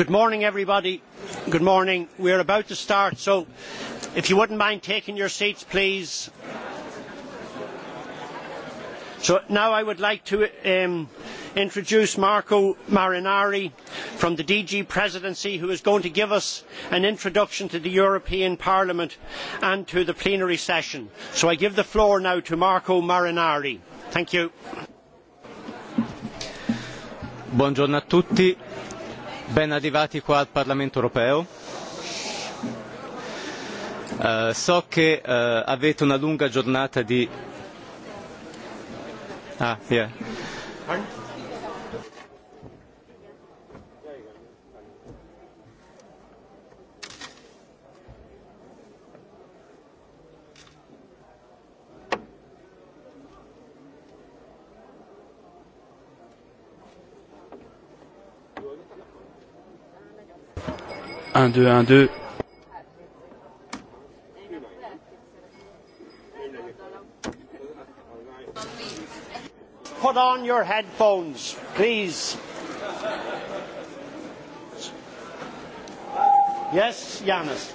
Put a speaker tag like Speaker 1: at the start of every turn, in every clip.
Speaker 1: Good morning, everybody. Good morning. We are about to start, so if you wouldn't mind taking your seats, please. So now I would like to um, introduce Marco Marinari from the DG Presidency, who is going to give us an introduction to the European Parliament and to the plenary session. So I give the floor now to Marco Marinari. Thank you.
Speaker 2: Buongiorno a tutti. Ben arrivati qua al Parlamento europeo. Uh, so che uh, avete una lunga giornata di... Ah, yeah.
Speaker 3: Put
Speaker 1: on your headphones, please. Yes, Janis.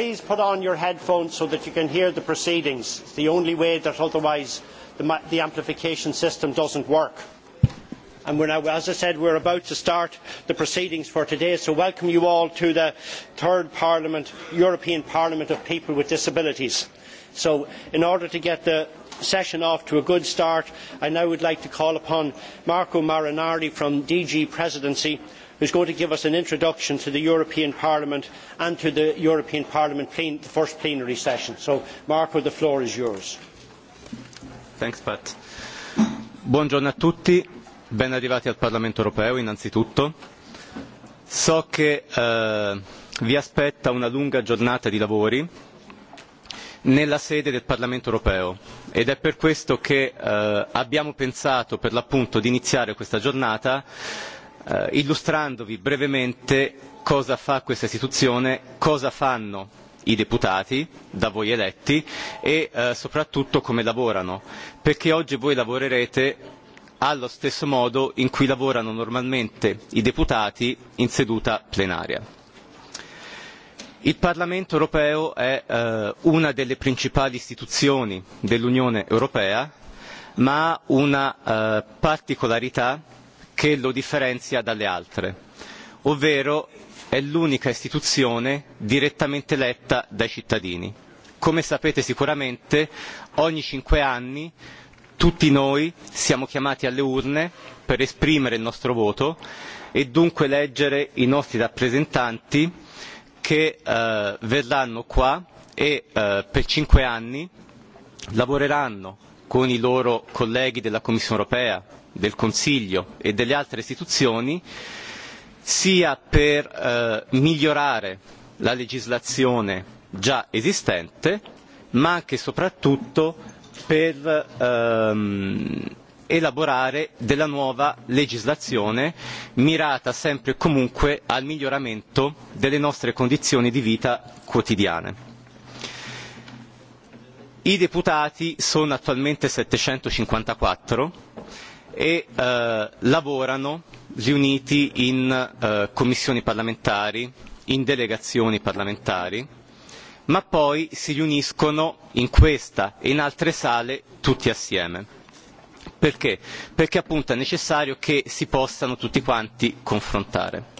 Speaker 1: Please put on your headphones so that you can hear the proceedings. It is the only way that otherwise the, the amplification system does not work. And we're now, as I said, we are about to start the proceedings for today, so welcome you all to the third Parliament, European Parliament of People with Disabilities. So in order to get the session off to a good start, I now would like to call upon Marco Marinardi from DG Presidency who is going to give us an introduction to the European Parliament and to the European Parliament plen the first plenary session. So, Marco, the floor is yours.
Speaker 2: Thanks, Pat. Buongiorno a tutti, ben arrivati al Parlamento europeo innanzitutto. So che eh, vi aspetta una lunga giornata di lavori nella sede del Parlamento europeo ed è per questo che eh, abbiamo pensato per l'appunto di iniziare questa giornata eh, illustrandovi brevemente cosa fa questa istituzione, cosa fanno i deputati da voi eletti e eh, soprattutto come lavorano, perché oggi voi lavorerete allo stesso modo in cui lavorano normalmente i deputati in seduta plenaria. Il Parlamento europeo è eh, una delle principali istituzioni dell'Unione europea, ma ha una eh, particolarità che lo differenzia dalle altre, ovvero è l'unica istituzione direttamente eletta dai cittadini. Come sapete sicuramente, ogni cinque anni tutti noi siamo chiamati alle urne per esprimere il nostro voto e dunque eleggere i nostri rappresentanti che eh, verranno qua e eh, per cinque anni lavoreranno con i loro colleghi della Commissione europea, del Consiglio e delle altre istituzioni sia per eh, migliorare la legislazione già esistente, ma anche e soprattutto per ehm, elaborare della nuova legislazione mirata sempre e comunque al miglioramento delle nostre condizioni di vita quotidiane. I deputati sono attualmente settecentocinquantaquattro e uh, lavorano riuniti in uh, commissioni parlamentari, in delegazioni parlamentari, ma poi si riuniscono in questa e in altre sale tutti assieme. Perché? Perché appunto è necessario che si possano tutti quanti confrontare.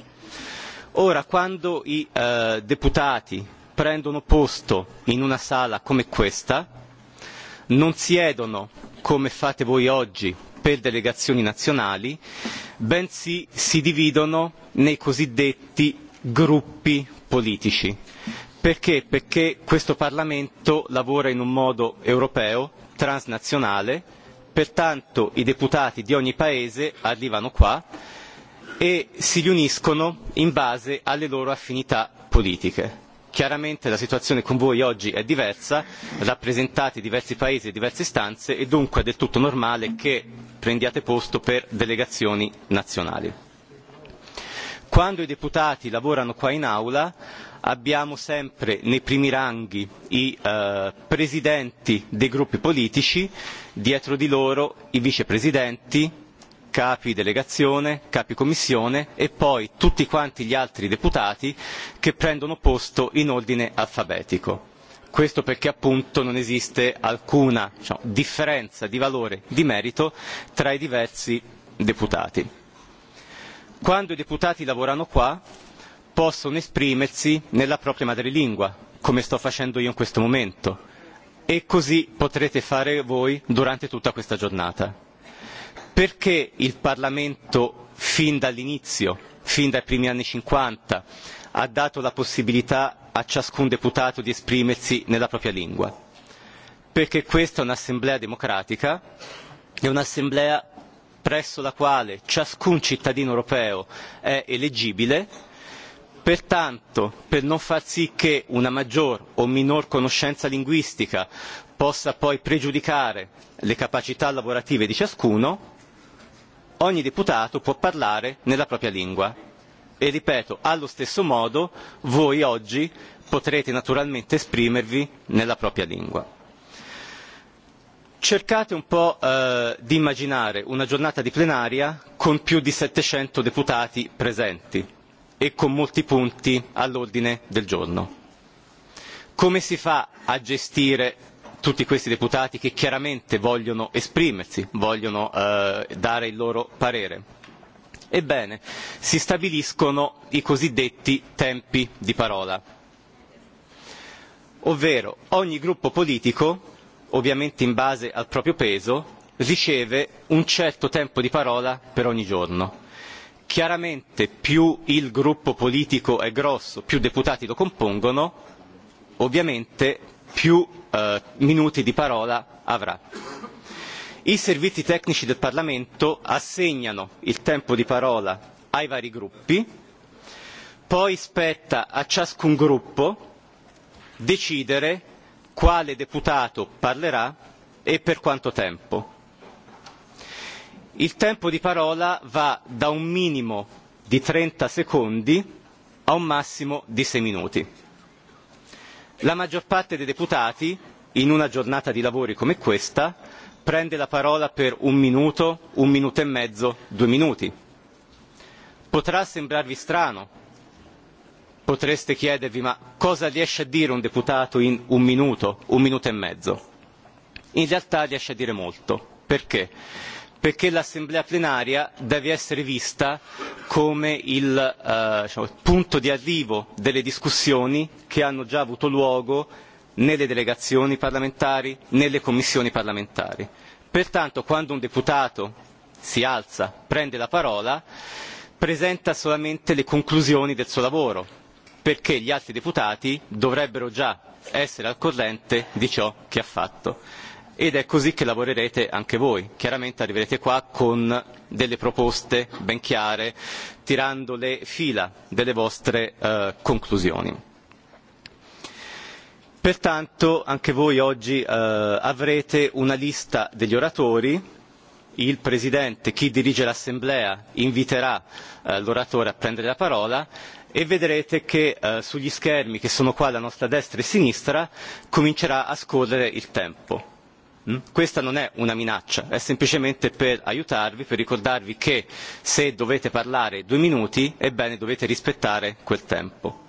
Speaker 2: Ora, quando i eh, deputati prendono posto in una sala come questa, non siedono, come fate voi oggi, per delegazioni nazionali, bensì si dividono nei cosiddetti gruppi politici. Perché? Perché questo Parlamento lavora in un modo europeo, transnazionale, pertanto i deputati di ogni Paese arrivano qua e si riuniscono in base alle loro affinità politiche Chiaramente la situazione con voi oggi è diversa, rappresentate diversi paesi e diverse istanze e dunque è del tutto normale che prendiate posto per delegazioni nazionali. Quando i deputati lavorano qua in aula abbiamo sempre nei primi ranghi i eh, presidenti dei gruppi politici, dietro di loro i vicepresidenti, capi delegazione, capi commissione e poi tutti quanti gli altri deputati che prendono posto in ordine alfabetico. Questo perché appunto non esiste alcuna differenza di valore di merito tra i diversi deputati. Quando i deputati lavorano qua possono esprimersi nella propria madrelingua, come sto facendo io in questo momento, e così potrete fare voi durante tutta questa giornata. Perché il Parlamento fin dall'inizio, fin dai primi anni cinquanta, ha dato la possibilità a ciascun deputato di esprimersi nella propria lingua? Perché questa è un'assemblea democratica, è un'assemblea presso la quale ciascun cittadino europeo è eleggibile, pertanto per non far sì che una maggior o minor conoscenza linguistica possa poi pregiudicare le capacità lavorative di ciascuno, ogni deputato può parlare nella propria lingua. E ripeto, allo stesso modo voi oggi potrete naturalmente esprimervi nella propria lingua. Cercate un po' eh, di immaginare una giornata di plenaria con più di 700 deputati presenti e con molti punti all'ordine del giorno. Come si fa a gestire tutti questi deputati che chiaramente vogliono esprimersi, vogliono eh, dare il loro parere. Ebbene, si stabiliscono i cosiddetti tempi di parola, ovvero ogni gruppo politico, ovviamente in base al proprio peso, riceve un certo tempo di parola per ogni giorno. Chiaramente più il gruppo politico è grosso, più deputati lo compongono, ovviamente più Eh, minuti di parola avrà. I servizi tecnici del Parlamento assegnano il tempo di parola ai vari gruppi, poi spetta a ciascun gruppo decidere quale deputato parlerà e per quanto tempo. Il tempo di parola va da un minimo di trenta secondi a un massimo di sei minuti la maggior parte dei deputati in una giornata di lavori come questa prende la parola per un minuto, un minuto e mezzo, due minuti. Potrà sembrarvi strano, potreste chiedervi ma cosa riesce a dire un deputato in un minuto, un minuto e mezzo? In realtà riesce a dire molto. Perché? perché l'assemblea plenaria deve essere vista come il eh, diciamo, punto di arrivo delle discussioni che hanno già avuto luogo nelle delegazioni parlamentari, nelle commissioni parlamentari. Pertanto quando un deputato si alza, prende la parola, presenta solamente le conclusioni del suo lavoro, perché gli altri deputati dovrebbero già essere al corrente di ciò che ha fatto ed è così che lavorerete anche voi. Chiaramente arriverete qua con delle proposte ben chiare, tirando le fila delle vostre eh, conclusioni. Pertanto anche voi oggi eh, avrete una lista degli oratori il Presidente, chi dirige l'Assemblea, inviterà eh, l'oratore a prendere la parola e vedrete che eh, sugli schermi che sono qua alla nostra destra e sinistra comincerà a scorrere il tempo. Mm? Questa non è una minaccia, è semplicemente per aiutarvi, per ricordarvi che se dovete parlare due minuti, ebbene dovete rispettare quel tempo.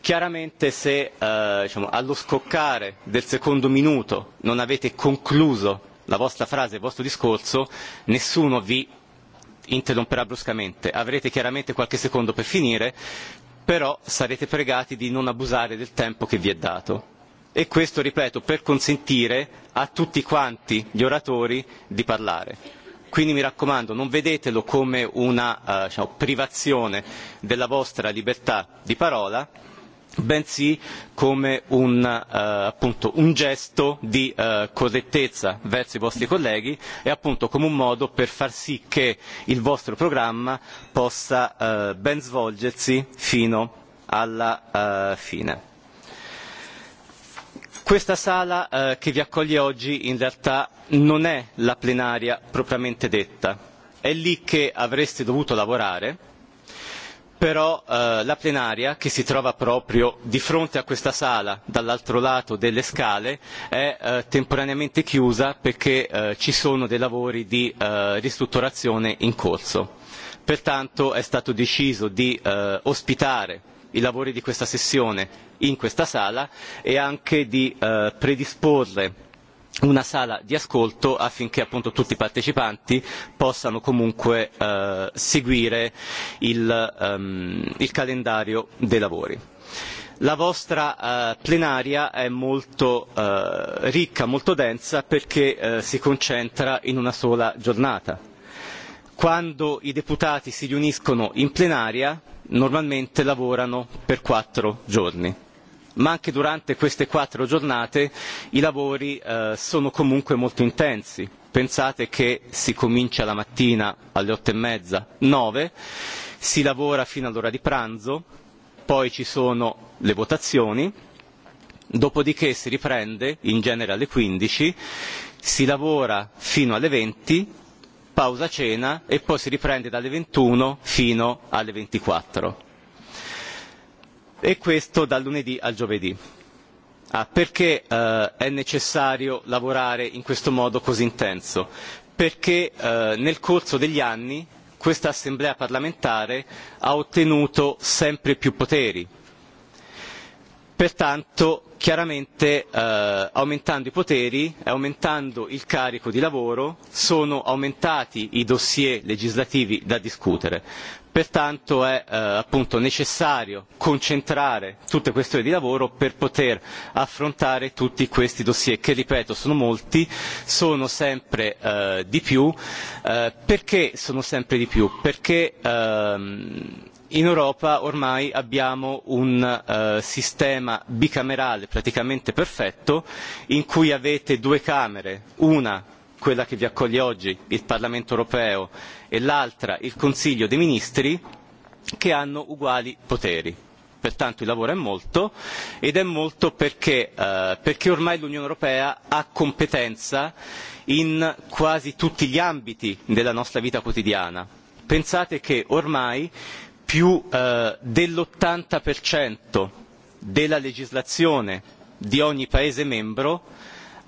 Speaker 2: Chiaramente se eh, diciamo, allo scoccare del secondo minuto non avete concluso la vostra frase, il vostro discorso, nessuno vi interromperà bruscamente. Avrete chiaramente qualche secondo per finire, però sarete pregati di non abusare del tempo che vi è dato e questo, ripeto, per consentire a tutti quanti gli oratori di parlare. Quindi mi raccomando, non vedetelo come una uh, diciamo, privazione della vostra libertà di parola, bensì come un, uh, appunto, un gesto di uh, correttezza verso i vostri colleghi e appunto come un modo per far sì che il vostro programma possa uh, ben svolgersi fino alla fine. Questa sala eh, che vi accoglie oggi in realtà non è la plenaria propriamente detta, è lì che avreste dovuto lavorare, però eh, la plenaria che si trova proprio di fronte a questa sala dall'altro lato delle scale è eh, temporaneamente chiusa perché eh, ci sono dei lavori di eh, ristrutturazione in corso. Pertanto è stato deciso di eh, ospitare i lavori di questa sessione in questa sala e anche di eh, predisporre una sala di ascolto affinché appunto tutti i partecipanti possano comunque eh, seguire il, um, il calendario dei lavori. La vostra eh, plenaria è molto eh, ricca, molto densa perché eh, si concentra in una sola giornata. Quando i deputati si riuniscono in plenaria normalmente lavorano per quattro giorni. Ma anche durante queste quattro giornate i lavori eh, sono comunque molto intensi. Pensate che si comincia la mattina alle otto e mezza, nove, si lavora fino all'ora di pranzo, poi ci sono le votazioni, dopodiché si riprende in genere alle quindici, si lavora fino alle venti pausa cena e poi si riprende dalle 21 fino alle 24. E questo dal lunedì al giovedì. Ah, perché eh, è necessario lavorare in questo modo così intenso? Perché eh, nel corso degli anni questa Assemblea parlamentare ha ottenuto sempre più poteri. Pertanto chiaramente eh, aumentando i poteri e aumentando il carico di lavoro sono aumentati i dossier legislativi da discutere. Pertanto è eh, appunto necessario concentrare tutte queste ore di lavoro per poter affrontare tutti questi dossier che ripeto sono molti, sono sempre eh, di più. Eh, perché sono sempre di più? Perché ehm, in Europa ormai abbiamo un uh, sistema bicamerale praticamente perfetto in cui avete due Camere, una quella che vi accoglie oggi il Parlamento europeo e l'altra il Consiglio dei Ministri, che hanno uguali poteri. Pertanto il lavoro è molto ed è molto perché, eh, perché ormai l'Unione Europea ha competenza in quasi tutti gli ambiti della nostra vita quotidiana. Pensate che ormai più eh, dell'80 della legislazione di ogni Paese membro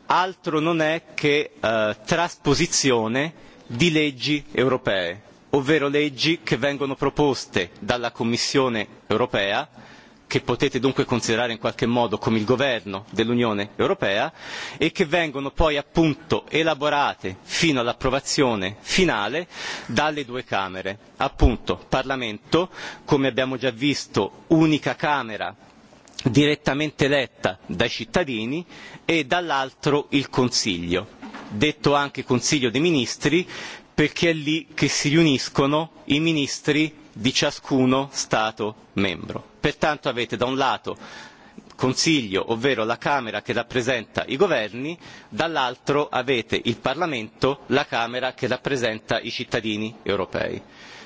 Speaker 2: altro non è che eh, trasposizione di leggi europee, ovvero leggi che vengono proposte dalla Commissione europea che potete dunque considerare in qualche modo come il governo dell'Unione Europea e che vengono poi appunto elaborate fino all'approvazione finale dalle due Camere. Appunto Parlamento, come abbiamo già visto, unica Camera direttamente eletta dai cittadini e dall'altro il Consiglio, detto anche Consiglio dei Ministri perché è lì che si riuniscono i ministri di ciascuno Stato membro. Pertanto avete da un lato Consiglio, ovvero la Camera che rappresenta i governi, dall'altro avete il Parlamento, la Camera che rappresenta i cittadini europei.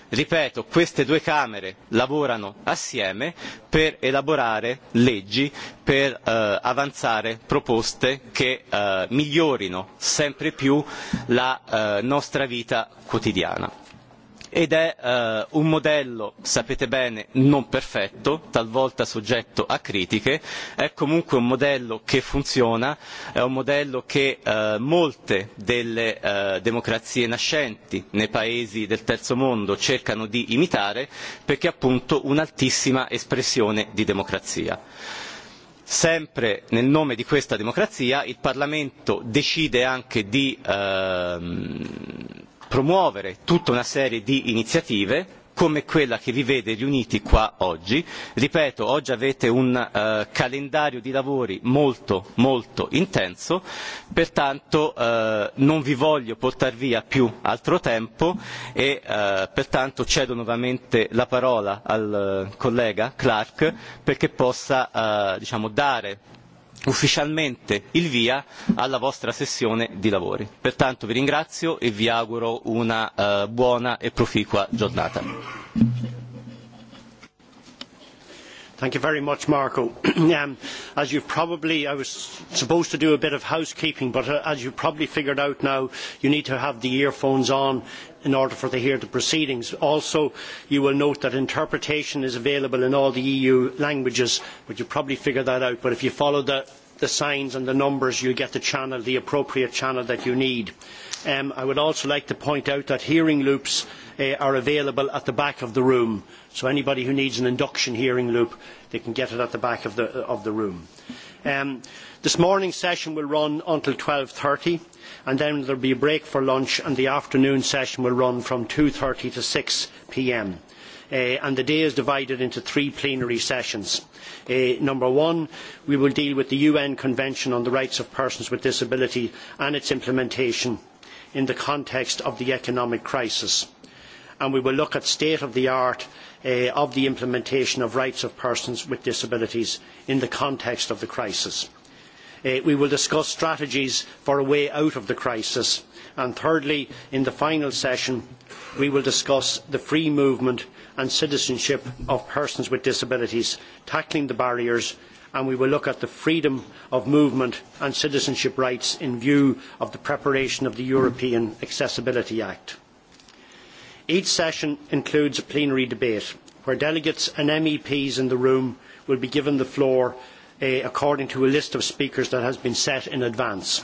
Speaker 2: Ripeto, queste due Camere lavorano assieme per elaborare leggi, per eh, avanzare proposte che eh, migliorino sempre più la eh, nostra vita quotidiana ed è eh, un modello, sapete bene, non perfetto, talvolta soggetto a critiche, è comunque un modello che funziona, è un modello che eh, molte delle eh, democrazie nascenti nei paesi del terzo mondo cercano di imitare perché è appunto un'altissima espressione di democrazia. Sempre nel nome di questa democrazia il Parlamento decide anche di ehm, promuovere tutta una serie di iniziative come quella che vi vede riuniti qua oggi. Ripeto, oggi avete un uh, calendario di lavori molto, molto intenso, pertanto uh, non vi voglio portare via più altro tempo e uh, pertanto cedo nuovamente la parola al collega Clark perché possa diciamo, dare ufficialmente il via alla vostra sessione di lavori. Pertanto vi ringrazio e vi auguro una eh, buona e proficua giornata.
Speaker 1: Thank you very much, Marco. um, as you probably, I was supposed to do a bit of housekeeping, but uh, as you probably figured out now, you need to have the earphones on in order for to hear the proceedings. Also, you will note that interpretation is available in all the EU languages, but you probably figured that out. But if you follow the, the signs and the numbers, you will get the channel, the appropriate channel that you need. Um, I would also like to point out that hearing loops uh, are available at the back of the room So anybody who needs an induction hearing loop, they can get it at the back of the, of the room. Um, this morning's session will run until twelve thirty, and then there will be a break for lunch, and the afternoon session will run from two thirty to six p.m. Uh, and the day is divided into three plenary sessions. Uh, number one, we will deal with the UN Convention on the Rights of Persons with Disability and its implementation in the context of the economic crisis. And we will look at state of the art uh, of the implementation of rights of persons with disabilities in the context of the crisis. Uh, we will discuss strategies for a way out of the crisis. And thirdly, in the final session, we will discuss the free movement and citizenship of persons with disabilities, tackling the barriers, and we will look at the freedom of movement and citizenship rights in view of the preparation of the European Accessibility Act. Each session includes a plenary debate where delegates and MEPs in the room will be given the floor uh, according to a list of speakers that has been set in advance.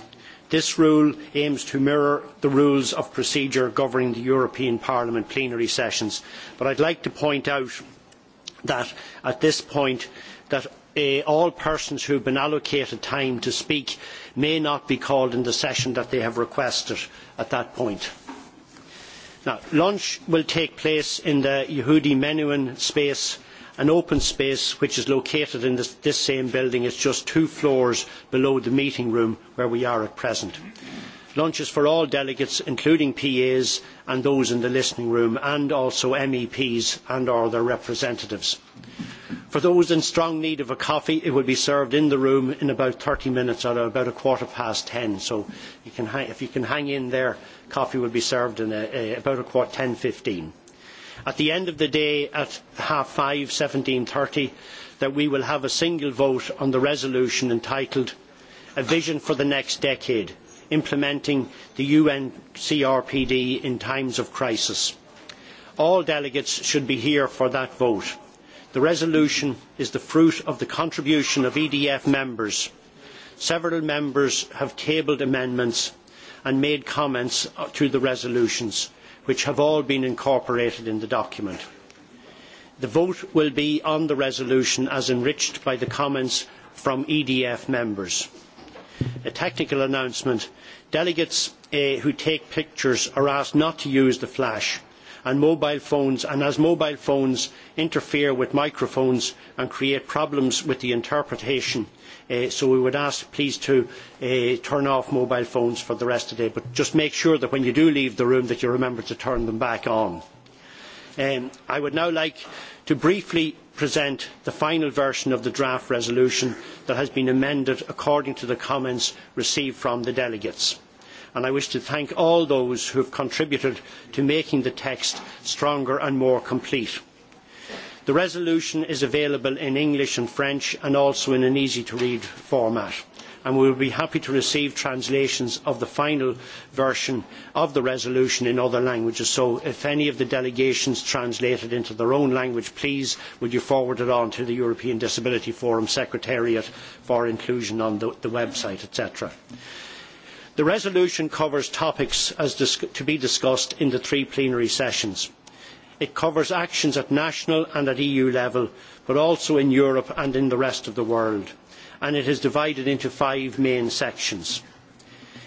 Speaker 1: This rule aims to mirror the rules of procedure governing the European Parliament plenary sessions, but I would like to point out that at this point that uh, all persons who have been allocated time to speak may not be called in the session that they have requested at that point. Now, lunch will take place in the Yehudi Menuhin space, an open space which is located in this, this same building. It is just two floors below the meeting room where we are at present. Mm -hmm. Lunches for all delegates, including PAs and those in the listening room, and also MEPs and or their representatives. For those in strong need of a coffee, it will be served in the room in about thirty minutes or about a quarter past ten. So you can, if you can hang in there, coffee will be served in a, a, about a quarter, ten fifteen at the end of the day at half five seventeen thirty that we will have a single vote on the resolution entitled a vision for the next decade implementing the UNCRPD in times of crisis. All delegates should be here for that vote. The resolution is the fruit of the contribution of EDF members. Several members have tabled amendments and made comments uh, to the resolutions, which have all been incorporated in the document. The vote will be on the resolution as enriched by the comments from EDF members a technical announcement. Delegates uh, who take pictures are asked not to use the flash and mobile phones and as mobile phones interfere with microphones and create problems with the interpretation uh, so we would ask please to uh, turn off mobile phones for the rest of the day but just make sure that when you do leave the room that you remember to turn them back on. Um, I would now like to briefly present the final version of the draft resolution that has been amended according to the comments received from the delegates. And I wish to thank all those who have contributed to making the text stronger and more complete. The resolution is available in English and French and also in an easy to read format and we will be happy to receive translations of the final version of the resolution in other languages. So if any of the delegations translate it into their own language, please would you forward it on to the European Disability Forum Secretariat for inclusion on the, the website, etc. The resolution covers topics to be discussed in the three plenary sessions. It covers actions at national and at EU level, but also in Europe and in the rest of the world and it is divided into five main sections.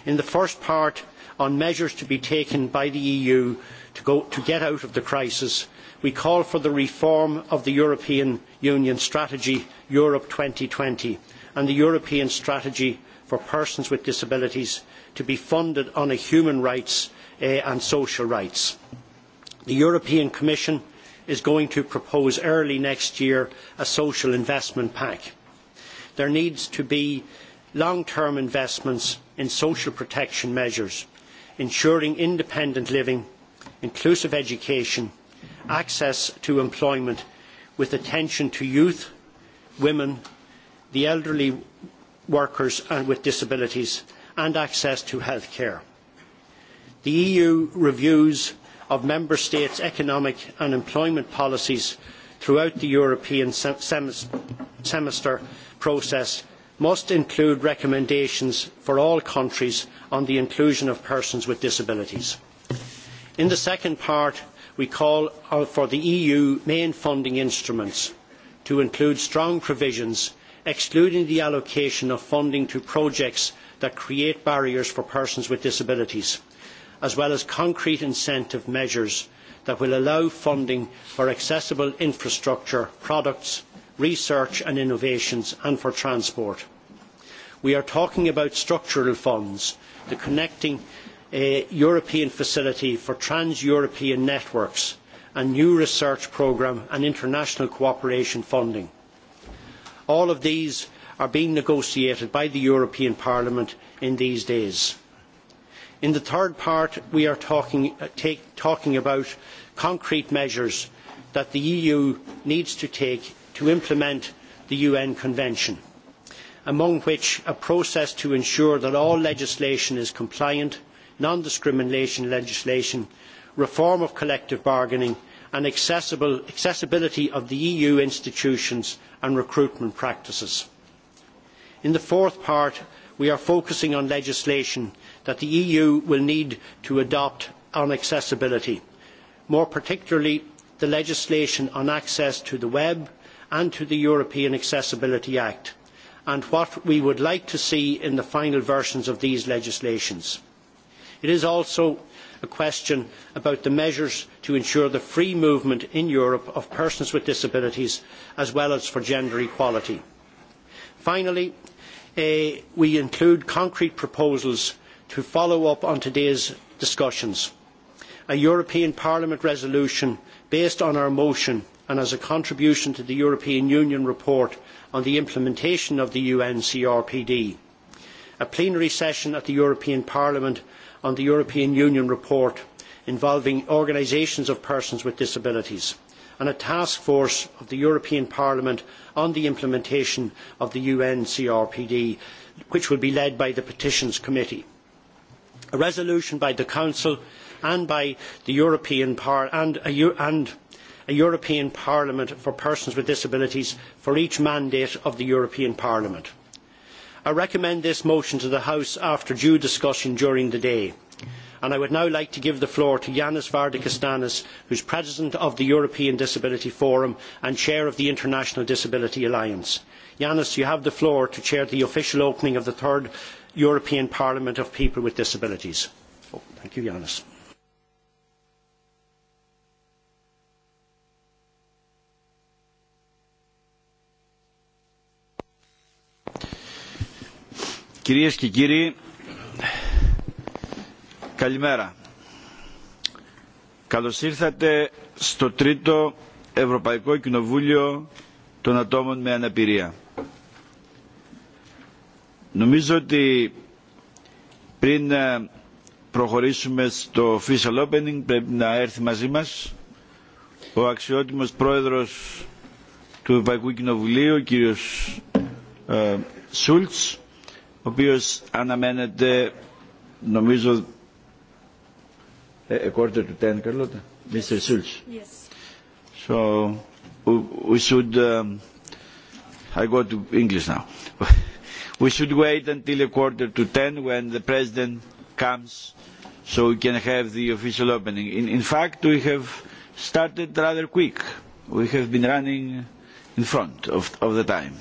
Speaker 1: In the first part, on measures to be taken by the EU to, go, to get out of the crisis, we call for the reform of the European Union strategy Europe twenty and the European strategy for persons with disabilities to be funded on a human rights uh, and social rights. The European Commission is going to propose early next year a social investment pact there needs to be long-term investments in social protection measures, ensuring independent living, inclusive education, access to employment, with attention to youth, women, the elderly workers and with disabilities, and access to health care. The EU reviews of Member States' economic and employment policies throughout the European sem semester process must include recommendations for all countries on the inclusion of persons with disabilities. In the second part, we call uh, for the EU main funding instruments to include strong provisions excluding the allocation of funding to projects that create barriers for persons with disabilities, as well as concrete incentive measures that will allow funding for accessible infrastructure, products research and innovations and for transport. We are talking about structural funds, the connecting uh, European facility for trans-European networks, and new research programme and international cooperation funding. All of these are being negotiated by the European Parliament in these days. In the third part, we are talking, uh, take, talking about concrete measures that the EU needs to take to implement the UN Convention, among which a process to ensure that all legislation is compliant, non-discrimination legislation, reform of collective bargaining and accessibility of the EU institutions and recruitment practices. In the fourth part, we are focusing on legislation that the EU will need to adopt on accessibility, more particularly the legislation on access to the web, and to the European Accessibility Act and what we would like to see in the final versions of these legislations. It is also a question about the measures to ensure the free movement in Europe of persons with disabilities as well as for gender equality. Finally, eh, we include concrete proposals to follow up on today's discussions. A European Parliament resolution based on our motion and as a contribution to the European Union report on the implementation of the UN CRPD. A plenary session at the European Parliament on the European Union report involving organisations of persons with disabilities and a task force of the European Parliament on the implementation of the UN CRPD, which will be led by the Petitions Committee. A resolution by the Council and by the European Parliament and, and a European Parliament for persons with disabilities for each mandate of the European Parliament. I recommend this motion to the House after due discussion during the day. And I would now like to give the floor to Yanis Vardikastanis, who is President of the European Disability Forum and Chair of the International Disability Alliance. Yanis, you have the floor to chair the official opening of the third European Parliament of People with Disabilities. Oh, thank you, Yanis.
Speaker 4: Κυρίες και κύριοι, καλημέρα. Καλώς ήρθατε στο τρίτο Ευρωπαϊκό Κοινοβούλιο των Ατόμων με Αναπηρία. Νομίζω ότι πριν προχωρήσουμε στο official opening πρέπει να έρθει μαζί μας ο αξιότιμος πρόεδρος του Ευρωπαϊκού Κοινοβουλίου, κύριος ε, obvious αναμένεται nomizu a quarter to ten, Carlota? Mr. Schulz. Yes. So we should, um, I go to English now. we should wait until a quarter to ten when the president comes so we can have the official opening. In, in fact, we have started rather quick. We have been running in front of, of the time.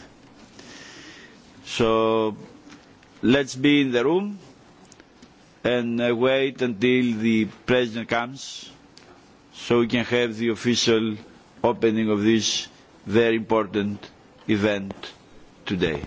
Speaker 4: So let's be in the room and uh, wait until the president comes so we can have the official opening of this very important event today.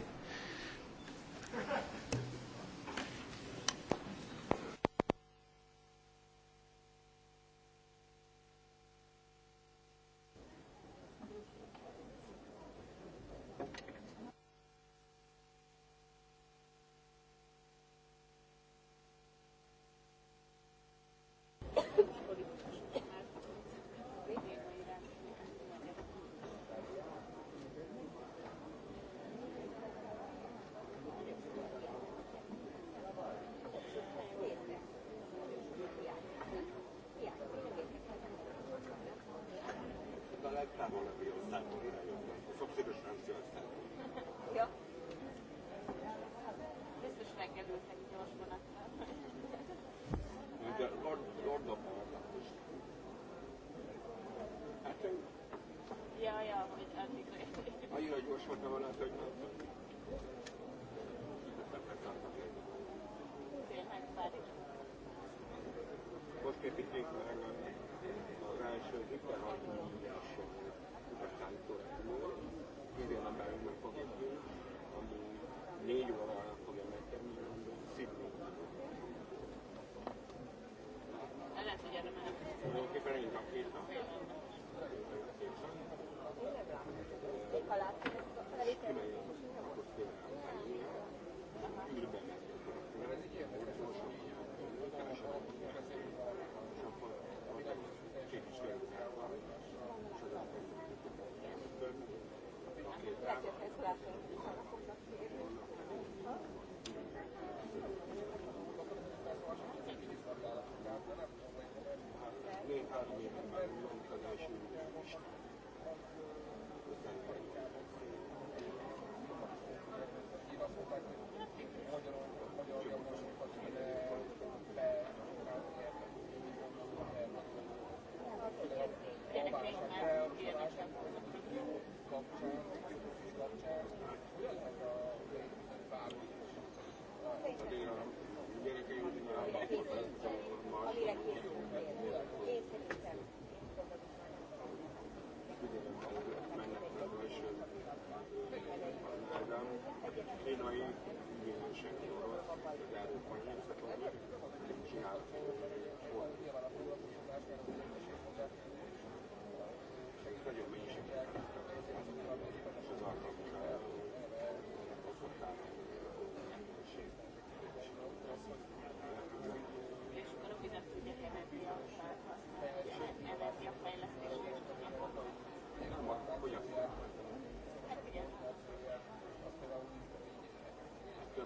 Speaker 5: E noi invece,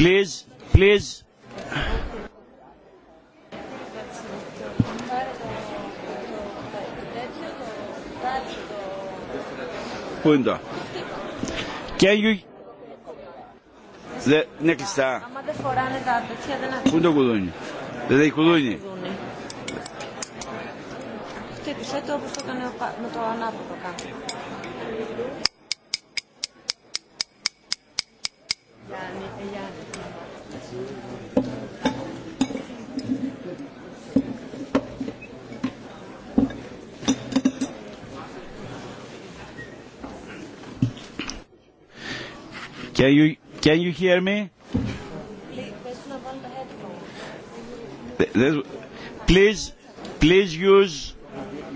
Speaker 4: Please, please. Bunda. Can you... Δεν είναι κλειστά.
Speaker 6: Άμα δεν φοράνε τα τέτοια δεν ακούνε.
Speaker 4: Πού είναι το κουδούνι. Δεν έχει κουδούνι.
Speaker 7: Χτύπησε το όπως το έκανε με το ανάποδο κάτω.
Speaker 4: Can you, can you hear me? Please, please use,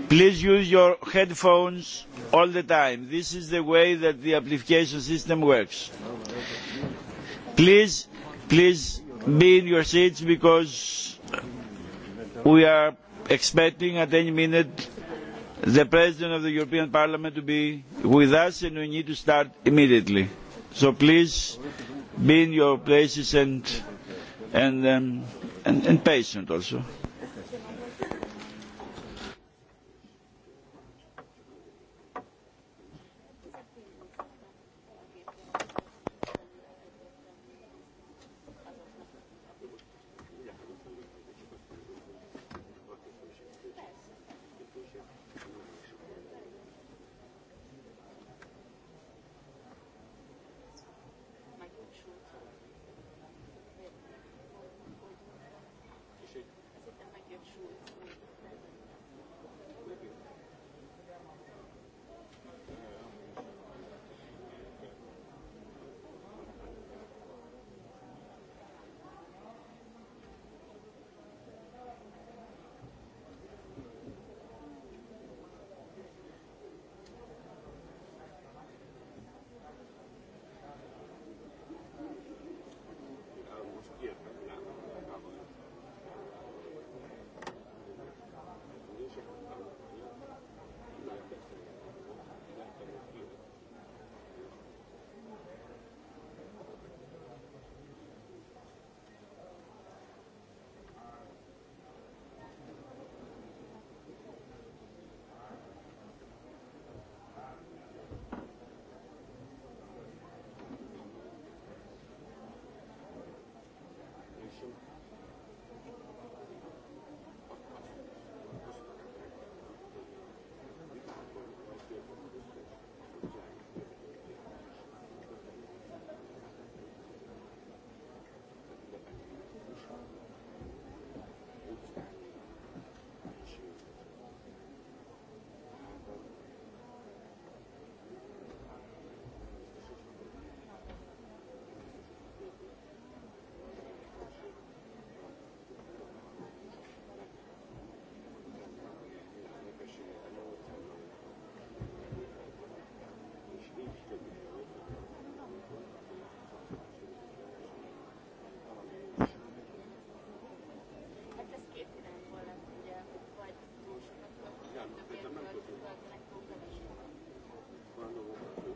Speaker 4: please use your headphones all the time. This is the way that the amplification system works. Please, please be in your seats because we are expecting at any minute the President of the European Parliament to be with us and we need to start immediately. So please be in your places and, and, um, and, and patient also.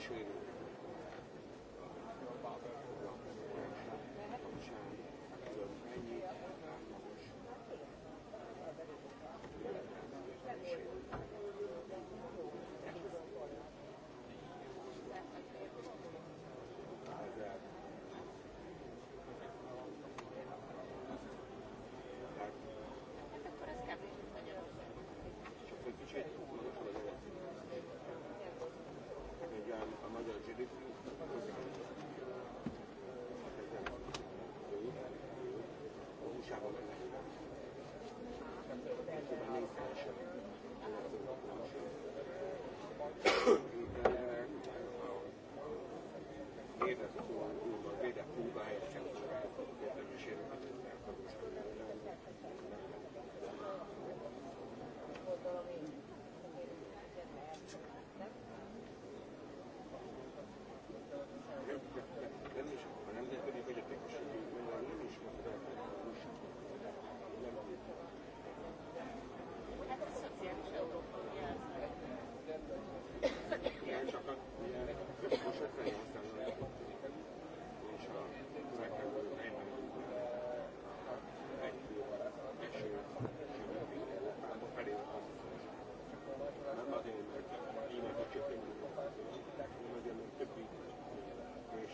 Speaker 5: xejn.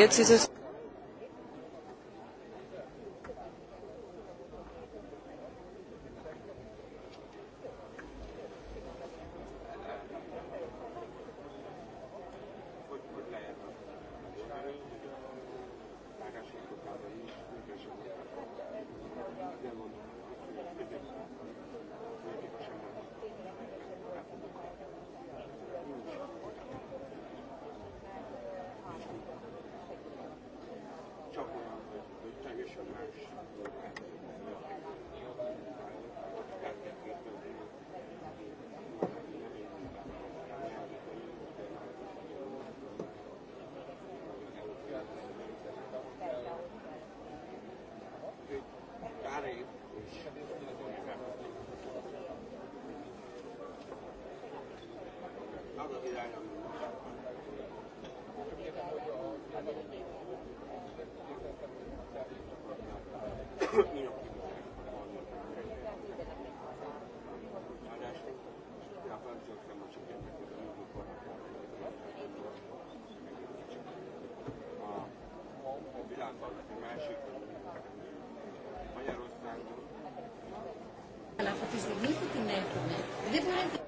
Speaker 8: Jetzt ist es
Speaker 9: Αφισβητήθηκε την έχουμε. Δεν μπορεί να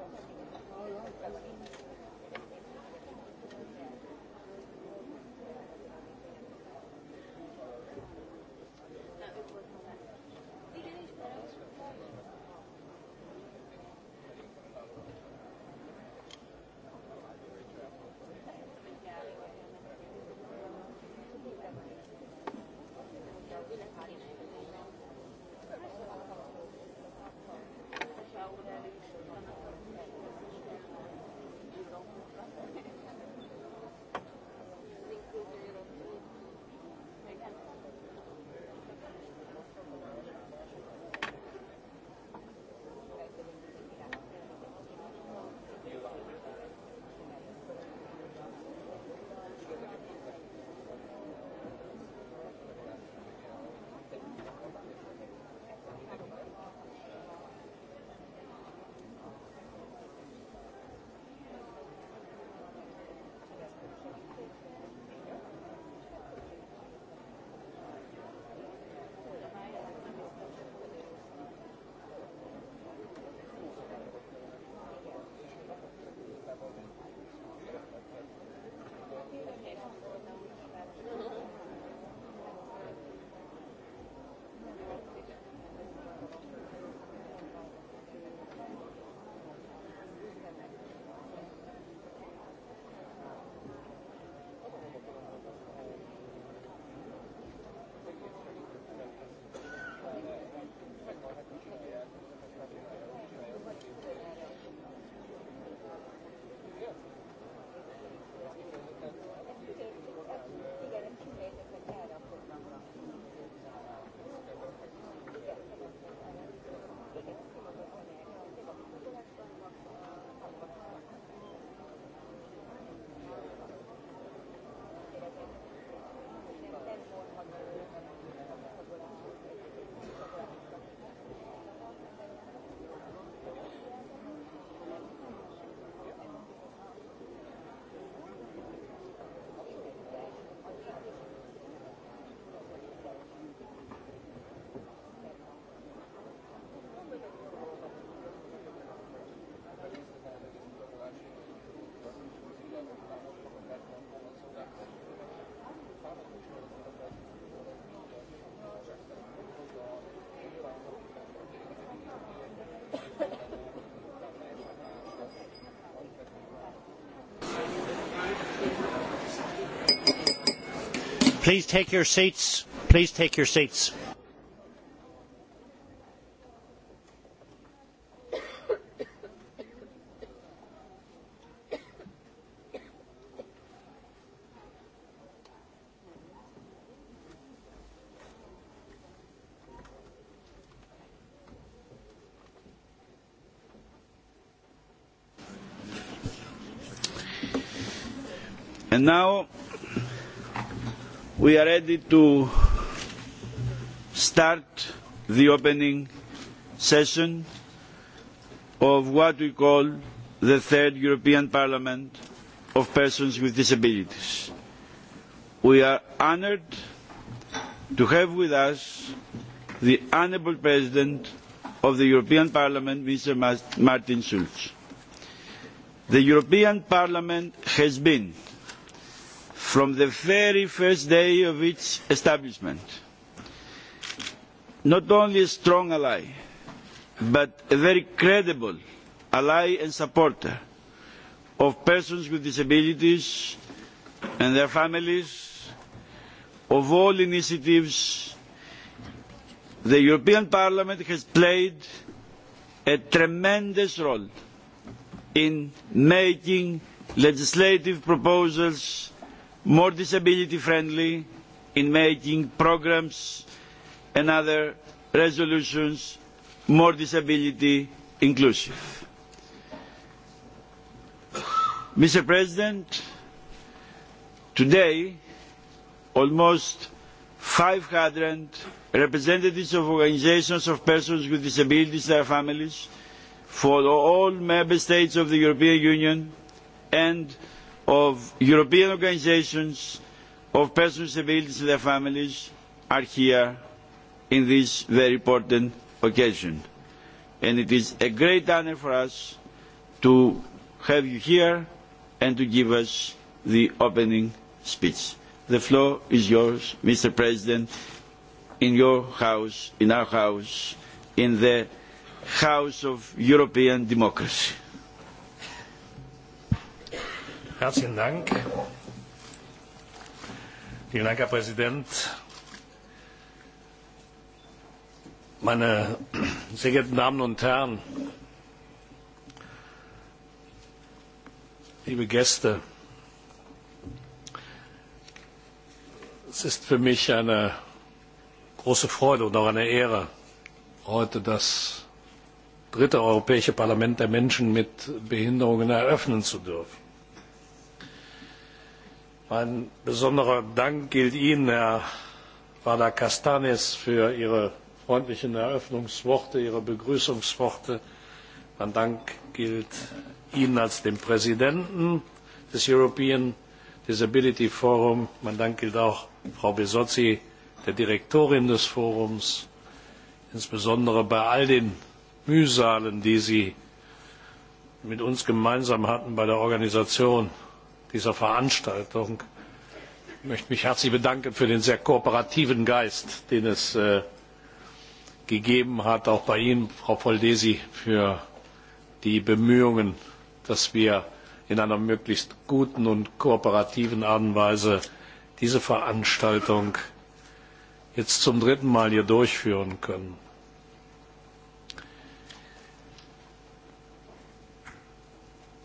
Speaker 1: Please take your seats. Please take your seats.
Speaker 4: And now we are ready to start the opening session of what we call the third European Parliament of Persons with Disabilities. We are honoured to have with us the Honourable President of the European Parliament, Mr. Martin Schulz. The European Parliament has been from the very first day of its establishment. Not only a strong ally, but a very credible ally and supporter of persons with disabilities and their families, of all initiatives, the European Parliament has played a tremendous role in making legislative proposals more disability friendly in making programmes and other resolutions more disability inclusive. Mr. President, today almost five hundred representatives of organisations of persons with disabilities and their families for all member states of the European Union and of European organisations of persons with disabilities and their families are here in this very important occasion. And it is a great honor for us to have you here and to give us the opening speech. The floor is yours, Mr. President, in your house, in our house, in the House of European Democracy.
Speaker 10: Dank. Vielen Dank, Herr Präsident. Meine sehr geehrten Damen und Herren, liebe Gäste, es ist für mich eine große Freude und auch eine Ehre, heute das dritte Europäische Parlament der Menschen mit Behinderungen eröffnen zu dürfen. Mein besonderer Dank gilt Ihnen, Herr Vada Castanis, für Ihre freundlichen Eröffnungsworte, Ihre Begrüßungsworte. Mein Dank gilt Ihnen als dem Präsidenten des European Disability Forum. Mein Dank gilt auch Frau Besozzi, der Direktorin des Forums, insbesondere bei all den Mühsalen, die Sie mit uns gemeinsam hatten bei der Organisation dieser Veranstaltung. Ich möchte mich herzlich bedanken für den sehr kooperativen Geist, den es äh, gegeben hat, auch bei Ihnen, Frau Poldesi, für die Bemühungen, dass wir in einer möglichst guten und kooperativen Art und Weise diese Veranstaltung jetzt zum dritten Mal hier durchführen können.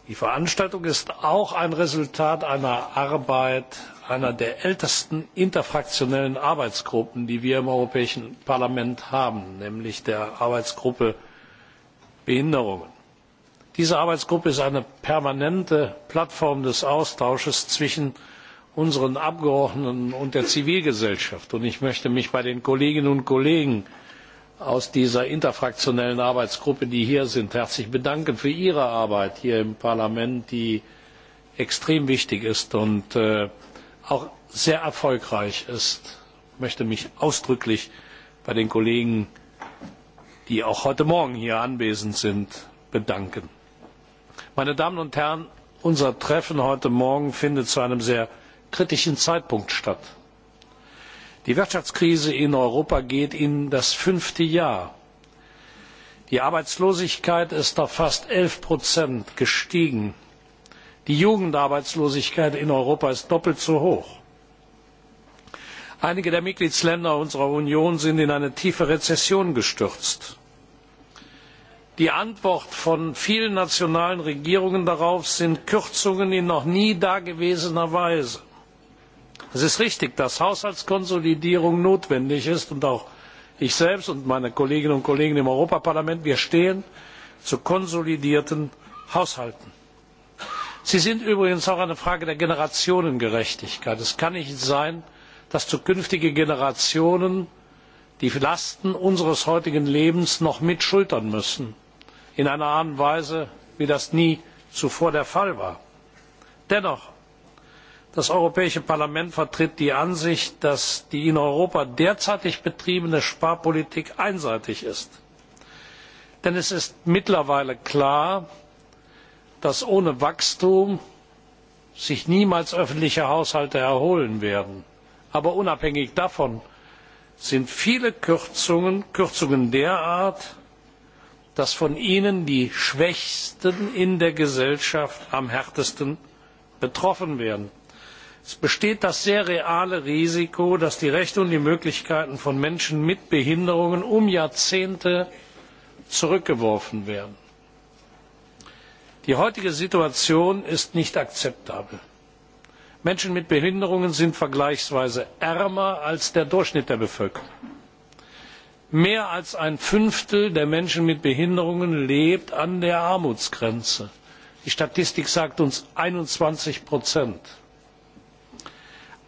Speaker 10: Die Veranstaltung ist auch ein Resultat einer Arbeit einer der ältesten interfraktionellen Arbeitsgruppen, die wir im Europäischen Parlament haben, nämlich der Arbeitsgruppe Behinderungen. Diese Arbeitsgruppe ist eine permanente Plattform des Austausches zwischen unseren Abgeordneten und der Zivilgesellschaft. Und ich möchte mich bei den Kolleginnen und Kollegen aus dieser interfraktionellen Arbeitsgruppe, die hier sind, herzlich bedanken für ihre Arbeit hier im Parlament, die extrem wichtig ist und äh, auch sehr erfolgreich ist. Ich möchte mich ausdrücklich bei den Kollegen, die auch heute Morgen hier anwesend sind, bedanken. Meine Damen und Herren, unser Treffen heute Morgen findet zu einem sehr kritischen Zeitpunkt statt. Die Wirtschaftskrise in Europa geht in das fünfte Jahr. Die Arbeitslosigkeit ist auf fast elf Prozent gestiegen. Die Jugendarbeitslosigkeit in Europa ist doppelt so hoch. Einige der Mitgliedsländer unserer Union sind in eine tiefe Rezession gestürzt. Die Antwort von vielen nationalen Regierungen darauf sind Kürzungen in noch nie dagewesener Weise es ist richtig dass haushaltskonsolidierung notwendig ist und auch ich selbst und meine kolleginnen und kollegen im europäischen parlament wir stehen zu konsolidierten haushalten. sie sind übrigens auch eine frage der generationengerechtigkeit. es kann nicht sein dass zukünftige generationen die lasten unseres heutigen lebens noch mitschultern müssen in einer art und weise wie das nie zuvor der fall war. dennoch Das Europäische Parlament vertritt die Ansicht, dass die in Europa derzeitig betriebene Sparpolitik einseitig ist. Denn es ist mittlerweile klar, dass ohne Wachstum sich niemals öffentliche Haushalte erholen werden. Aber unabhängig davon sind viele Kürzungen, Kürzungen derart, dass von ihnen die Schwächsten in der Gesellschaft am härtesten betroffen werden es besteht das sehr reale risiko dass die rechte und die möglichkeiten von menschen mit behinderungen um jahrzehnte zurückgeworfen werden. die heutige situation ist nicht akzeptabel. menschen mit behinderungen sind vergleichsweise ärmer als der durchschnitt der bevölkerung. mehr als ein fünftel der menschen mit behinderungen lebt an der armutsgrenze. die statistik sagt uns einundzwanzig prozent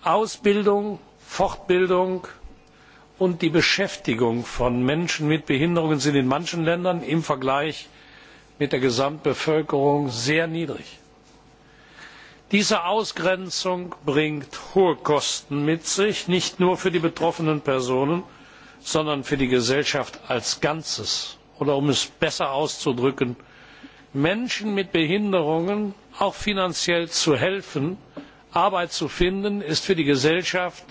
Speaker 10: Ausbildung, Fortbildung und die Beschäftigung von Menschen mit Behinderungen sind in manchen Ländern im Vergleich mit der Gesamtbevölkerung sehr niedrig. Diese Ausgrenzung bringt hohe Kosten mit sich, nicht nur für die betroffenen Personen, sondern für die Gesellschaft als Ganzes. Oder um es besser auszudrücken, Menschen mit Behinderungen auch finanziell zu helfen, arbeit zu finden ist für die gesellschaft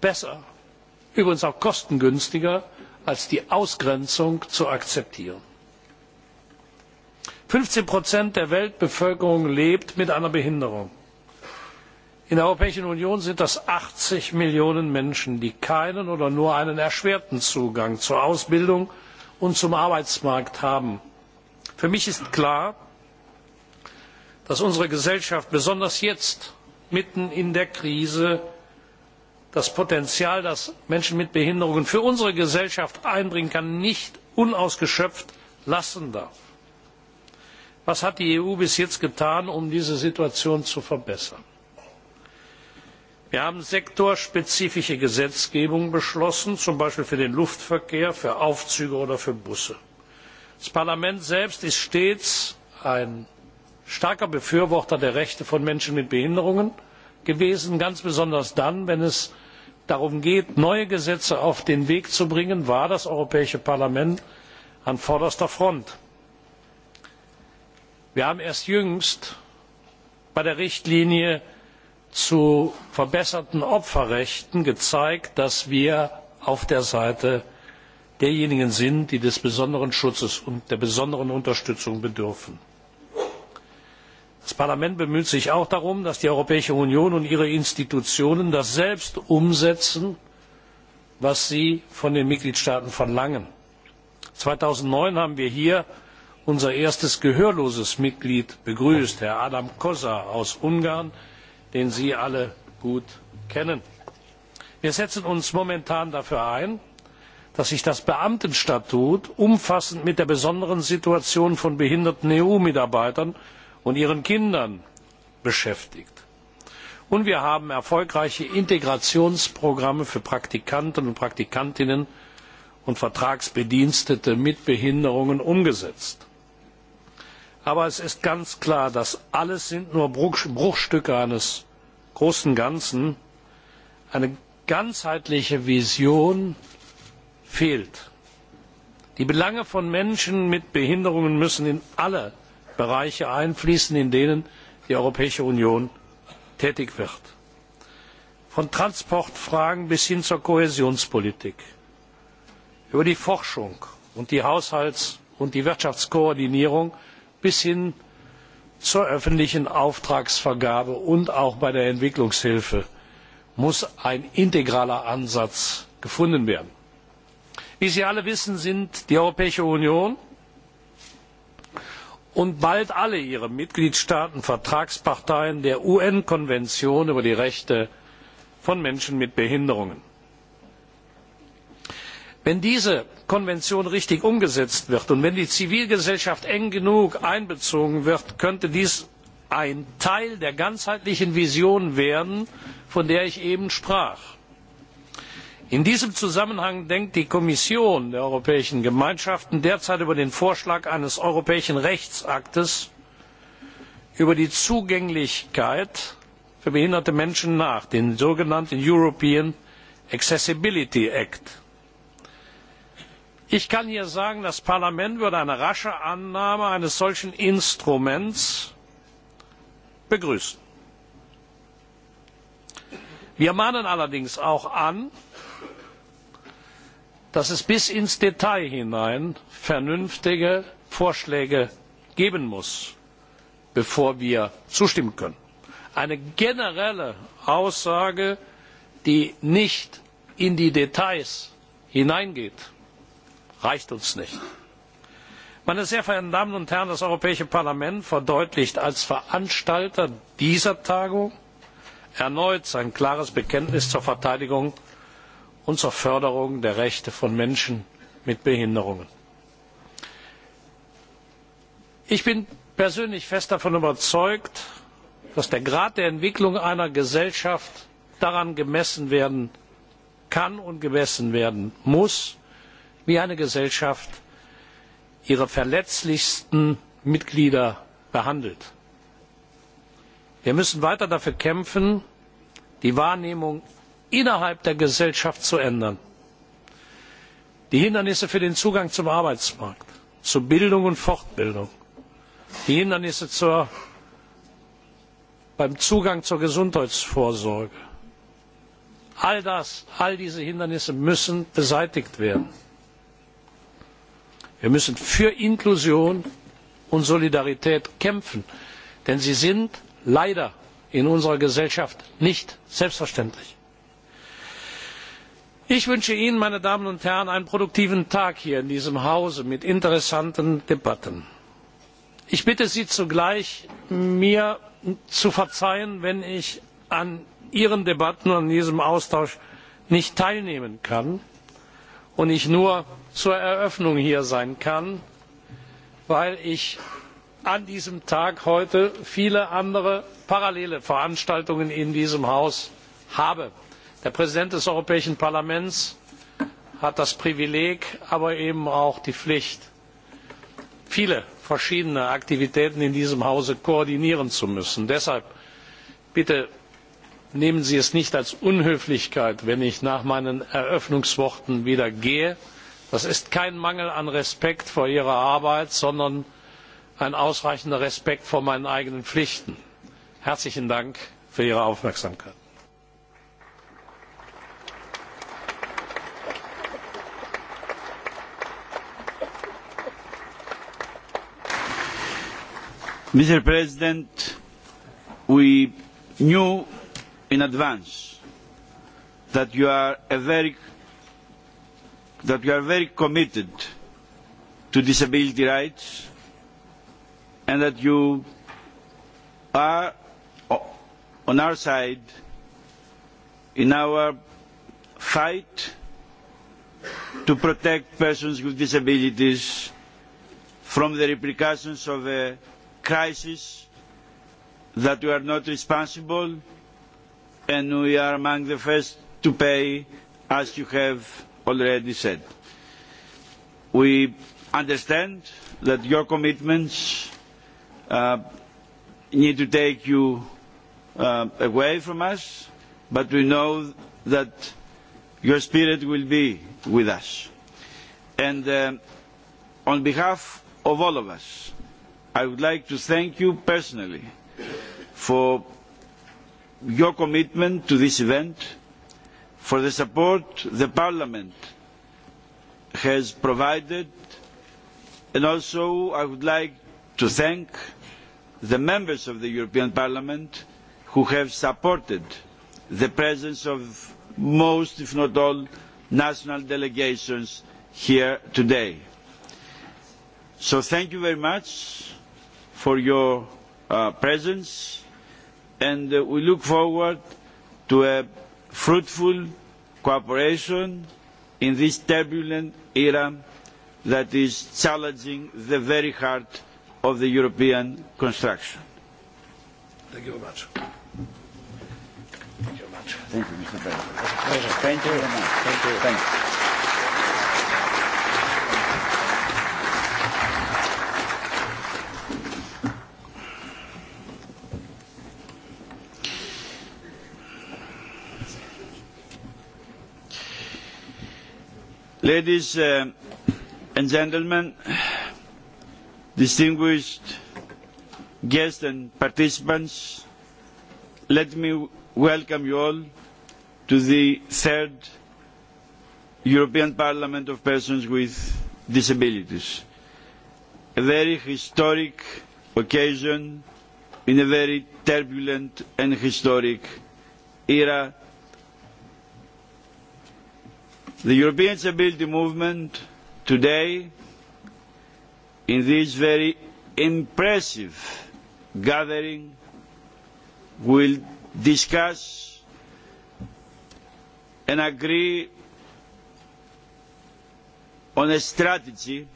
Speaker 10: besser übrigens auch kostengünstiger als die ausgrenzung zu akzeptieren. fünfzehn der weltbevölkerung lebt mit einer behinderung. in der europäischen union sind das achtzig millionen menschen die keinen oder nur einen erschwerten zugang zur ausbildung und zum arbeitsmarkt haben. für mich ist klar dass unsere Gesellschaft besonders jetzt mitten in der Krise das Potenzial, das Menschen mit Behinderungen für unsere Gesellschaft einbringen kann, nicht unausgeschöpft lassen darf. Was hat die EU bis jetzt getan, um diese Situation zu verbessern? Wir haben sektorspezifische Gesetzgebung beschlossen, zum Beispiel für den Luftverkehr, für Aufzüge oder für Busse. Das Parlament selbst ist stets ein starker befürworter der rechte von menschen mit behinderungen gewesen ganz besonders dann wenn es darum geht neue gesetze auf den weg zu bringen war das europäische parlament an vorderster front. wir haben erst jüngst bei der richtlinie zu verbesserten opferrechten gezeigt dass wir auf der seite derjenigen sind die des besonderen schutzes und der besonderen unterstützung bedürfen. Das Parlament bemüht sich auch darum, dass die Europäische Union und ihre Institutionen das selbst umsetzen, was sie von den Mitgliedstaaten verlangen. zweitausendneun haben wir hier unser erstes gehörloses Mitglied begrüßt, Herr Adam Kosa aus Ungarn, den Sie alle gut kennen. Wir setzen uns momentan dafür ein, dass sich das Beamtenstatut umfassend mit der besonderen Situation von behinderten EU-Mitarbeitern und ihren Kindern beschäftigt. Und wir haben erfolgreiche Integrationsprogramme für Praktikanten und Praktikantinnen und Vertragsbedienstete mit Behinderungen umgesetzt. Aber es ist ganz klar, das alles sind nur Bruchstücke eines großen Ganzen. Eine ganzheitliche Vision fehlt. Die Belange von Menschen mit Behinderungen müssen in alle bereiche einfließen in denen die europäische union tätig wird von transportfragen bis hin zur kohäsionspolitik über die forschung und die haushalts und die wirtschaftskoordinierung bis hin zur öffentlichen auftragsvergabe und auch bei der entwicklungshilfe muss ein integraler ansatz gefunden werden. wie sie alle wissen sind die europäische union und bald alle ihre Mitgliedstaaten Vertragsparteien der UN Konvention über die Rechte von Menschen mit Behinderungen. Wenn diese Konvention richtig umgesetzt wird und wenn die Zivilgesellschaft eng genug einbezogen wird, könnte dies ein Teil der ganzheitlichen Vision werden, von der ich eben sprach. In diesem Zusammenhang denkt die Kommission der Europäischen Gemeinschaften derzeit über den Vorschlag eines europäischen Rechtsaktes über die Zugänglichkeit für behinderte Menschen nach, den sogenannten European Accessibility Act. Ich kann hier sagen, das Parlament würde eine rasche Annahme eines solchen Instruments begrüßen. Wir mahnen allerdings auch an, dass es bis ins Detail hinein vernünftige Vorschläge geben muss, bevor wir zustimmen können. Eine generelle Aussage, die nicht in die Details hineingeht, reicht uns nicht. Meine sehr verehrten Damen und Herren, das Europäische Parlament verdeutlicht als Veranstalter dieser Tagung erneut sein klares Bekenntnis zur Verteidigung und zur Förderung der Rechte von Menschen mit Behinderungen. Ich bin persönlich fest davon überzeugt, dass der Grad der Entwicklung einer Gesellschaft daran gemessen werden kann und gemessen werden muss, wie eine Gesellschaft ihre verletzlichsten Mitglieder behandelt. Wir müssen weiter dafür kämpfen, die Wahrnehmung innerhalb der Gesellschaft zu ändern. Die Hindernisse für den Zugang zum Arbeitsmarkt, zu Bildung und Fortbildung, die Hindernisse zur, beim Zugang zur Gesundheitsvorsorge, all das, all diese Hindernisse müssen beseitigt werden. Wir müssen für Inklusion und Solidarität kämpfen, denn sie sind leider in unserer Gesellschaft nicht selbstverständlich. Ich wünsche Ihnen, meine Damen und Herren, einen produktiven Tag hier in diesem Hause mit interessanten Debatten. Ich bitte Sie zugleich, mir zu verzeihen, wenn ich an Ihren Debatten und an diesem Austausch nicht teilnehmen kann und ich nur zur Eröffnung hier sein kann, weil ich an diesem Tag heute viele andere parallele Veranstaltungen in diesem Haus habe. Der Präsident des Europäischen Parlaments hat das Privileg, aber eben auch die Pflicht, viele verschiedene Aktivitäten in diesem Hause koordinieren zu müssen. Deshalb bitte nehmen Sie es nicht als Unhöflichkeit, wenn ich nach meinen Eröffnungsworten wieder gehe. Das ist kein Mangel an Respekt vor Ihrer Arbeit, sondern ein ausreichender Respekt vor meinen eigenen Pflichten. Herzlichen Dank für Ihre Aufmerksamkeit.
Speaker 4: Mr. President, we knew in advance that you are a very that you are very committed to disability rights and that you are on our side in our fight to protect persons with disabilities from the repercussions of a crisis that we are not responsible and we are among the first to pay, as you have already said. We understand that your commitments uh, need to take you uh, away from us, but we know that your spirit will be with us. And uh, on behalf of all of us, I would like to thank you personally for your commitment to this event, for the support the Parliament has provided, and also I would like to thank the members of the European Parliament who have supported the presence of most, if not all, national delegations here today. So thank you very much for your uh, presence, and uh, we look forward to a fruitful cooperation in this turbulent era that is challenging the very heart of the European construction. Thank you very much. Thank you, Mr. President. Thank you very much. Thank you. Thank you. Ladies uh, and gentlemen, distinguished guests and participants, let me welcome you all to the third European Parliament of Persons with Disabilities. A very historic occasion in a very turbulent and historic era The European Stability Movement today, in this very impressive gathering, will discuss and agree on a strategy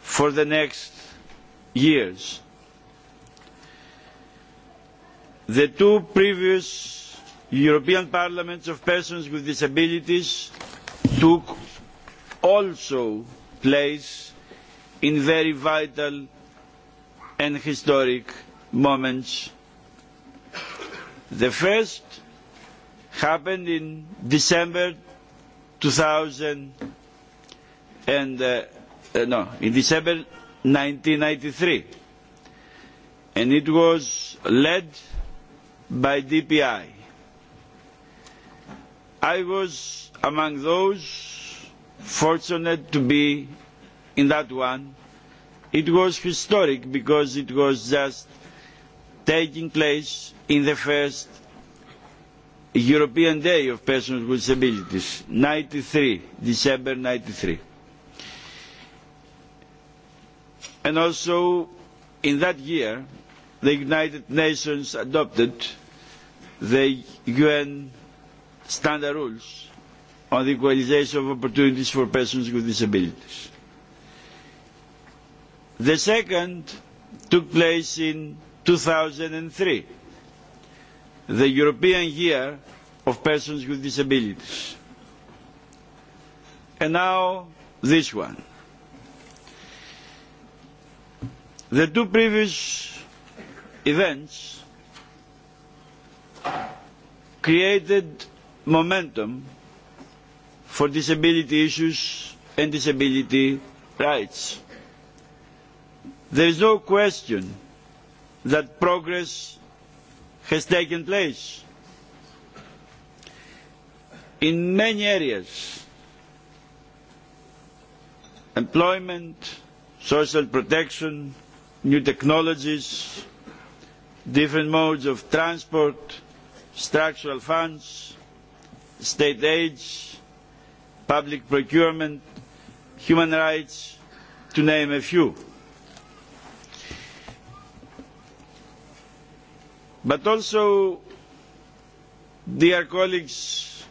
Speaker 4: for the next years. The two previous European Parliament of Persons with Disabilities took also place in very vital and historic moments. The first happened in December 2000 and uh, uh, no, in December 1993, and it was led by DPI. I was among those fortunate to be in that one. It was historic because it was just taking place in the first European Day of Persons with Disabilities, 93, December 93. And also in that year, the United Nations adopted the UN standard rules on the equalization of opportunities for persons with disabilities. The second took place in 2003, the European Year of Persons with Disabilities. And now this one. The two previous events created momentum for disability issues and disability rights. There is no question that progress has taken place. In many areas, employment, social protection, new technologies, different modes of transport, structural funds, state aid, public procurement, human rights, to name a few. But also, dear colleagues,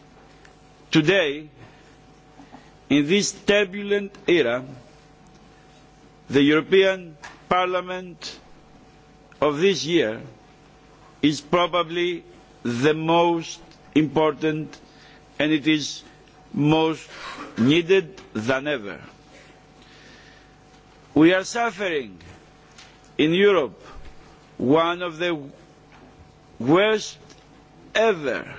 Speaker 4: today, in this turbulent era, the European Parliament of this year is probably the most important and it is most needed than ever. We are suffering in Europe one of the worst ever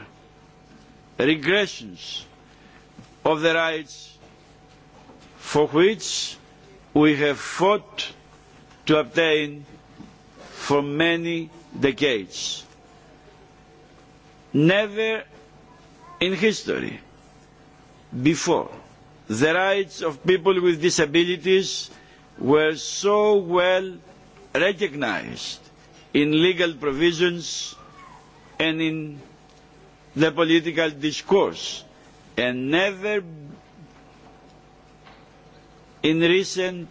Speaker 4: regressions of the rights for which we have fought to obtain for many decades. Never in history, before, the rights of people with disabilities were so well recognized in legal provisions and in the political discourse and never in recent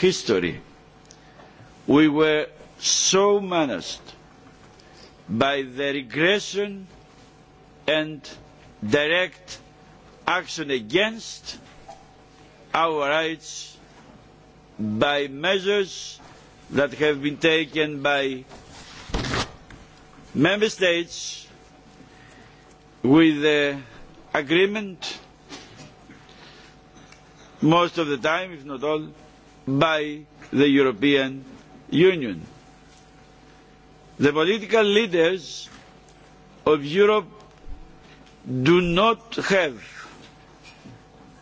Speaker 4: history we were so menaced by the regression and direct action against our rights by measures that have been taken by member states with the uh, agreement most of the time, if not all, by the European Union. The political leaders of Europe do not have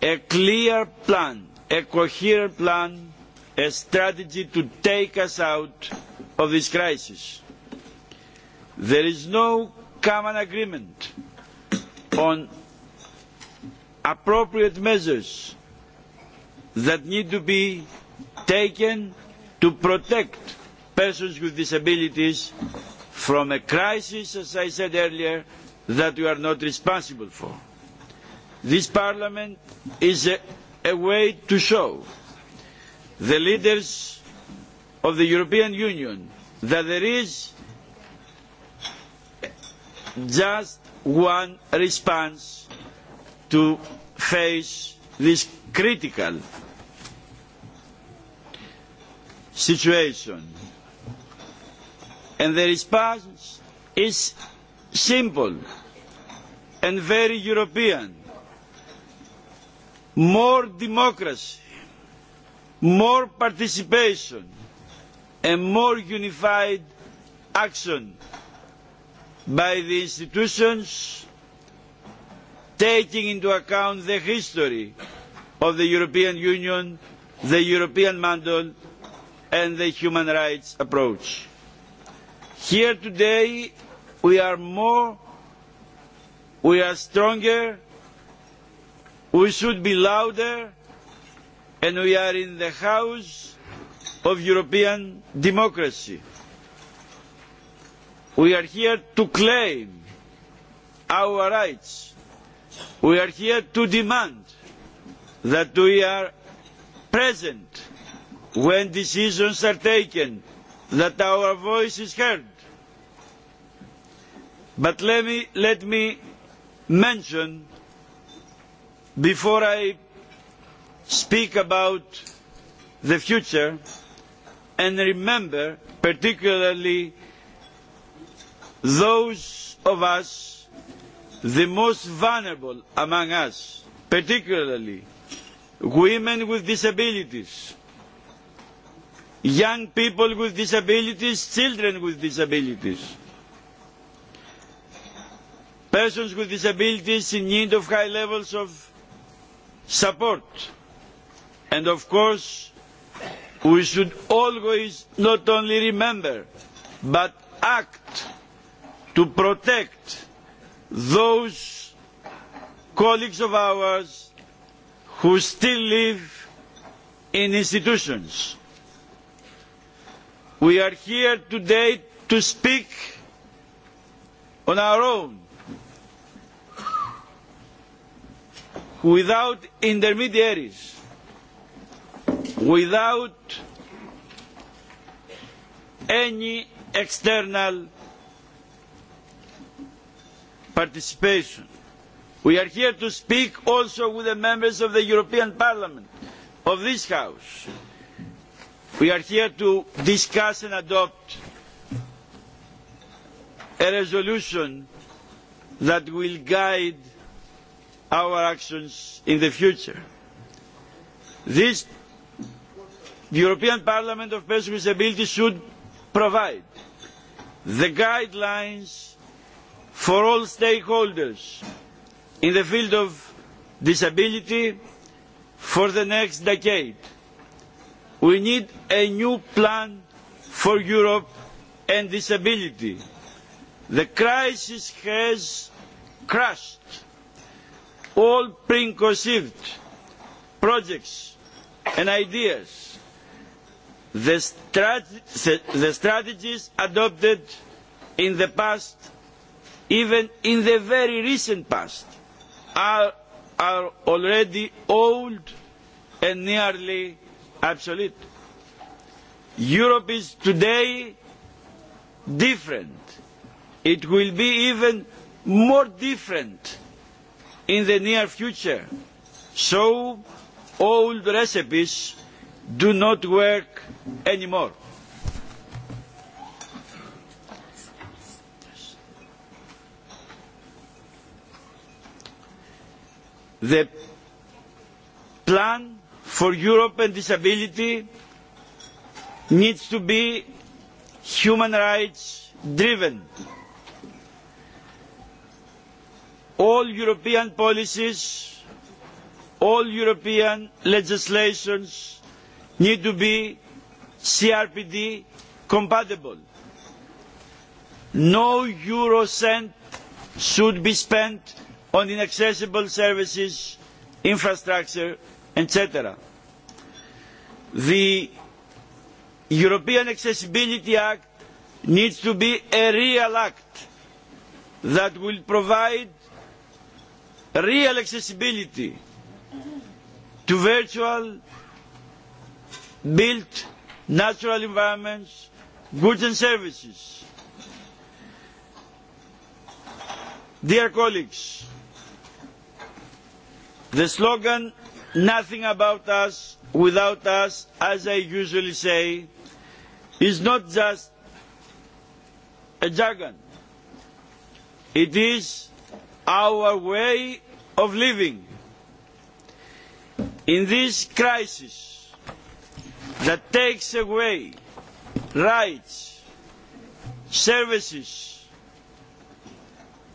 Speaker 4: a clear plan, a coherent plan, a strategy to take us out of this crisis. There is no common agreement on appropriate measures that need to be taken to protect persons with disabilities from a crisis, as I said earlier, that we are not responsible for. This Parliament is a, a way to show the leaders of the European Union that there is just one response to face this critical situation. And the response is simple and very European. More democracy, more participation, and more unified action by the institutions taking into account the history of the European Union, the European mandate, and the human rights approach. Here today, we are more we are stronger, we should be louder, and we are in the house of European democracy. We are here to claim our rights. We are here to demand that we are present when decisions are taken, that our voice is heard. But let me, let me mention before I speak about the future and remember particularly those of us the most vulnerable among us, particularly women with disabilities, young people with disabilities, children with disabilities persons with disabilities in need of high levels of support. And of course, we should always not only remember, but act to protect those colleagues of ours who still live in institutions. We are here today to speak on our own without intermediaries, without any external participation. We are here to speak also with the members of the European Parliament, of this House. We are here to discuss and adopt a resolution that will guide our actions in the future. This the European Parliament of Persons with Disabilities should provide the guidelines for all stakeholders in the field of disability for the next decade. We need a new plan for Europe and disability. The crisis has crushed all preconceived projects and ideas. The, strat the strategies adopted in the past, even in the very recent past, are, are already old and nearly obsolete. Europe is today different. It will be even more different in the near future. So old recipes do not work anymore. The plan for Europe and disability needs to be human rights driven all European policies, all European legislations need to be CRPD compatible. No euro cent should be spent on inaccessible services, infrastructure, etc. The European Accessibility Act needs to be a real act that will provide real accessibility to virtual built natural environments, goods and services. Dear colleagues, the slogan nothing about us without us, as I usually say, is not just a jargon. It is our way of living. In this crisis that takes away rights, services,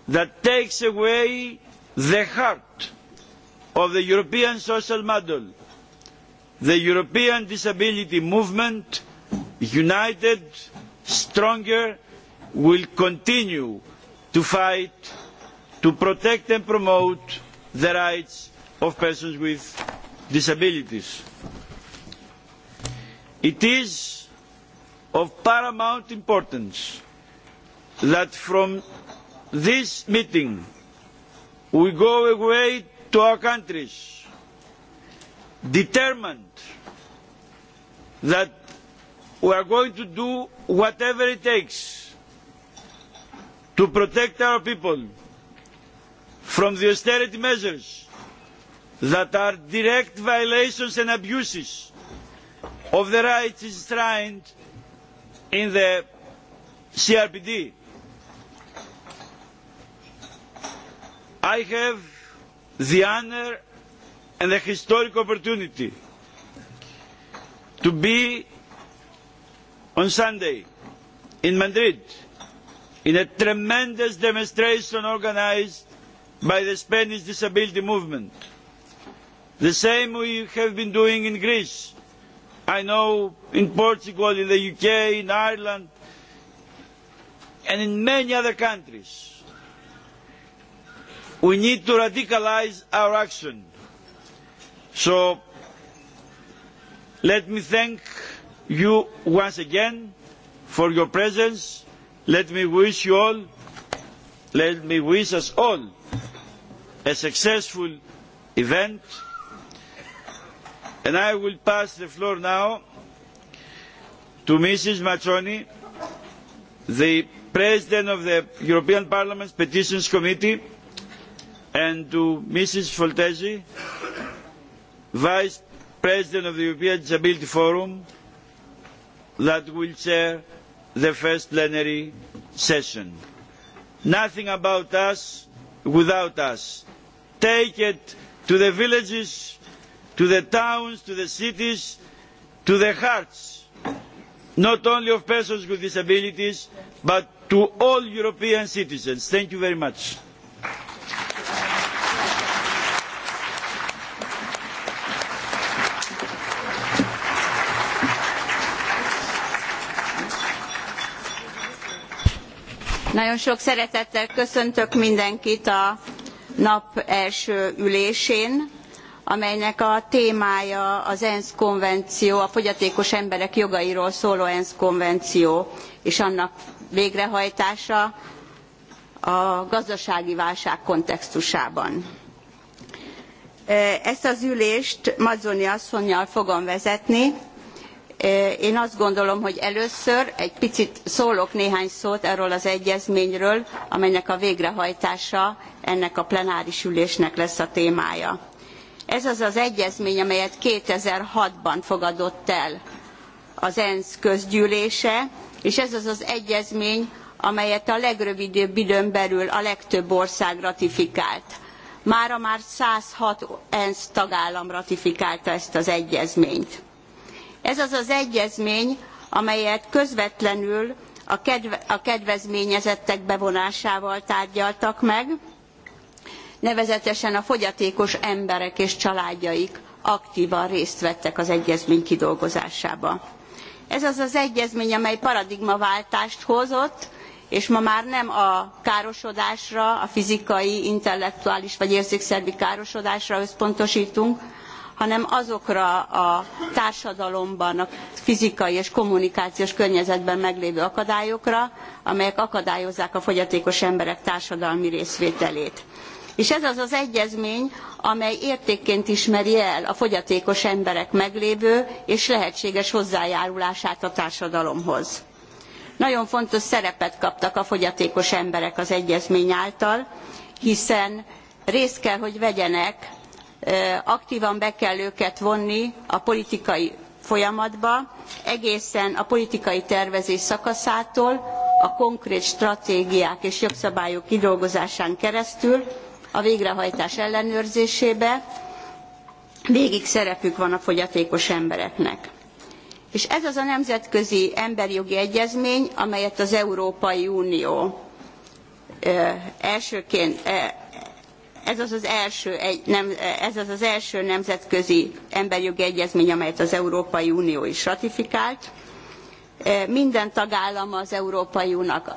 Speaker 4: that takes away the heart of the European social model, the European disability movement, united, stronger, will continue to fight to protect and promote the rights of persons with disabilities. It is of paramount importance that from this meeting we go away to our countries determined that we are going to do whatever it takes to protect our people from the austerity measures that are direct violations and abuses of the rights enshrined in the CRPD. I have the honor and the historic opportunity to be on Sunday in Madrid in a tremendous demonstration organized by the Spanish disability movement. The same we have been doing in Greece. I know in Portugal, in the UK, in Ireland, and in many other countries. We need to radicalize our action. So let me thank you once again for your presence. Let me wish you all, let me wish us all a successful event. And I will pass the floor now to Mrs. Mazzoni, the President of the European Parliament's Petitions Committee, and to Mrs. Foltesi, Vice President of the European Disability Forum, that will chair the first plenary session. Nothing about us without us take it to the villages, to the towns, to the cities, to the hearts, not only of persons with disabilities, but to all European citizens. Thank you very much.
Speaker 11: Nagyon sok szeretettel köszöntök mindenkit a nap első ülésén, amelynek a témája az ENSZ konvenció, a fogyatékos emberek jogairól szóló ENSZ konvenció, és annak végrehajtása a gazdasági válság kontextusában. Ezt az ülést Mazzoni asszonynal fogom vezetni. Én azt gondolom, hogy először egy picit szólok néhány szót erről az egyezményről, amelynek a végrehajtása ennek a plenáris ülésnek lesz a témája. Ez az az egyezmény, amelyet 2006-ban fogadott el az ENSZ közgyűlése, és ez az az egyezmény, amelyet a legrövidebb időn belül a legtöbb ország ratifikált. Mára már 106 ENSZ tagállam ratifikálta ezt az egyezményt. Ez az az egyezmény, amelyet közvetlenül a, kedve, a kedvezményezettek bevonásával tárgyaltak meg, nevezetesen a fogyatékos emberek és családjaik aktívan részt vettek az egyezmény kidolgozásába. Ez az az egyezmény, amely paradigmaváltást hozott, és ma már nem a károsodásra, a fizikai, intellektuális vagy érzékszervi károsodásra összpontosítunk, hanem azokra a társadalomban, a fizikai és kommunikációs környezetben meglévő akadályokra, amelyek akadályozzák a fogyatékos emberek társadalmi részvételét. És ez az az egyezmény, amely értékként ismeri el a fogyatékos emberek meglévő és lehetséges hozzájárulását a társadalomhoz. Nagyon fontos szerepet kaptak a fogyatékos emberek az egyezmény által, hiszen részt kell, hogy vegyenek, aktívan be kell őket vonni a politikai folyamatba, egészen a politikai tervezés szakaszától, a konkrét stratégiák és jogszabályok kidolgozásán keresztül, a végrehajtás ellenőrzésébe, végig szerepük van a fogyatékos embereknek. És ez az a nemzetközi emberjogi egyezmény, amelyet az Európai Unió elsőként, ez az az első, nem, ez az, az első nemzetközi emberjogi egyezmény, amelyet az Európai Unió is ratifikált, Minden tagállam az Európai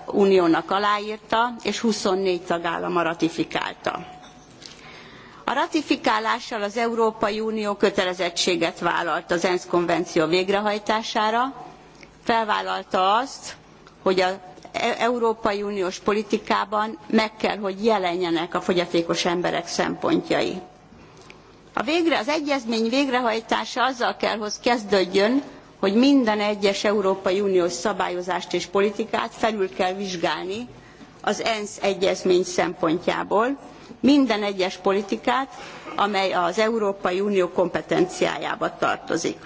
Speaker 11: Uniónak aláírta, és 24 a ratifikálta. A ratifikálással az Európai Unió kötelezettséget vállalt az ENSZ konvenció végrehajtására, felvállalta azt, hogy az e-, Európai Uniós politikában meg kell, hogy jelenjenek a fogyatékos emberek szempontjai. A végre, az egyezmény végrehajtása azzal kell, hogy kezdődjön, hogy minden egyes Európai Uniós szabályozást és politikát felül kell vizsgálni az ENSZ egyezmény szempontjából, minden egyes politikát, amely az Európai Unió kompetenciájába tartozik.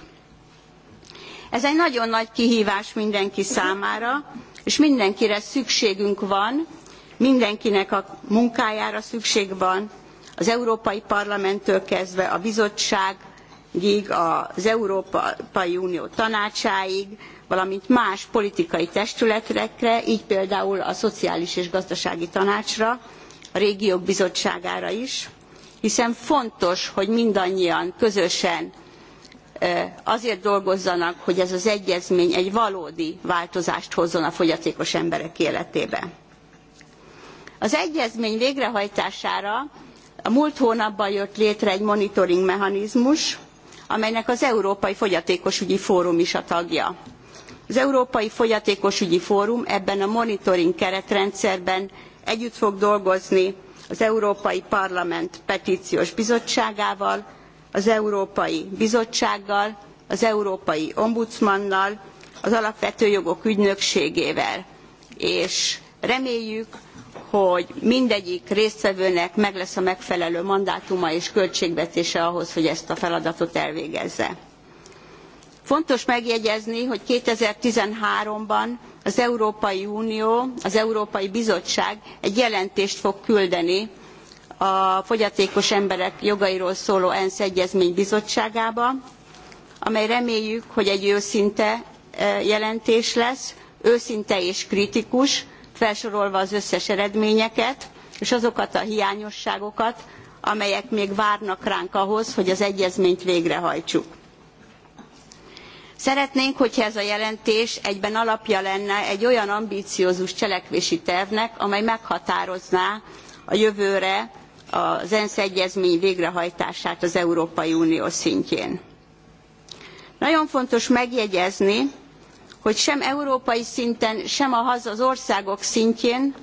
Speaker 11: Ez egy nagyon nagy kihívás mindenki számára, és mindenkire szükségünk van, mindenkinek a munkájára szükség van, az Európai Parlamenttől kezdve a bizottság, ig az Európai Unió tanácsáig, valamint más politikai testületekre, így például a Szociális és Gazdasági Tanácsra, a Régiók Bizottságára is, hiszen fontos, hogy mindannyian közösen azért dolgozzanak, hogy ez az egyezmény egy valódi változást hozzon a fogyatékos emberek életébe. Az egyezmény végrehajtására a múlt hónapban jött létre egy monitoring mechanizmus, amelynek az Európai Fogyatékosügyi Fórum is a tagja. Az Európai Fogyatékosügyi Fórum ebben a monitoring keretrendszerben együtt fog dolgozni az Európai Parlament Petíciós Bizottságával, az Európai Bizottsággal, az Európai Ombudsmannal, az Alapvető Jogok Ügynökségével. És reméljük, hogy mindegyik résztvevőnek meg lesz a megfelelő mandátuma és költségvetése ahhoz, hogy ezt a feladatot elvégezze. Fontos megjegyezni, hogy 2013-ban az Európai Unió, az Európai Bizottság egy jelentést fog küldeni a fogyatékos emberek jogairól szóló ENSZ egyezmény bizottságába, amely reméljük, hogy egy őszinte eh, jelentés lesz, őszinte és kritikus, felsorolva az összes eredményeket, és azokat a hiányosságokat, amelyek még várnak ránk ahhoz, hogy az egyezményt végrehajtsuk. Szeretnénk, hogyha ez a jelentés egyben alapja lenne egy olyan ambíciózus cselekvési tervnek, amely meghatározná a jövőre az ENSZ egyezmény végrehajtását az Európai Unió szintjén. Nagyon fontos megjegyezni, hogy sem európai szinten, sem az országok szintjén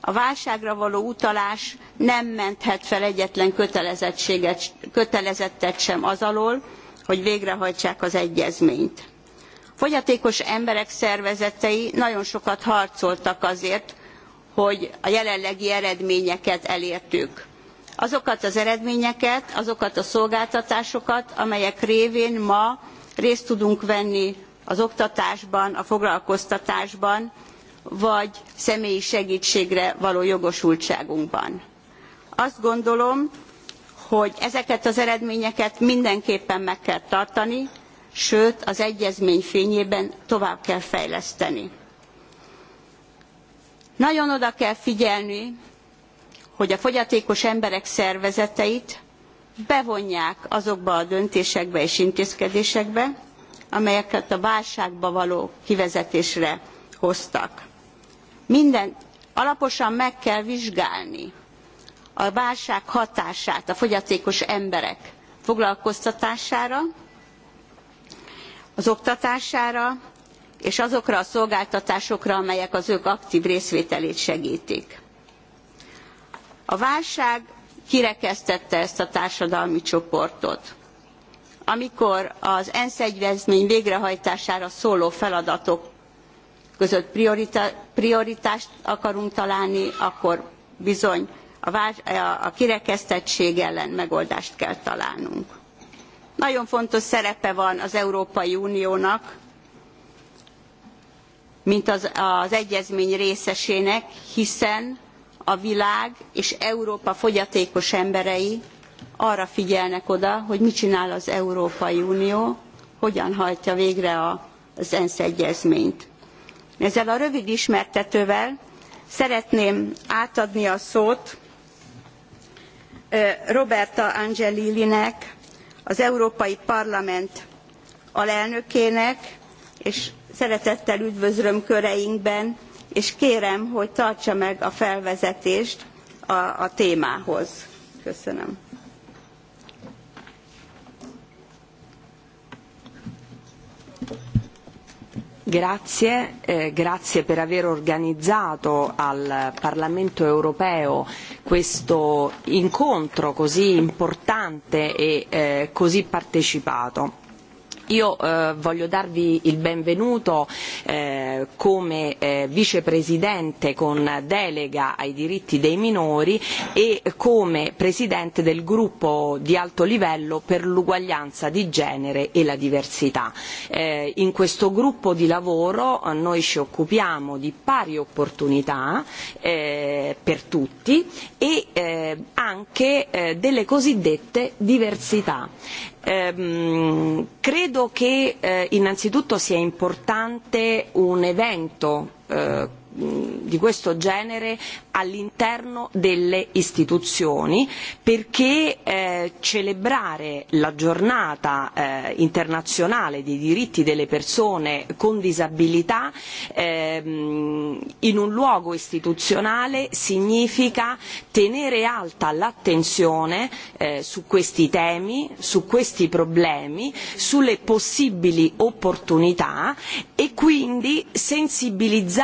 Speaker 11: a válságra való utalás nem menthet fel egyetlen kötelezettséget, kötelezettet sem az alól, hogy végrehajtsák az egyezményt. Fogyatékos emberek szervezetei nagyon sokat harcoltak azért, hogy a jelenlegi eredményeket
Speaker 12: elértük.
Speaker 11: Azokat az eredményeket, azokat a szolgáltatásokat, amelyek révén ma részt tudunk venni az oktatásban, a foglalkoztatásban, vagy személyi segítségre való jogosultságunkban. Azt gondolom, hogy ezeket az eredményeket mindenképpen meg kell tartani, sőt az egyezmény fényében tovább kell fejleszteni. Nagyon oda kell figyelni, hogy a fogyatékos emberek szervezeteit bevonják azokba a döntésekbe és intézkedésekbe, amelyeket a válságba való kivezetésre hoztak. Minden alaposan meg kell vizsgálni a válság hatását a fogyatékos emberek foglalkoztatására, az oktatására és azokra a szolgáltatásokra, amelyek az ők aktív részvételét segítik. A válság kirekesztette ezt a társadalmi csoportot amikor az ENSZ egyezmény végrehajtására szóló feladatok között prioritást akarunk találni, akkor bizony a, a kirekesztettség ellen megoldást kell találnunk. Nagyon fontos szerepe van az Európai Uniónak, mint az, az egyezmény részesének, hiszen a világ és Európa fogyatékos emberei arra figyelnek oda, hogy mit csinál az Európai Unió, hogyan hajtja végre az ENSZ egyezményt. Ezzel a rövid ismertetővel szeretném átadni a szót Roberta Angelilinek, az Európai Parlament alelnökének, és szeretettel üdvözlöm köreinkben, és kérem, hogy tartsa meg a felvezetést a, a témához. Köszönöm.
Speaker 13: Grazie, eh, grazie per aver organizzato al Parlamento europeo questo incontro così importante e eh, così partecipato. Io eh, voglio darvi il benvenuto eh, come eh, vicepresidente con delega ai diritti dei minori e come presidente del gruppo di alto livello per l'uguaglianza di genere e la diversità. Eh, in questo gruppo di lavoro eh, noi ci occupiamo di pari opportunità eh, per tutti e eh, anche eh, delle cosiddette diversità. Ehm, credo che eh, innanzitutto sia importante un evento eh, di questo genere all'interno delle istituzioni perché eh, celebrare la giornata eh, internazionale dei diritti delle persone con disabilità eh, in un luogo istituzionale significa tenere alta l'attenzione eh, su questi temi, su questi problemi, sulle possibili opportunità e quindi sensibilizzare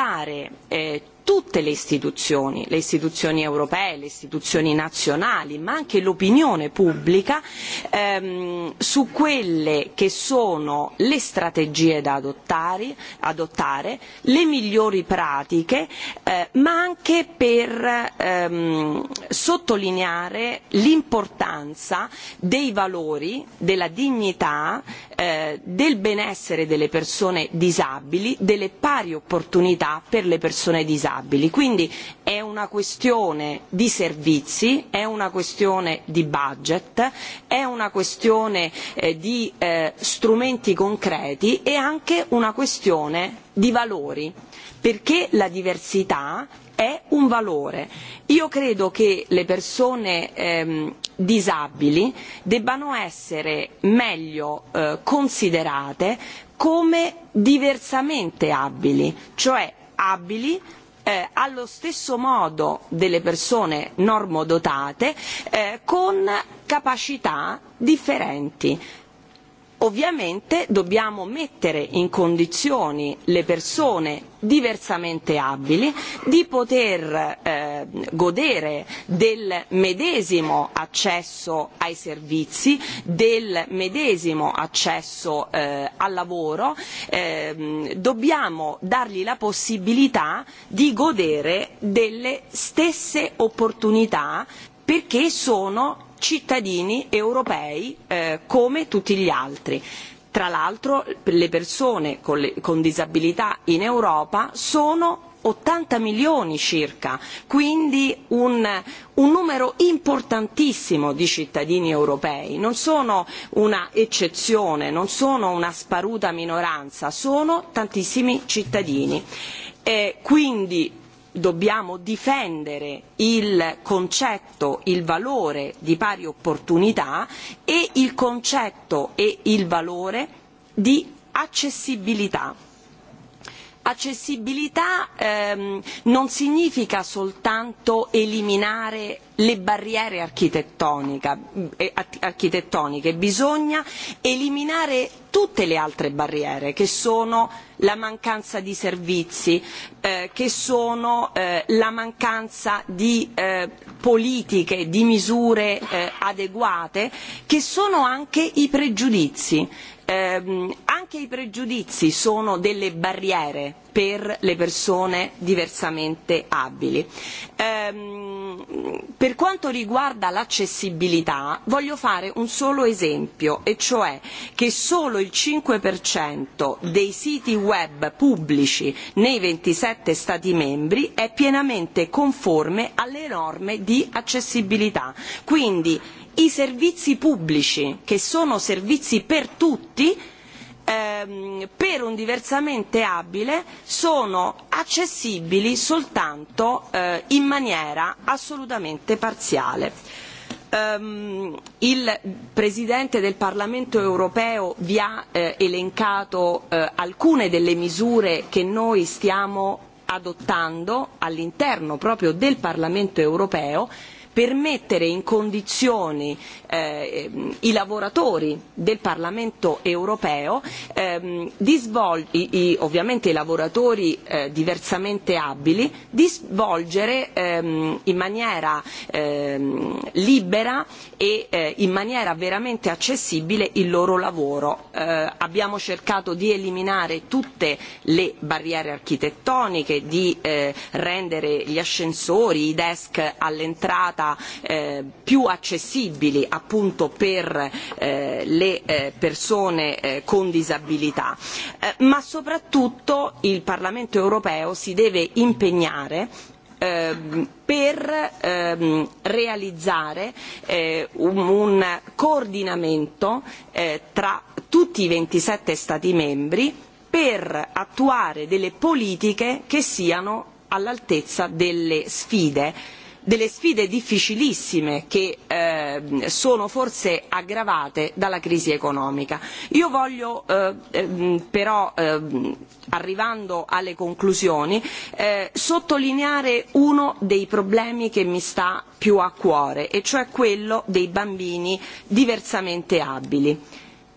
Speaker 13: eh, tutte le istituzioni, le istituzioni europee, le istituzioni nazionali, ma anche l'opinione pubblica ehm, su quelle che sono le strategie da adottare, adottare le migliori pratiche, eh, ma anche per ehm, sottolineare l'importanza dei valori, della dignità, eh, del benessere delle persone disabili, delle pari opportunità per le persone disabili stabili. Quindi è una questione di servizi, è una questione di budget, è una questione eh, di eh, strumenti concreti e anche una questione di valori, perché la diversità è un valore. Io credo che le persone ehm, disabili debbano essere meglio eh, considerate come diversamente abili, cioè abili eh, allo stesso modo delle persone normodotate eh, con capacità differenti Ovviamente dobbiamo mettere in condizioni le persone diversamente abili di poter eh, godere del medesimo accesso ai servizi, del medesimo accesso eh, al lavoro, eh, dobbiamo dargli la possibilità di godere delle stesse opportunità perché sono cittadini europei eh, come tutti gli altri. Tra l'altro le persone con, le, con disabilità in Europa sono 80 milioni circa, quindi un, un numero importantissimo di cittadini europei. Non sono una eccezione, non sono una sparuta minoranza, sono tantissimi cittadini. Eh, quindi dobbiamo difendere il concetto, il valore di pari opportunità e il concetto e il valore di accessibilità Accessibilità ehm, non significa soltanto eliminare le barriere eh, architettoniche, bisogna eliminare tutte le altre barriere che sono la mancanza di servizi, eh, che sono eh, la mancanza di eh, politiche, di misure eh, adeguate, che sono anche i pregiudizi ehm, anche i pregiudizi sono delle barriere per le persone diversamente abili. Ehm, per quanto riguarda l'accessibilità voglio fare un solo esempio e cioè che solo il 5% dei siti web pubblici nei 27 Stati membri è pienamente conforme alle norme di accessibilità. Quindi i servizi pubblici, che sono servizi per tutti, ehm, per un diversamente abile sono accessibili soltanto eh, in maniera assolutamente parziale. Um, il Presidente del Parlamento europeo vi ha eh, elencato eh, alcune delle misure che noi stiamo adottando all'interno proprio del Parlamento europeo per mettere in condizioni eh, i lavoratori del Parlamento europeo ehm, di svolgere, ovviamente i lavoratori eh, diversamente abili di svolgere ehm, in maniera ehm, libera e eh, in maniera veramente accessibile il loro lavoro. Eh, abbiamo cercato di eliminare tutte le barriere architettoniche, di eh, rendere gli ascensori, i desk all'entrata diventa eh, più accessibili appunto per eh, le eh, persone eh, con disabilità. Eh, ma soprattutto il Parlamento europeo si deve impegnare ehm, per ehm, realizzare eh, un, un coordinamento eh, tra tutti i ventisette Stati membri per attuare delle politiche che siano all'altezza delle sfide delle sfide difficilissime che eh, sono forse aggravate dalla crisi economica. Io voglio eh, ehm, però, eh, arrivando alle conclusioni, eh, sottolineare uno dei problemi che mi sta più a cuore, e cioè quello dei bambini diversamente abili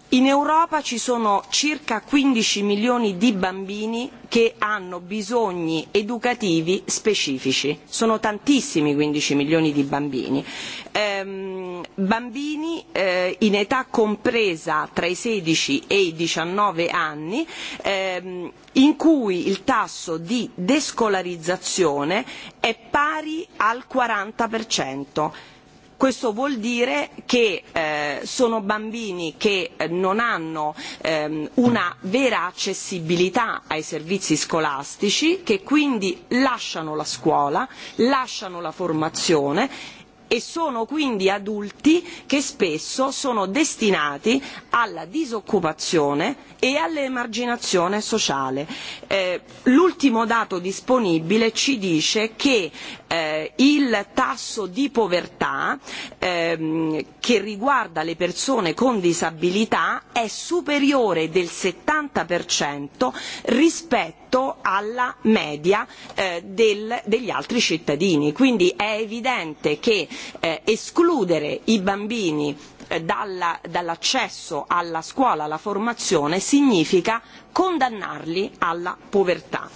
Speaker 13: In Europa ci sono circa 15 milioni di bambini che hanno bisogni educativi specifici, sono tantissimi 15 milioni di bambini, ehm, bambini eh, in età compresa tra i 16 e i 19 anni ehm, in cui il tasso di descolarizzazione è pari al 40%. Questo vuol dire che eh, sono bambini che non hanno ehm, una vera accessibilità ai servizi scolastici, che quindi lasciano la scuola, lasciano la formazione e sono quindi adulti che spesso sono destinati alla disoccupazione e all'emarginazione sociale. Eh, l'ultimo dato disponibile ci dice che eh, il tasso di povertà ehm, che riguarda le persone con disabilità è superiore del 70% rispetto rispetto alla media eh, del, degli altri cittadini. Quindi è evidente che eh, escludere i bambini eh, dall'accesso alla scuola, alla formazione, significa condannarli alla povertà.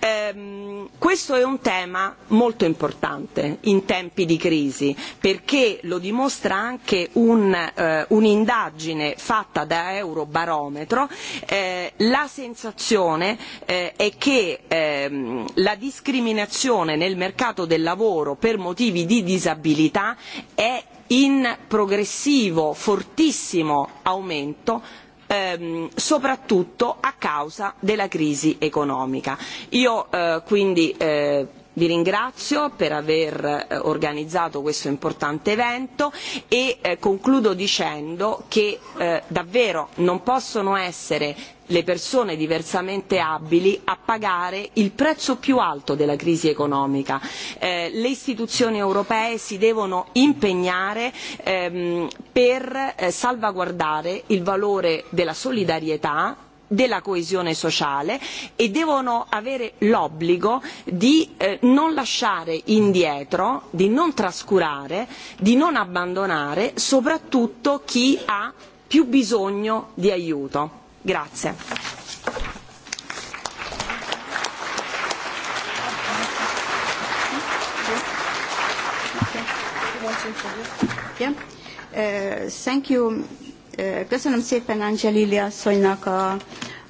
Speaker 13: Ehm, questo è un tema molto importante in tempi di crisi perché lo dimostra anche un, eh, un'indagine fatta da Eurobarometro. Eh, la sensazione eh, è che ehm, la discriminazione nel mercato del lavoro per motivi di disabilità è in progressivo fortissimo aumento ehm, soprattutto a causa della crisi economica. Io eh, quindi eh, Vi ringrazio per aver eh, organizzato questo importante evento e eh, concludo dicendo che eh, davvero non possono essere le persone diversamente abili a pagare il prezzo più alto della crisi economica. Eh, le istituzioni europee si devono impegnare ehm, per eh, salvaguardare il valore della solidarietà della coesione sociale e devono avere l'obbligo di eh, non lasciare indietro, di non trascurare, di non abbandonare soprattutto chi ha più bisogno di aiuto Grazie.
Speaker 11: Yeah. Uh, thank you. Uh, köszönöm szépen Angelili asszonynak a,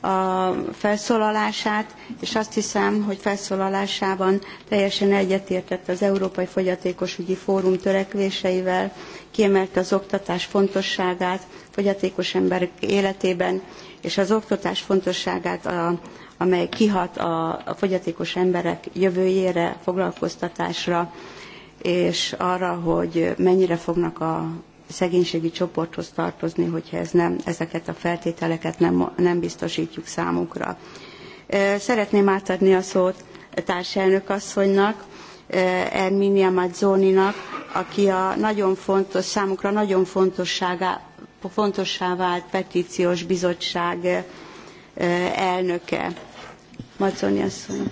Speaker 11: a felszólalását, és azt hiszem, hogy felszólalásában teljesen egyetértett az Európai Fogyatékosügyi Fórum törekvéseivel, kiemelte az oktatás fontosságát fogyatékos emberek életében, és az oktatás fontosságát, a, amely kihat a, a fogyatékos emberek jövőjére, foglalkoztatásra, és arra, hogy mennyire fognak a szegénységi csoporthoz tartozni, hogyha ez nem, ezeket a feltételeket nem, nem biztosítjuk számukra. Szeretném átadni a szót társelnök asszonynak, Erminia Mazzoninak, aki a nagyon fontos, számukra nagyon fontosságá, fontossá vált petíciós bizottság elnöke. Mazzoni asszony.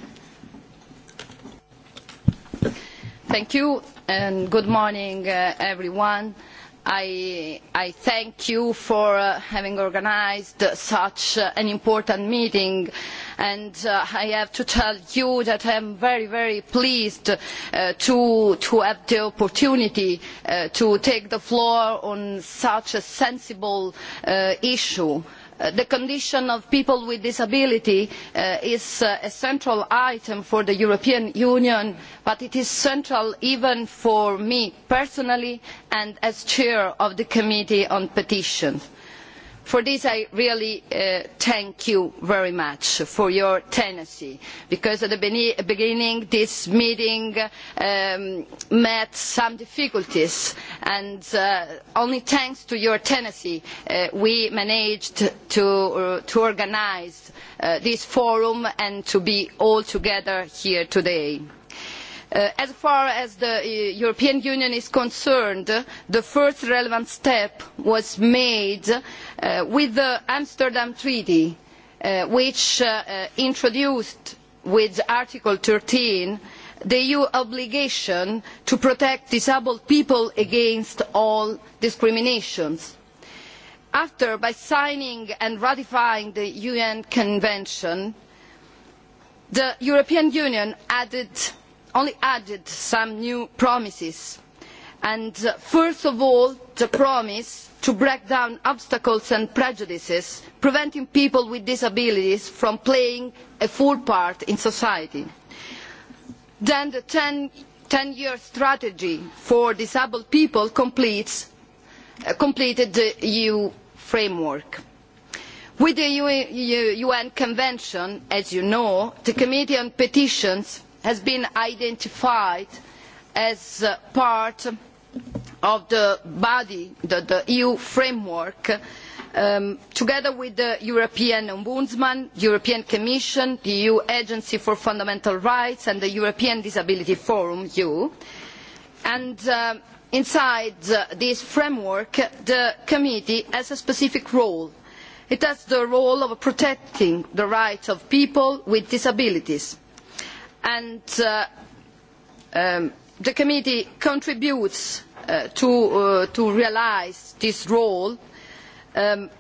Speaker 14: Thank you and good morning uh, everyone. I, I thank you for uh, having organised such uh, an important meeting and uh, I have to tell you that I am very, very pleased uh, to, to, have the opportunity uh, to take the floor on such a sensible uh, issue. Uh, the condition of people with disabilities uh, is uh, a central item for the European Union, but it is central even for me personally and as chair of the Committee on Petitions. For this I really uh, thank you very much for your tenacity because at the beginning this meeting um, met some difficulties and uh, only thanks to your tenacity uh, we managed to, uh, to organise uh, this forum and to be all together here today. Uh, as far as the uh, European Union is concerned, the first relevant step was made uh, with the Amsterdam Treaty, which introduced with Article thirteen the EU obligation to protect disabled people against all discriminations. After, by signing and ratifying the UN Convention, the European Union added only added some new promises. And uh, first of all, the promise to break down obstacles and prejudices, preventing people with disabilities from playing a full part in society. Then the ten, year strategy for disabled people completes, uh, completed the EU framework. With the UN Convention, as you know, the Committee on Petitions has been identified as uh, part of the body, the, the EU framework, um, together with the European Ombudsman, European Commission, the EU Agency for Fundamental Rights and the European Disability Forum, EU. And uh, inside uh, this framework, the committee has a specific role. It has the role of protecting the rights of people with disabilities and uh, um, the committee contributes uh, to, uh, to realise this role, um,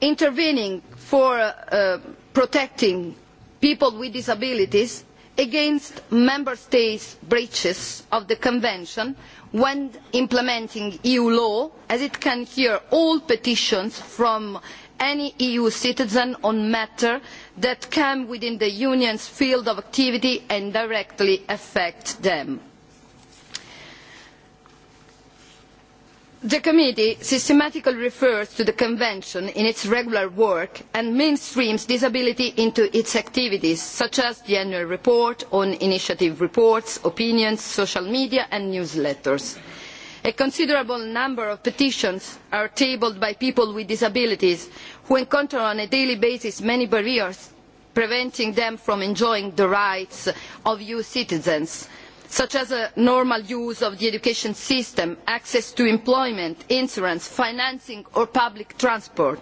Speaker 14: intervening for uh, protecting people with disabilities against member states' breaches of the convention when implementing EU law, as it can hear all petitions from any EU citizen on matters that come within the Union's field of activity and directly affect them. The committee systematically refers to the Convention in its regular work and mainstreams disability into its activities, such as the annual report on initiative reports, opinions, social media and newsletters. A considerable number of petitions are tabled by people with disabilities who encounter on a daily basis many barriers preventing them from enjoying the rights of EU citizens, such as a normal use of the education system, access to employment, insurance, financing or public transport.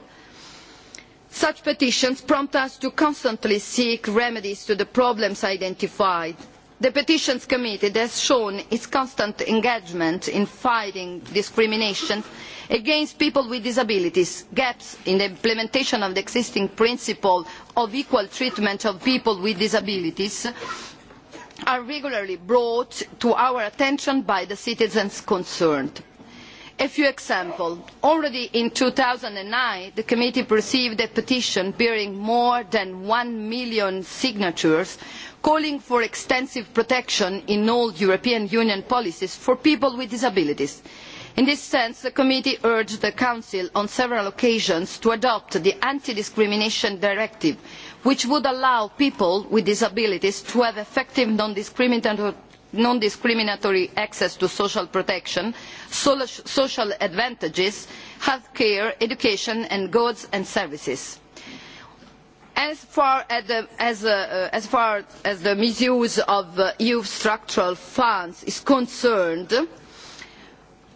Speaker 14: Such petitions prompt us to constantly seek remedies to the problems identified The Petitions Committee has shown its constant engagement in fighting discrimination against people with disabilities, gaps in the implementation of the existing principle of equal treatment of people with disabilities are regularly brought to our attention by the citizens concerned. A few examples. Already in two thousand nine, the committee received a petition bearing more than one million signatures calling for extensive protection in all European Union policies for people with disabilities. In this sense, the committee urged the Council on several occasions to adopt the Anti-Discrimination Directive, which would allow people with disabilities to have effective non-discriminatory non access to social protection, social advantages, health care, education and goods and services. As far as the, as, uh, uh, as far as the misuse of uh, EU structural funds is concerned,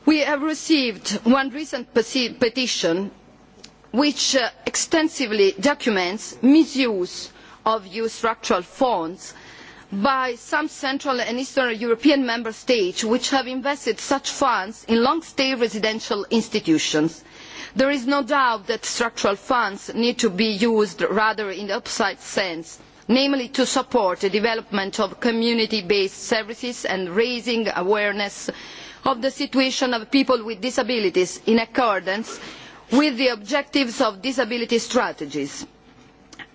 Speaker 14: we have received one recent petition which uh, extensively documents misuse of EU structural funds by some Central and Eastern European member states which have invested such funds in long-stay residential institutions There is no doubt that structural funds need to be used rather in the opposite sense, namely to support the development of community-based services and raising awareness of the situation of people with disabilities in accordance with the objectives of disability strategies.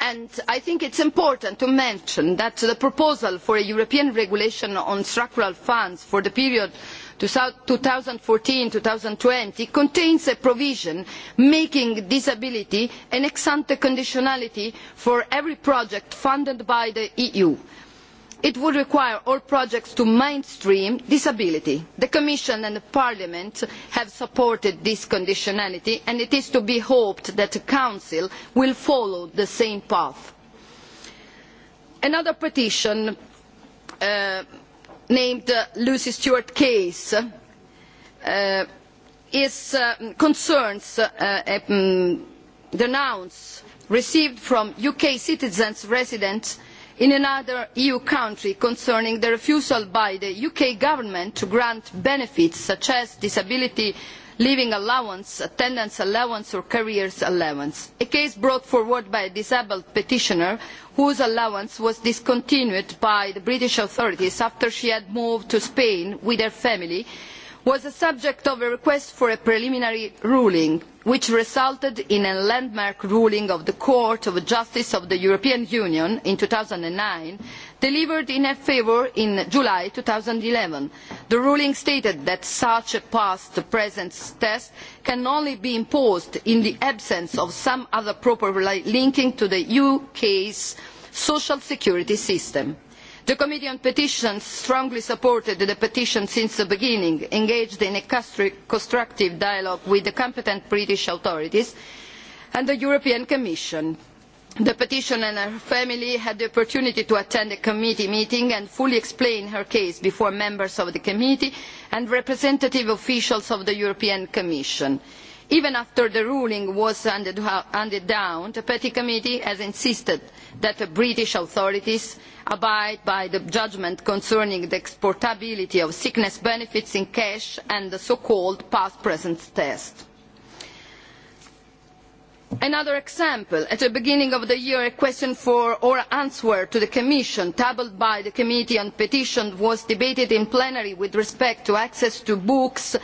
Speaker 14: And I think it is important to mention that the proposal for a European regulation on structural funds for the period 2014 twenty contains a provision making disability an ex ante conditionality for every project funded by the EU. It would require all projects to mainstream disability. The Commission and the Parliament have supported this conditionality and it is to be hoped that the Council will follow the same path. Another petition uh, named uh, Lucy Stewart case uh, is uh, concerns uh, uh um, denounce received from UK citizens resident in another EU country concerning the refusal by the UK government to grant benefits such as disability leaving allowance, attendance allowance or careers allowance. A case brought forward by a disabled petitioner whose allowance was discontinued by the British authorities after she had moved to Spain with her family was the subject of a request for a preliminary ruling, which resulted in a landmark ruling of the Court of Justice of the European Union in two thousand nine delivered in her favour in July eleven. The ruling stated that such a past presence test can only be imposed in the absence of some other proper linking to the UK's social security system. The Committee on Petitions strongly supported the petition since the beginning, engaged in a constructive dialogue with the competent British authorities and the European Commission. The petitioner and her family had the opportunity to attend a committee meeting and fully explain her case before members of the committee and representative officials of the European Commission. Even after the ruling was handed down, the Petty Committee has insisted that the British authorities abide by the judgment concerning the exportability of sickness benefits in cash and the so-called past-present test. Another example, at the beginning of the year, a question for or answer to the Commission tabled by the Committee on Petitions was debated in plenary with respect to access to books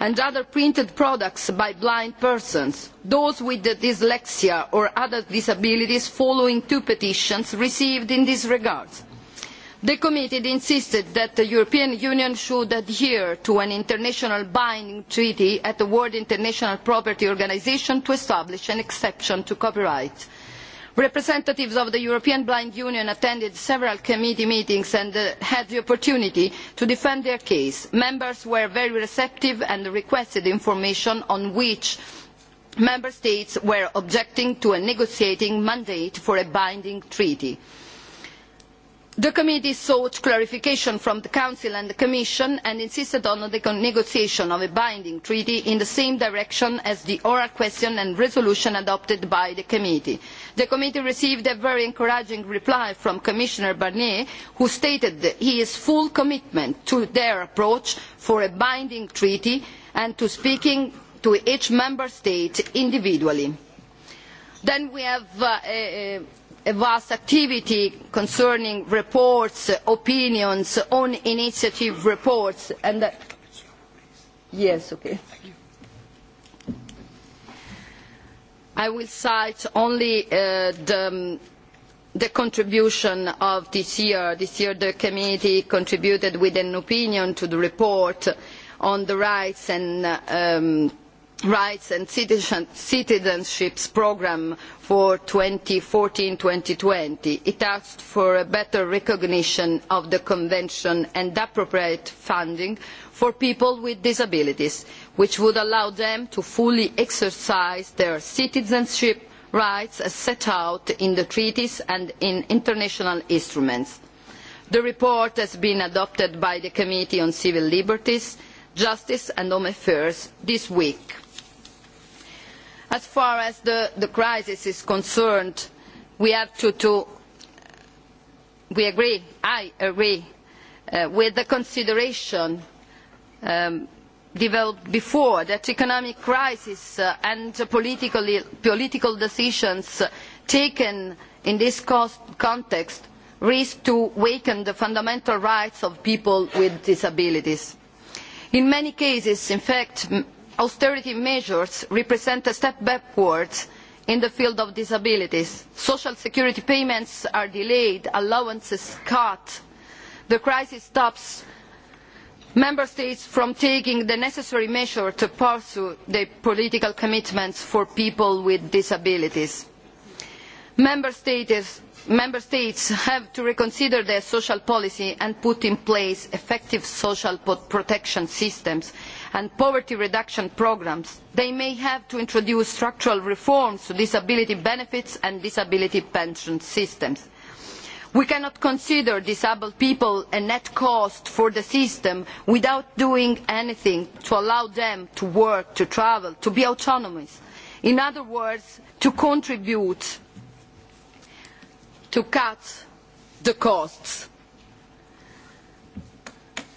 Speaker 14: and other printed products by blind persons. Those with dyslexia or other disabilities following two petitions received in this regard. The committee insisted that the European Union should adhere to an international binding treaty at the World International Property Organisation to establish an exception to copyright. Representatives of the European Blind Union attended several committee meetings and uh, had the opportunity to defend their case. Members were very receptive and requested information on which member states were objecting to a negotiating mandate for a binding treaty. The committee sought clarification from the Council and the Commission and insisted on the negotiation of a binding treaty in the same direction as the oral question and resolution adopted by the committee. The committee received a very encouraging reply from Commissioner Barnier, who stated that he is full commitment to their approach for a binding treaty and to speaking to each member state individually. Then we have uh, a a vast activity concerning reports, opinions, own initiative reports, and that, yes, okay. I will cite only uh, the, um, the contribution of this year. This year the committee contributed with an opinion to the report on the rights and uh, um, rights and citizenship citizenships programme for 2014-2020. It asked for a better recognition of the convention and appropriate funding for people with disabilities, which would allow them to fully exercise their citizenship rights as set out in the treaties and in international instruments. The report has been adopted by the Committee on Civil Liberties, Justice and Home Affairs this week. As far as the, the crisis is concerned, we have to, to we agree, I agree, uh, with the consideration um, developed before that economic crisis uh, and political, political decisions taken in this cost context risk to weaken the fundamental rights of people with disabilities. In many cases, in fact, austerity measures represent a step backwards in the field of disabilities. Social security payments are delayed, allowances cut. The crisis stops member states from taking the necessary measures to pursue their political commitments for people with disabilities. Member states, member states have to reconsider their social policy and put in place effective social protection systems and poverty reduction programmes. They may have to introduce structural reforms to disability benefits and disability pension systems. We cannot consider disabled people a net cost for the system without doing anything to allow them to work, to travel, to be autonomous. In other words, to contribute to cut the costs.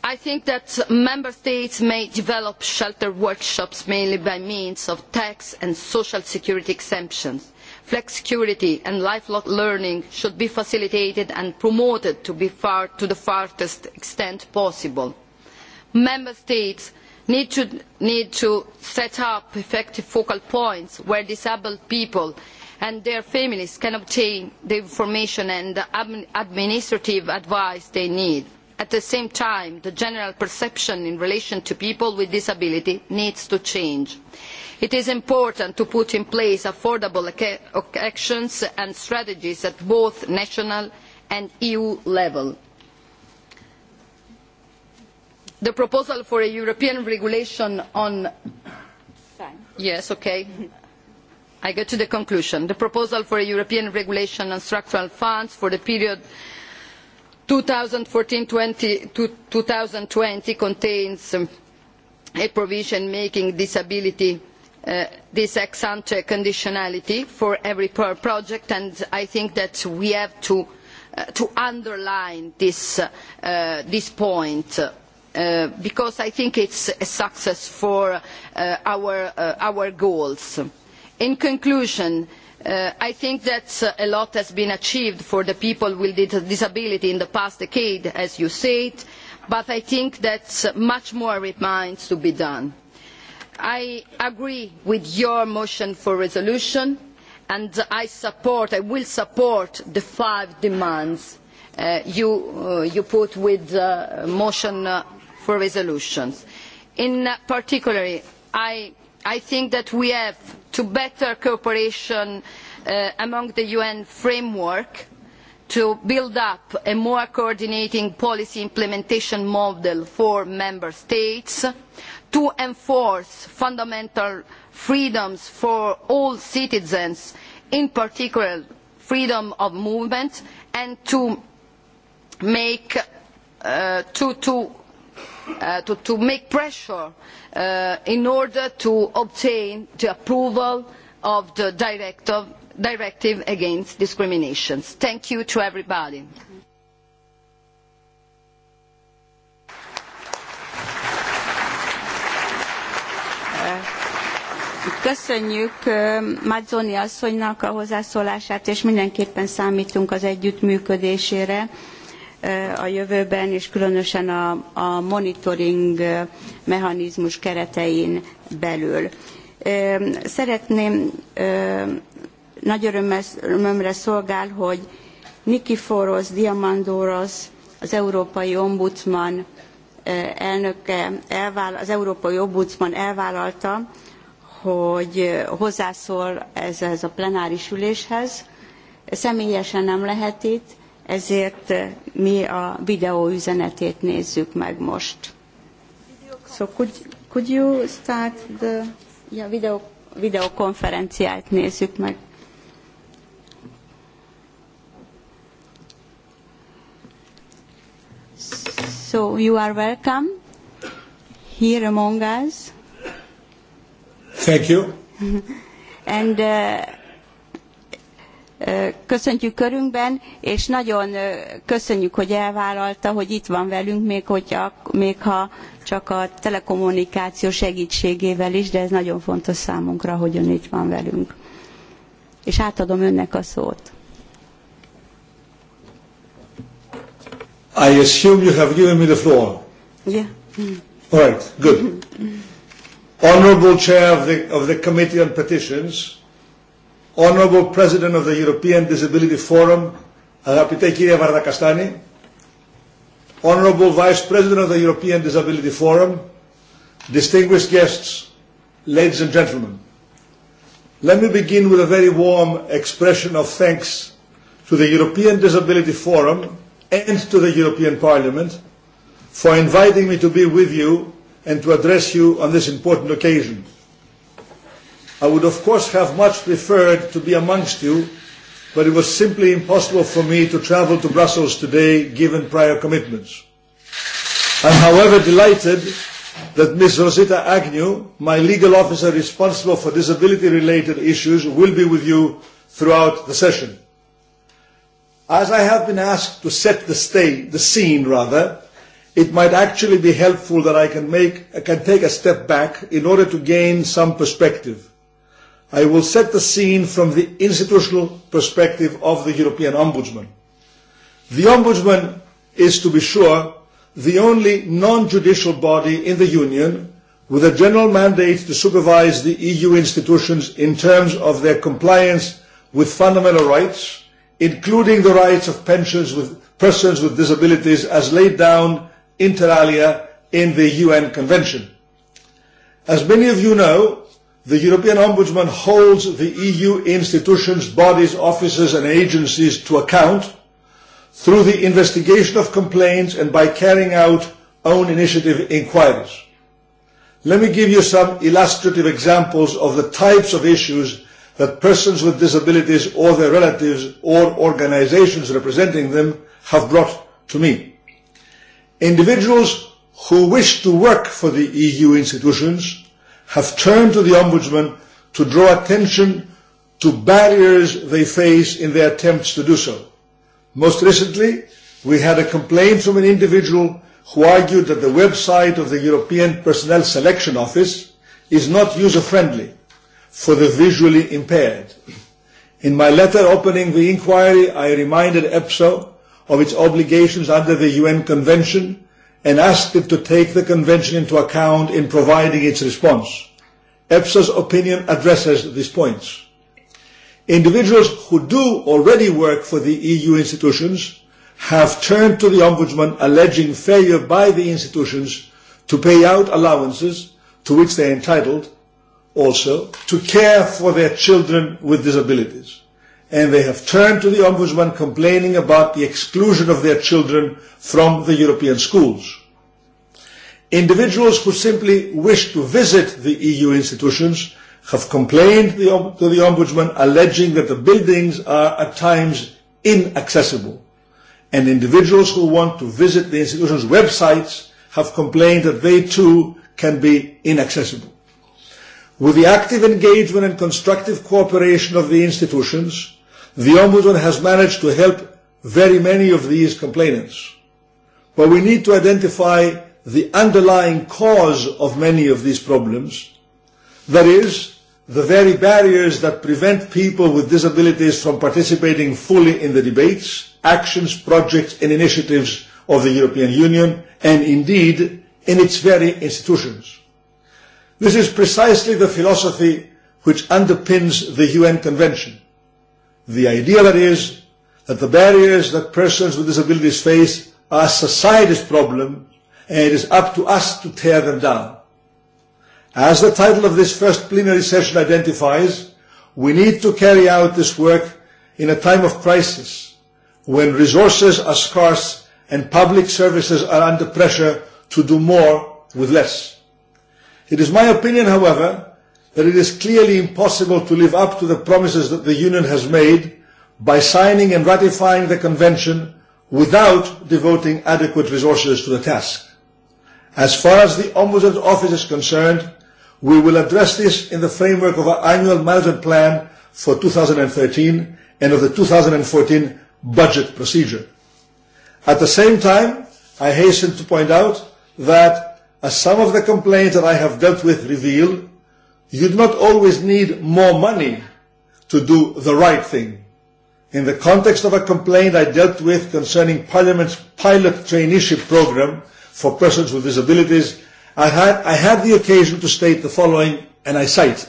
Speaker 14: I think that member states may develop shelter workshops mainly by means of tax and social security exemptions. Flex security and lifelong learning should be facilitated and promoted to, far, to the farthest extent possible. Member states need to, need to set up effective focal points where disabled people and their families can obtain the information and administrative advice they need. At the same time, the general perception in relation to people with disabilities needs to change. It is important to put in place affordable actions and strategies at both national and EU level. The proposal for a European regulation on Yes, okay. I get to the conclusion. The proposal for a European regulation on structural funds for the period 2014-2020 twenty contains um, a provision making disability uh, this ex ante conditionality for every project and I think that we have to, uh, to underline this, uh, this point uh, because I think it is a success for uh, our, uh, our, goals. In conclusion, uh, Uh, I think that uh, a lot has been achieved for the people with disability in the past decade, as you said, but I think that uh, much more remains to be done. I agree with your motion for resolution, and I support, I will support the five demands uh, you, uh, you, put with the motion for resolutions. In particular, I I think that we have to better cooperation uh, among the UN framework to build up a more coordinating policy implementation model for member states, to enforce fundamental freedoms for all citizens, in particular freedom of movement, and to make uh, to, to uh, to, to make pressure uh, in order to obtain the approval of the directive, directive against discrimination. Thank you to everybody.
Speaker 11: Köszönjük uh, Mazzoni asszonynak a hozzászólását, és mindenképpen számítunk az együttműködésére a jövőben, és különösen a, a monitoring mechanizmus keretein belül. Szeretném nagy örömömre szolgál, hogy Nikiforos Diamandorosz, az Európai Ombudsman elnöke, elváll, az Európai Ombudsman elvállalta, hogy hozzászól ez, ez a plenáris üléshez. Személyesen nem lehet itt, ezért eh, mi a videó üzenetét nézzük meg most. So could, could you start the yeah, video, videokonferenciát nézzük meg. So you are welcome here among us. Thank you. and uh, köszöntjük körünkben, és nagyon köszönjük, hogy elvállalta, hogy itt van velünk, még, hogyha, még ha csak a telekommunikáció segítségével is, de ez nagyon fontos számunkra, hogy ön itt van velünk. És átadom önnek a szót.
Speaker 15: I
Speaker 16: assume you have given me the floor. Yeah. All right, good. Honorable Chair of the, of the Committee on Petitions, Honorable President of the European Disability Forum, αγαπητέ κύριε Βαρδακαστάνη, Honorable Vice President of the European Disability Forum, distinguished guests, ladies and gentlemen. Let me begin with a very warm expression of thanks to the European Disability Forum and to the European Parliament for inviting me to be with you and to address you on this important occasion. I would of course have much preferred to be amongst you, but it was simply impossible for me to travel to Brussels today given prior commitments. I am however delighted that Ms. Rosita Agnew, my legal officer responsible for disability related issues, will be with you throughout the session. As I have been asked to set the, stay, the scene rather, it might actually be helpful that I can, make, I can take a step back in order to gain some perspective. I will set the scene from the institutional perspective of the European Ombudsman. The Ombudsman is, to be sure, the only non-judicial body in the Union with a general mandate to supervise the EU institutions in terms of their compliance with fundamental rights, including the rights of pensions with persons with disabilities as laid down inter alia in the UN Convention. As many of you know, The European Ombudsman holds the EU institutions, bodies, offices and agencies to account through the investigation of complaints and by carrying out own initiative inquiries. Let me give you some illustrative examples of the types of issues that persons with disabilities or their relatives or organizations representing them have brought to me. Individuals who wish to work for the EU institutions have turned to the Ombudsman to draw attention to barriers they face in their attempts to do so. Most recently, we had a complaint from an individual who argued that the website of the European Personnel Selection Office is not user-friendly for the visually impaired. In my letter opening the inquiry, I reminded EPSO of its obligations under the UN Convention and asked it to take the Convention into account in providing its response. EPSA's opinion addresses these points. Individuals who do already work for the EU institutions have turned to the Ombudsman alleging failure by the institutions to pay out allowances to which they are entitled, also to care for their children with disabilities and they have turned to the Ombudsman complaining about the exclusion of their children from the European schools. Individuals who simply wish to visit the EU institutions have complained to the Ombudsman alleging that the buildings are at times inaccessible. And individuals who want to visit the institution's websites have complained that they too can be inaccessible. With the active engagement and constructive cooperation of the institutions, The Ombudsman has managed to help very many of these complainants. But we need to identify the underlying cause of many of these problems, that is, the very barriers that prevent people with disabilities from participating fully in the debates, actions, projects and initiatives of the European Union and indeed in its very institutions. This is precisely the philosophy which underpins the UN Convention. The idea that is that the barriers that persons with disabilities face are society's problem and it is up to us to tear them down. As the title of this first plenary session identifies, we need to carry out this work in a time of crisis when resources are scarce and public services are under pressure to do more with less. It is my opinion, however, that it is clearly impossible to live up to the promises that the Union has made by signing and ratifying the Convention without devoting adequate resources to the task. As far as the Ombudsman's Office is concerned, we will address this in the framework of our annual management plan for 2013 and of the 2014 budget procedure. At the same time, I hasten to point out that as some of the complaints that I have dealt with reveal, you do not always need more money to do the right thing. In the context of a complaint I dealt with concerning Parliament's pilot traineeship program for persons with disabilities, I had, I had the occasion to state the following, and I cite,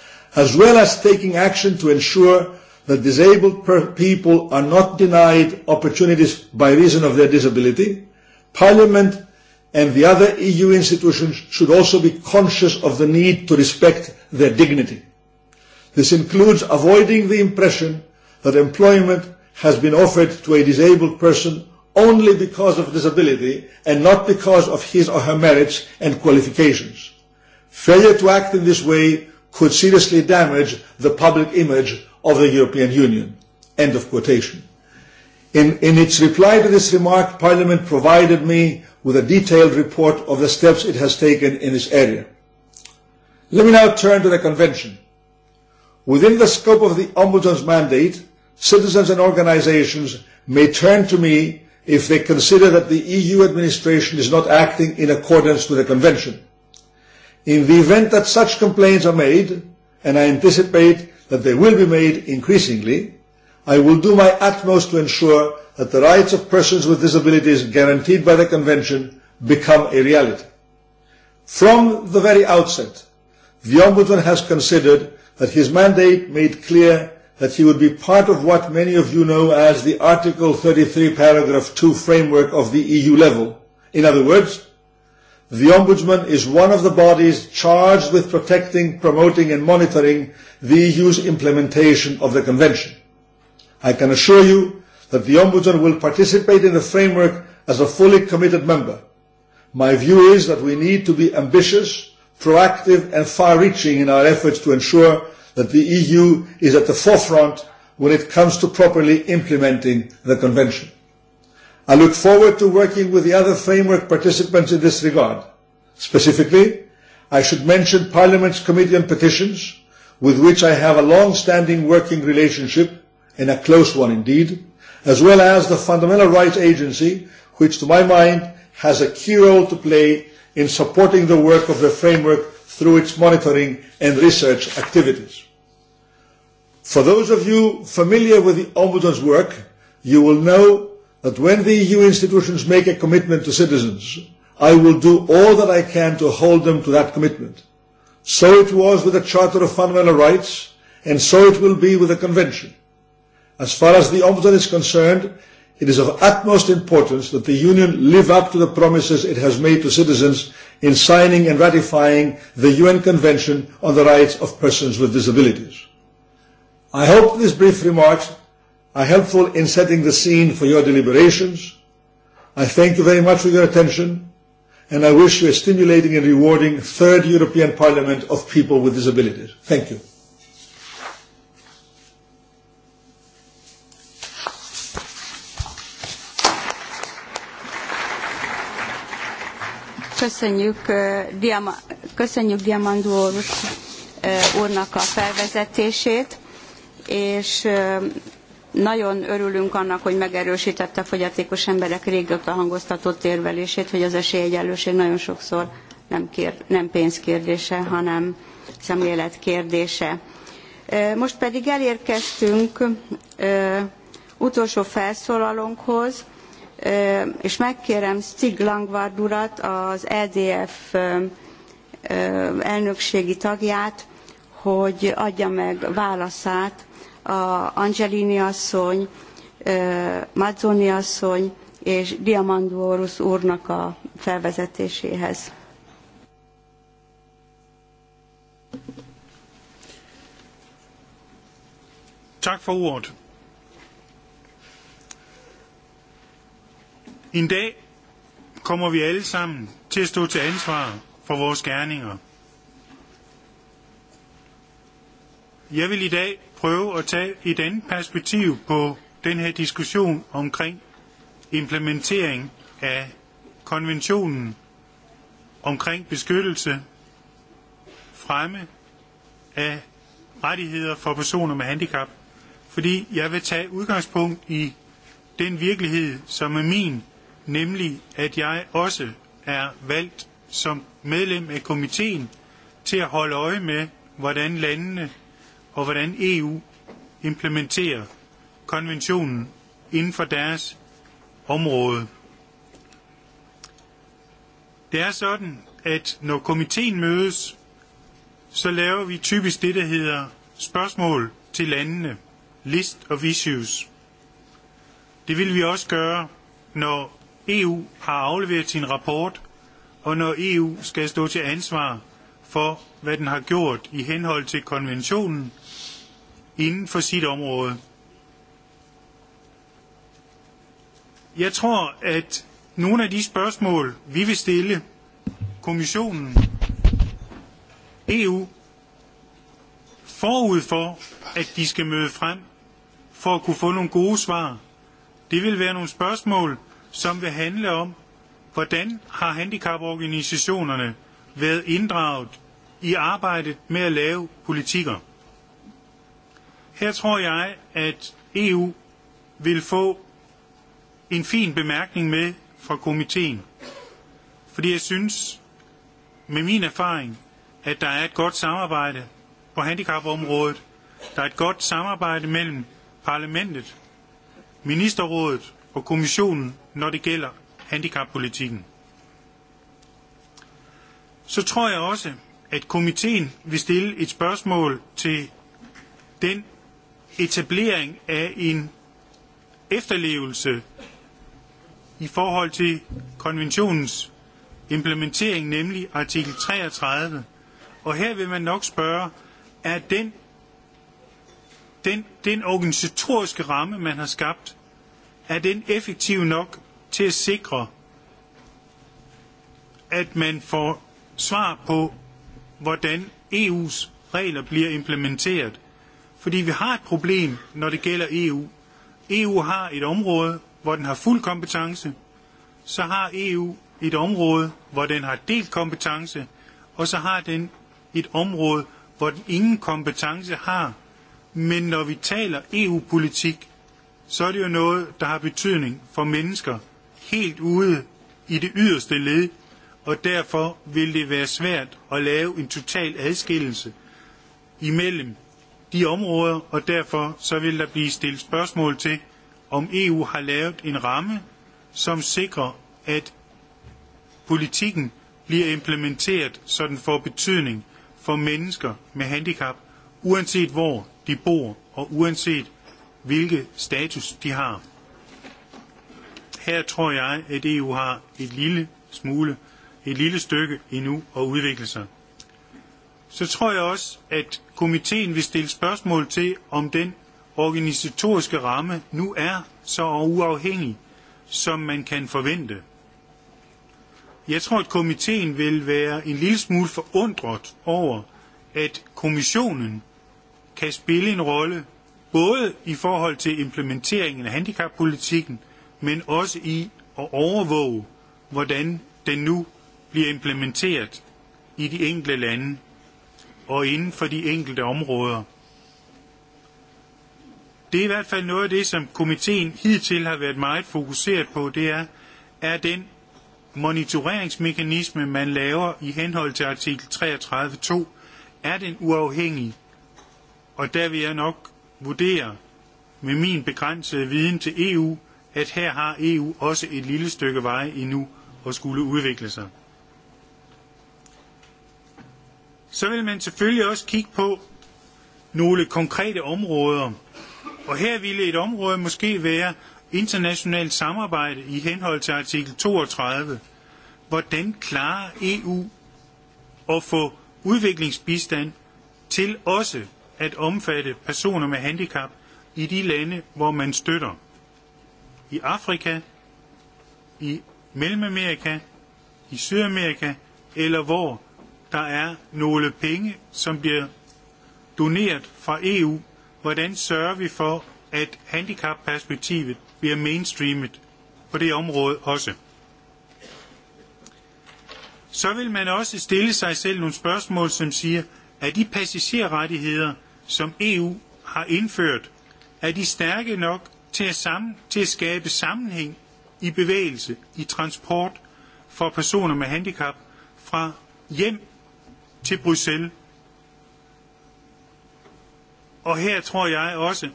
Speaker 16: as well as taking action to ensure that disabled per people are not denied opportunities by reason of their disability, Parliament and the other EU institutions should also be conscious of the need to respect their dignity. This includes avoiding the impression that employment has been offered to a disabled person only because of disability and not because of his or her merits and qualifications. Failure to act in this way could seriously damage the public image of the European Union. End of quotation. In, in its reply to this remark, Parliament provided me with a detailed report of the steps it has taken in this area. Let me now turn to the Convention. Within the scope of the Ombudsman's mandate, citizens and organizations may turn to me if they consider that the EU administration is not acting in accordance with the Convention. In the event that such complaints are made, and I anticipate that they will be made increasingly, I will do my utmost to ensure that the rights of persons with disabilities guaranteed by the Convention become a reality. From the very outset, the Ombudsman has considered that his mandate made clear that he would be part of what many of you know as the Article 33 paragraph 2 framework of the EU level. In other words, the Ombudsman is one of the bodies charged with protecting, promoting and monitoring the EU's implementation of the Convention. I can assure you that the Ombudsman will participate in the framework as a fully committed member. My view is that we need to be ambitious, proactive and far-reaching in our efforts to ensure that the EU is at the forefront when it comes to properly implementing the Convention. I look forward to working with the other framework participants in this regard. Specifically, I should mention Parliament's Committee on Petitions, with which I have a long-standing working relationship and a close one indeed, as well as the Fundamental Rights Agency, which to my mind has a key role to play in supporting the work of the framework through its monitoring and research activities. For those of you familiar with the Ombudsman's work, you will know that when the EU institutions make a commitment to citizens, I will do all that I can to hold them to that commitment. So it was with the Charter of Fundamental Rights, and so it will be with the Convention. As far as the Ombudsman is concerned, it is of utmost importance that the Union live up to the promises it has made to citizens in signing and ratifying the UN Convention on the Rights of Persons with Disabilities. I hope these brief remarks are helpful in setting the scene for your deliberations. I thank you very much for your attention and I wish you a stimulating and rewarding third European Parliament of people with disabilities. Thank you.
Speaker 11: Köszönjük, Diama, köszönjük Diamandó úrnak a felvezetését, és nagyon örülünk annak, hogy megerősítette a fogyatékos emberek régóta hangoztatott érvelését, hogy az esélyegyenlőség nagyon sokszor nem, kér, nem pénz kérdése, hanem szemlélet kérdése. Most pedig elérkeztünk utolsó felszólalónkhoz, és megkérem Stig Langvard urat, az EDF elnökségi tagját, hogy adja meg válaszát a Angelini asszony, Mazzoni asszony és Diamandorus úrnak a felvezetéséhez.
Speaker 3: Tack En dag kommer vi alle sammen til at stå til ansvar for vores gerninger. Jeg vil i dag prøve at tage et andet perspektiv på den her diskussion omkring implementering af konventionen omkring beskyttelse, fremme af rettigheder for personer med handicap, fordi jeg vil tage udgangspunkt i den virkelighed, som er min nemlig at jeg også er valgt som medlem af komiteen til at holde øje med, hvordan landene og hvordan EU implementerer konventionen inden for deres område. Det er sådan, at når komiteen mødes, så laver vi typisk det, der hedder spørgsmål til landene, list of issues. Det vil vi også gøre, når EU har afleveret sin rapport, og når EU skal stå til ansvar for, hvad den har gjort i henhold til konventionen inden for sit område. Jeg tror, at nogle af de spørgsmål, vi vil stille kommissionen, EU, forud for, at de skal møde frem for at kunne få nogle gode svar, det vil være nogle spørgsmål, som vil handle om, hvordan har handicaporganisationerne været inddraget i arbejdet med at lave politikker. Her tror jeg, at EU vil få en fin bemærkning med fra komiteen. Fordi jeg synes, med min erfaring, at der er et godt samarbejde på handicapområdet. Der er et godt samarbejde mellem parlamentet, ministerrådet og kommissionen når det gælder handicappolitikken. Så tror jeg også, at komiteen vil stille et spørgsmål til den etablering af en efterlevelse i forhold til konventionens implementering, nemlig artikel 33. Og her vil man nok spørge, er den, den, den organisatoriske ramme, man har skabt, er den effektiv nok til at sikre, at man får svar på, hvordan EU's regler bliver implementeret. Fordi vi har et problem, når det gælder EU. EU har et område, hvor den har fuld kompetence, så har EU et område, hvor den har delt kompetence, og så har den et område, hvor den ingen kompetence har. Men når vi taler EU-politik, så er det jo noget, der har betydning for mennesker helt ude i det yderste led, og derfor vil det være svært at lave en total adskillelse imellem de områder, og derfor så vil der blive stillet spørgsmål til, om EU har lavet en ramme, som sikrer, at politikken bliver implementeret, så den får betydning for mennesker med handicap, uanset hvor de bor og uanset hvilke status de har. Her tror jeg, at EU har et lille smule, et lille stykke endnu at udvikle sig. Så tror jeg også, at komiteen vil stille spørgsmål til, om den organisatoriske ramme nu er så uafhængig, som man kan forvente. Jeg tror, at komiteen vil være en lille smule forundret over, at kommissionen kan spille en rolle både i forhold til implementeringen af handicappolitikken, men også i at overvåge, hvordan den nu bliver implementeret i de enkelte lande og inden for de enkelte områder. Det er i hvert fald noget af det, som komiteen hidtil har været meget fokuseret på, det er, er den monitoreringsmekanisme, man laver i henhold til artikel 33.2, er den uafhængig? Og der vil jeg nok vurdere med min begrænsede viden til EU, at her har EU også et lille stykke vej endnu at skulle udvikle sig. Så vil man selvfølgelig også kigge på nogle konkrete områder. Og her ville et område måske være internationalt samarbejde i henhold til artikel 32. Hvordan klarer EU at få udviklingsbistand til også at omfatte personer med handicap i de lande, hvor man støtter. I Afrika, i Mellemamerika, i Sydamerika, eller hvor der er nogle penge, som bliver doneret fra EU, hvordan sørger vi for, at handicapperspektivet bliver mainstreamet på det område også. Så vil man også stille sig selv nogle spørgsmål, som siger, at er de passagerrettigheder, som EU har indført, er de stærke nok til at, sammen, til at skabe sammenhæng i bevægelse, i transport for personer med handicap fra hjem til Bruxelles. Og her tror jeg også,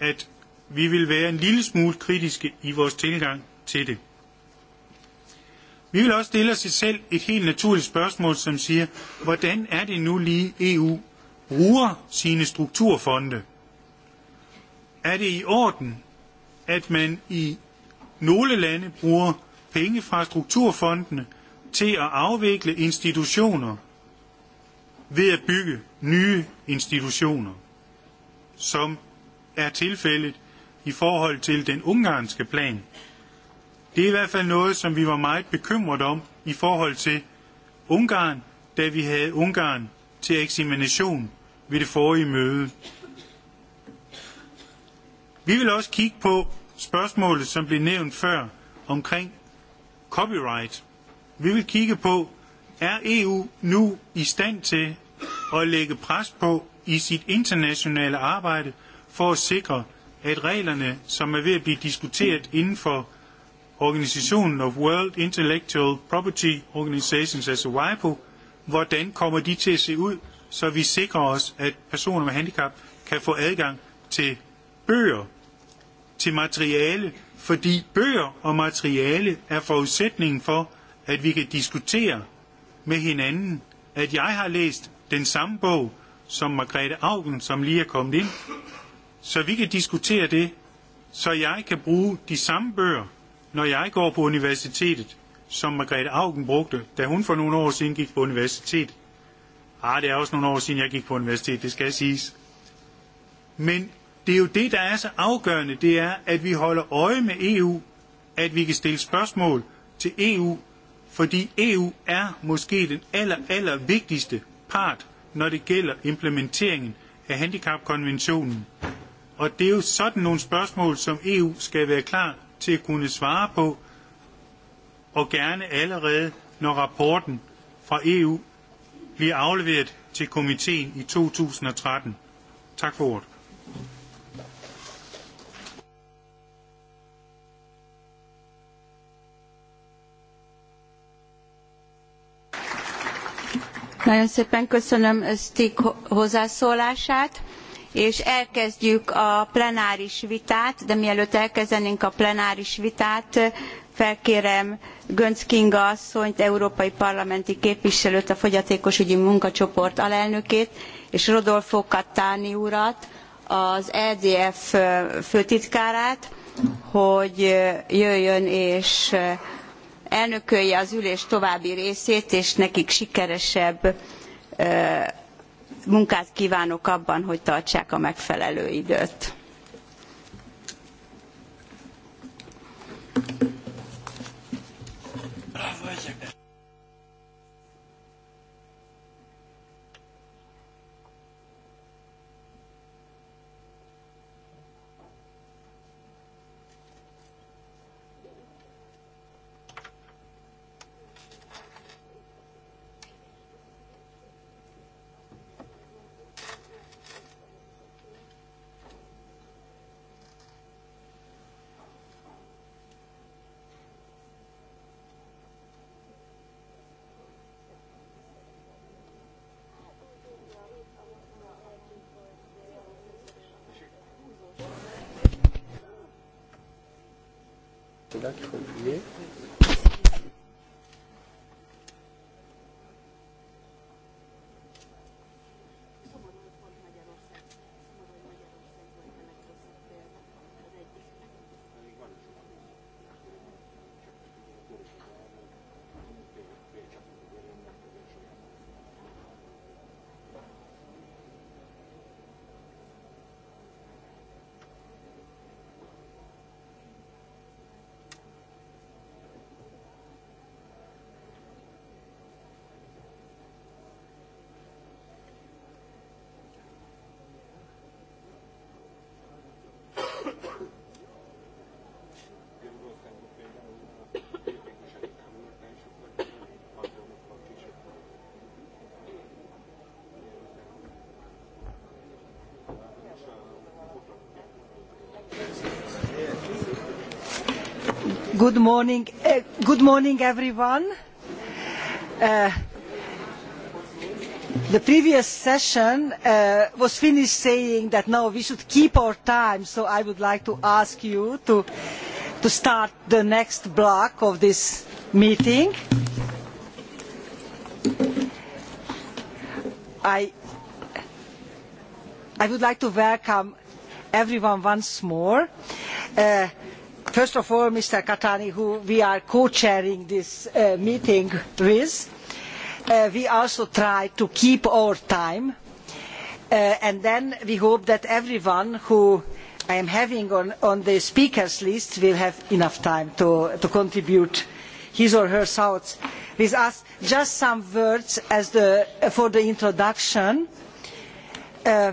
Speaker 3: at vi vil være en lille smule kritiske i vores tilgang til det. Vi vil også stille os selv et helt naturligt spørgsmål, som siger, hvordan er det nu lige EU bruger sine strukturfonde, er det i orden, at man i nogle lande bruger penge fra strukturfondene til at afvikle institutioner ved at bygge nye institutioner, som er tilfældet i forhold til den ungarske plan. Det er i hvert fald noget, som vi var meget bekymret om i forhold til Ungarn, da vi havde Ungarn til eksamination vil det i møde. Vi vil også kigge på spørgsmålet, som blev nævnt før, omkring copyright. Vi vil kigge på, er EU nu i stand til at lægge pres på i sit internationale arbejde for at sikre, at reglerne, som er ved at blive diskuteret inden for organisationen of World Intellectual Property Organizations, altså WIPO, hvordan kommer de til at se ud, så vi sikrer os, at personer med handicap kan få adgang til bøger, til materiale, fordi bøger og materiale er forudsætningen for, at vi kan diskutere med hinanden, at jeg har læst den samme bog som Margrethe Augen, som lige er kommet ind, så vi kan diskutere det, så jeg kan bruge de samme bøger, når jeg går på universitetet, som Margrethe Augen brugte, da hun for nogle år siden gik på universitetet ah, det er også nogle år siden, jeg gik på universitet, det skal jeg siges. Men det er jo det, der er så afgørende, det er, at vi holder øje med EU, at vi kan stille spørgsmål til EU, fordi EU er måske den aller, aller vigtigste part, når det gælder implementeringen af handicapkonventionen. Og det er jo sådan nogle spørgsmål, som EU skal være klar til at kunne svare på, og gerne allerede, når rapporten fra EU bliver afleveret til komiteen i 2013. Tak for ordet.
Speaker 11: Nagyon szépen köszönöm Stig hozzászólását, és elkezdjük a plenáris vitát, de mielőtt elkezdenénk a plenáris vitát, Felkérem Gönc Kinga asszonyt, európai parlamenti képviselőt, a fogyatékosügyi munkacsoport alelnökét, és Rodolfo Cattani urat, az LDF e főtitkárát, hogy jöjjön és elnökölje az ülés további részét, és nekik sikeresebb munkát kívánok abban, hogy tartsák a megfelelő időt.
Speaker 10: là kif faut
Speaker 17: Good morning, uh, good morning everyone. Uh, the previous session uh, was finished saying that now we should keep our time, so I would like to ask you to, to start the next block of this meeting. I, I would like to welcome everyone once more. Uh, First of all, Mr. Katani, who we are co-chairing this uh, meeting with, uh, we also try to keep our time. Uh, and then we hope that everyone who I am having on, on the speakers list will have enough time to, to contribute his or her thoughts with us. Just some words the, for the introduction. Uh,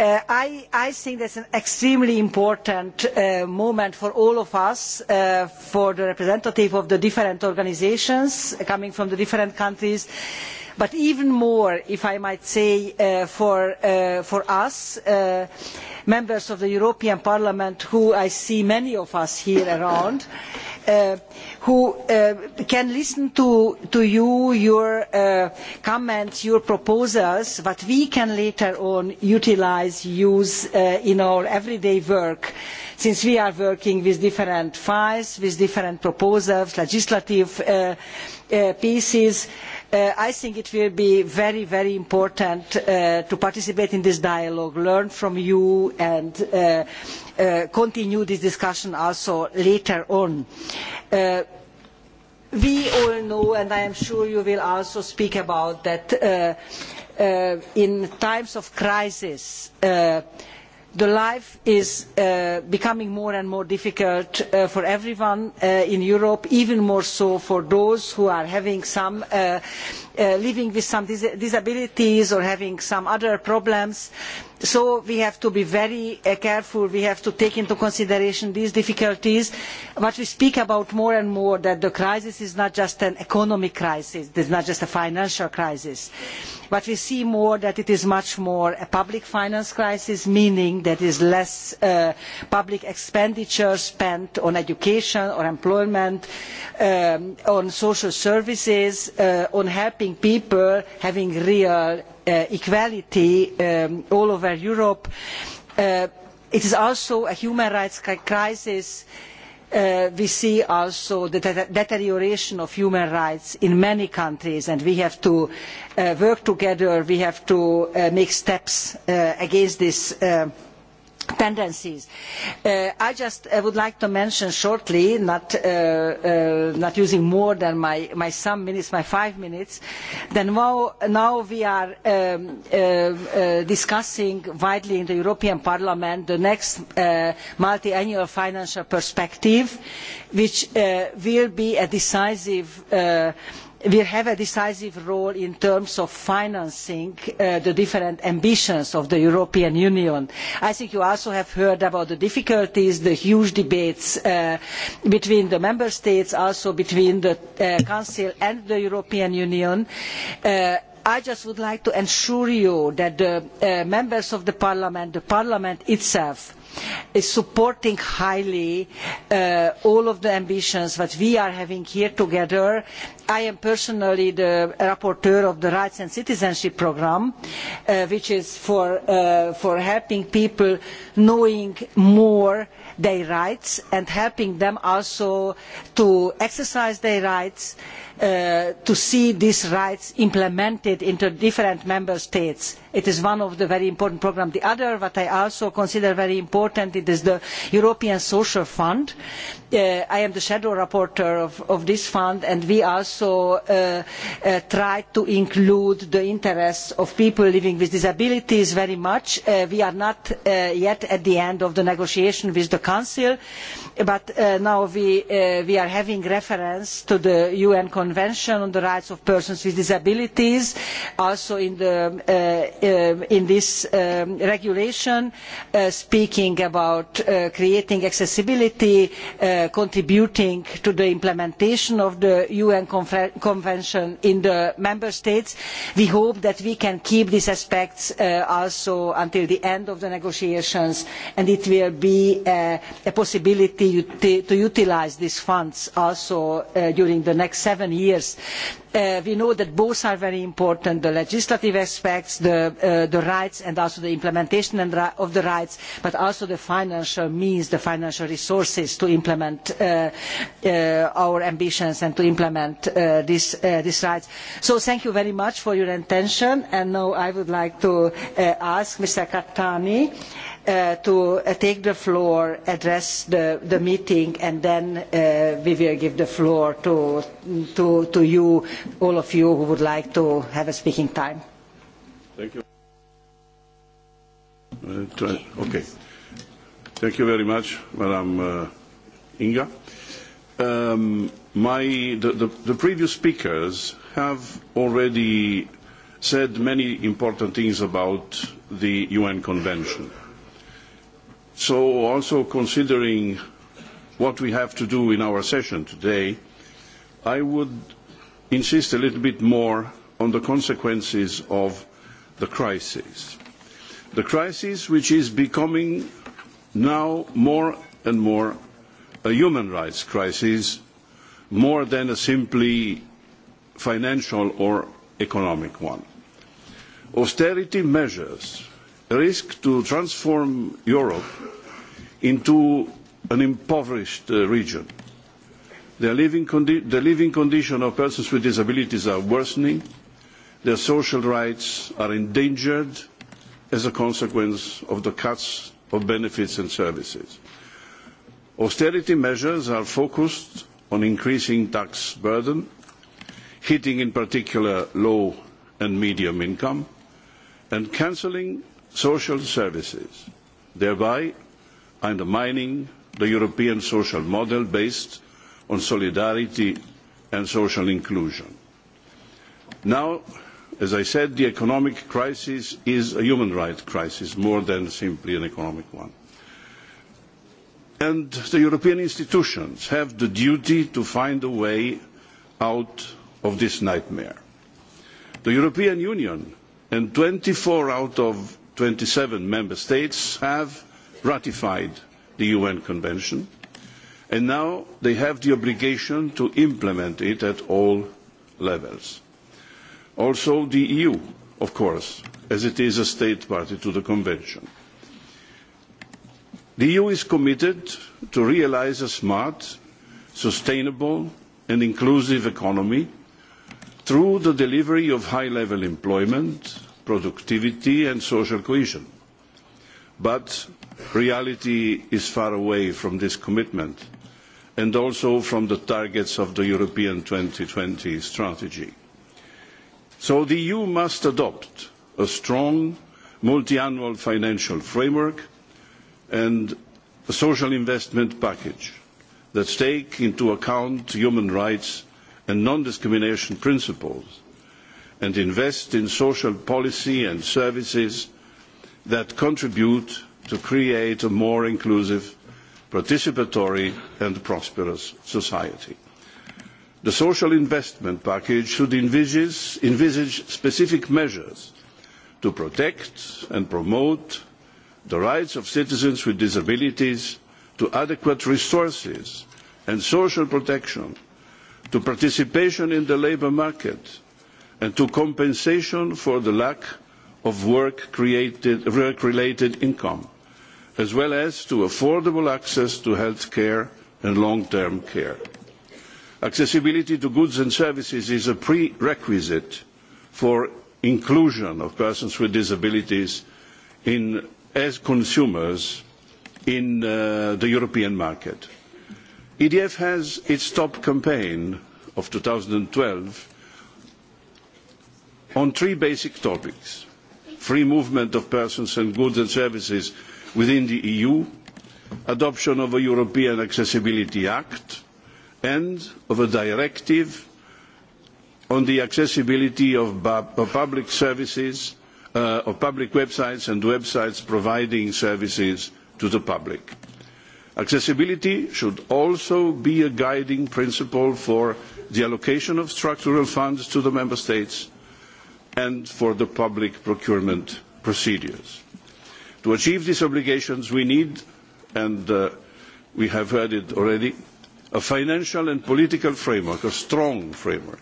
Speaker 17: Uh, I, I, think that is an extremely important uh, moment for all of us, uh, for the representatives of the different organisations coming from the different countries, uh, but even more, if I might say, uh, for, uh, for, us, uh, members of the European Parliament, who I see many of us here around, uh, who uh, can listen to, to you, your uh, comments, your proposals, that we can later on utilise, use in our everyday work, since we are working with different files, with different proposals, legislative pieces, Uh, I think it will be very, very important uh, to participate in this dialogue, learn from you and uh, uh continue this discussion also later on. Uh, we all know, and I am sure you will also speak about that, uh, in times of crisis, the life is uh, becoming more and more difficult uh, for everyone uh, in Europe, even more so for those who are having some uh, Uh, living with some dis disabilities or having some other problems. So we have to be very uh, careful. We have to take into consideration these difficulties. What we speak about more and more that the crisis is not just an economic crisis. It is not just a financial crisis. But we see more that it is much more a public finance crisis, meaning that is less uh, public expenditure spent on education or employment, um, on social services, uh, on helping helping people having real uh, equality um, all over Europe. Uh, it is also a human rights crisis Uh, we see also the deterioration of human rights in many countries and we have to uh, work together, we have to uh, make steps uh, against this tendencies. Uh, I just uh, would like to mention shortly, not, uh, uh, not using more than my, my some minutes, my five minutes, that now, now we are um, uh, uh, discussing widely in the European Parliament the next multiannual financial perspective, which will be a decisive will have a decisive role in terms of financing uh, the different ambitions of the European Union. I think you also have heard about the difficulties, the huge debates uh, between the member states, also between the uh, Council and the European Union. Uh, I just would like to assure you that the uh, members of the Parliament, the Parliament itself, is supporting highly uh, all of the ambitions that we are having here together. I am personally the rapporteur of the Rights and Citizenship Programme, uh, which is for, uh, for helping people knowing more their rights and helping them also to exercise their rights uh, to see these rights implemented into different member states. It is one of the very important programmes. The other, what I also consider very important, is the European Social Fund. Uh, I am the shadow rapporteur of, of this fund, and we also uh, uh try to include the interests of people living with disabilities very much. Uh, we are not uh, yet at the end of the negotiation with the Council, but now we, we are having reference to the UN Convention on the Rights of Persons with Disabilities, also in, the, uh, uh, in this um, regulation, uh, speaking about uh, creating accessibility, uh, contributing to the implementation of the UN Convention in the Member States. We hope that we can keep these aspects uh, also until the end of the negotiations, and it will be a possibility to utilise these funds also during the next seven seven years. Uh, we know that both are very important, the legislative aspects, the, uh, the rights and also the implementation of the rights, but also the financial means, the financial resources to implement uh, uh our ambitions and to implement uh, these, uh, these rights. So thank you very much for your attention and now I would like to ask Mr. Kattani uh, to uh, take the floor, address the, the meeting, and then uh, we will give the floor to, to, to you, all of you who would like to have a speaking time.
Speaker 18: Thank you. Uh, okay. Thank you very much, Madam uh, Inga. Um, my, the, the, the previous speakers have already said many important things about the UN Convention. So also considering what we have to do in our session today, I would insist a little bit more on the consequences of the crisis. The crisis which is becoming now more and more a human rights crisis more than a simply financial or economic one. Austerity measures risk to transform Europe into an impoverished uh, region. The living, the living condition of persons with disabilities are worsening, their social rights are endangered as a consequence of the cuts of benefits and services. Austerity measures are focused on increasing tax burden, hitting in particular low and medium income, and cancelling social services, thereby undermining the European social model based on solidarity and social inclusion. Now, as I said, the economic crisis is a human rights crisis more than simply an economic one. And the European institutions have the duty to find a way out of this nightmare. The European Union and twenty four out of twenty seven member states have ratified the UN Convention, and now they have the obligation to implement it at all levels. Also, the EU, of course, as it is a state party to the Convention. The EU is committed to realising a smart, sustainable and inclusive economy through the delivery of high-level employment, productivity and social cohesion. But reality is far away from this commitment and also from the targets of the European twenty strategy. So the EU must adopt a strong multiannual financial framework and a social investment package that take into account human rights and non-discrimination principles and invest in social policy and services that contribute to create a more inclusive, participatory and prosperous society. The social investment package should envisage, envisage specific measures to protect and promote the rights of citizens with disabilities to adequate resources and social protection, to participation in the labour market, and to compensation for the lack of work-related work income, as well as to affordable access to health care and long-term care. Accessibility to goods and services is a prerequisite for inclusion of persons with disabilities in, as consumers in uh, the European market. EDF has its top campaign of twelve on three basic topics free movement of persons and goods and services within the EU, adoption of a European Accessibility Act, and of a directive on the accessibility of, of public services, uh, of public websites and websites providing services to the public. Accessibility should also be a guiding principle for the allocation of structural funds to the Member States and for the public procurement procedures. To achieve these obligations, we need, and uh, we have heard it already, a financial and political framework, a strong framework.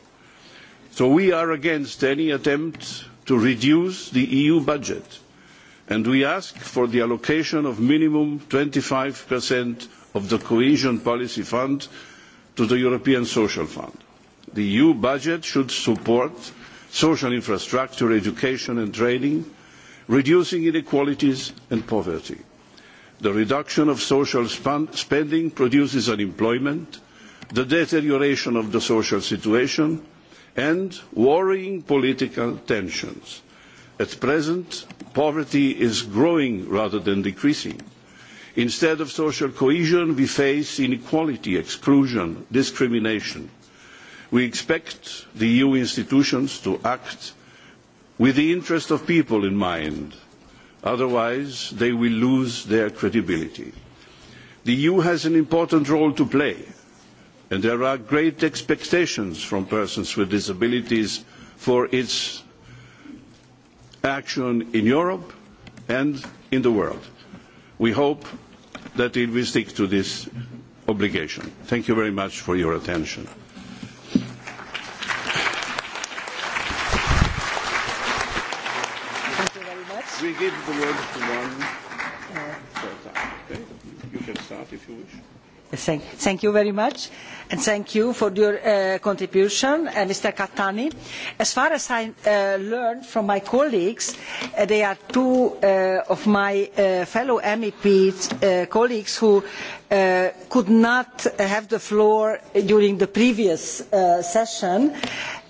Speaker 18: So we are against any attempt to reduce the EU budget, and we ask for the allocation of minimum 25% of the cohesion policy fund to the European Social Fund. The EU budget should support social infrastructure, education and training, reducing inequalities and poverty. The reduction of social spending produces unemployment, the deterioration of the social situation, and worrying political tensions. At present, poverty is growing rather than decreasing. Instead of social cohesion, we face inequality, exclusion, discrimination. We expect the EU institutions to act with the interest of people in mind. Otherwise, they will lose their credibility. The EU has an important role to play, and there are great expectations from persons with disabilities for its action in Europe and in the world. We hope that it will stick to this obligation. Thank you very much for your attention. we give the word to one. Okay. You can start
Speaker 17: if you wish. Thank, thank you very much, and thank you for your uh, contribution, uh, Mr. Kattani. As far as I uh, learned from my colleagues, uh, they are two uh, of my uh, fellow MEP uh, colleagues who uh, could not have the floor during the previous uh, session. Uh,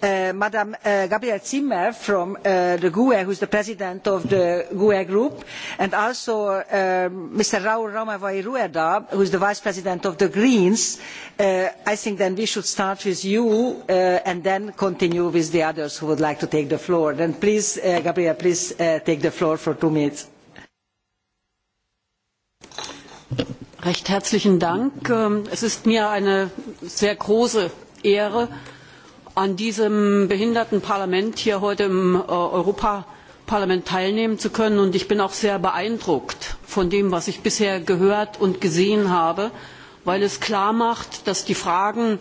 Speaker 17: Uh, Madam uh, Zimmer from uh, the GUE, who is the president of the GUE group, and also Mr. Um, Raul i Rueda, who is the vice president of the Greens. Uh, I think then we should start with you and then continue with the others who would like to take the floor. Then please, gabriele please take the floor for two minutes.
Speaker 19: Recht herzlichen Dank. Ähm, es ist mir eine sehr große Ehre, an diesem Behindertenparlament hier heute im äh, Europaparlament teilnehmen zu können. Und ich bin auch sehr beeindruckt von dem, was ich bisher gehört und gesehen habe, weil es klar macht, dass die Fragen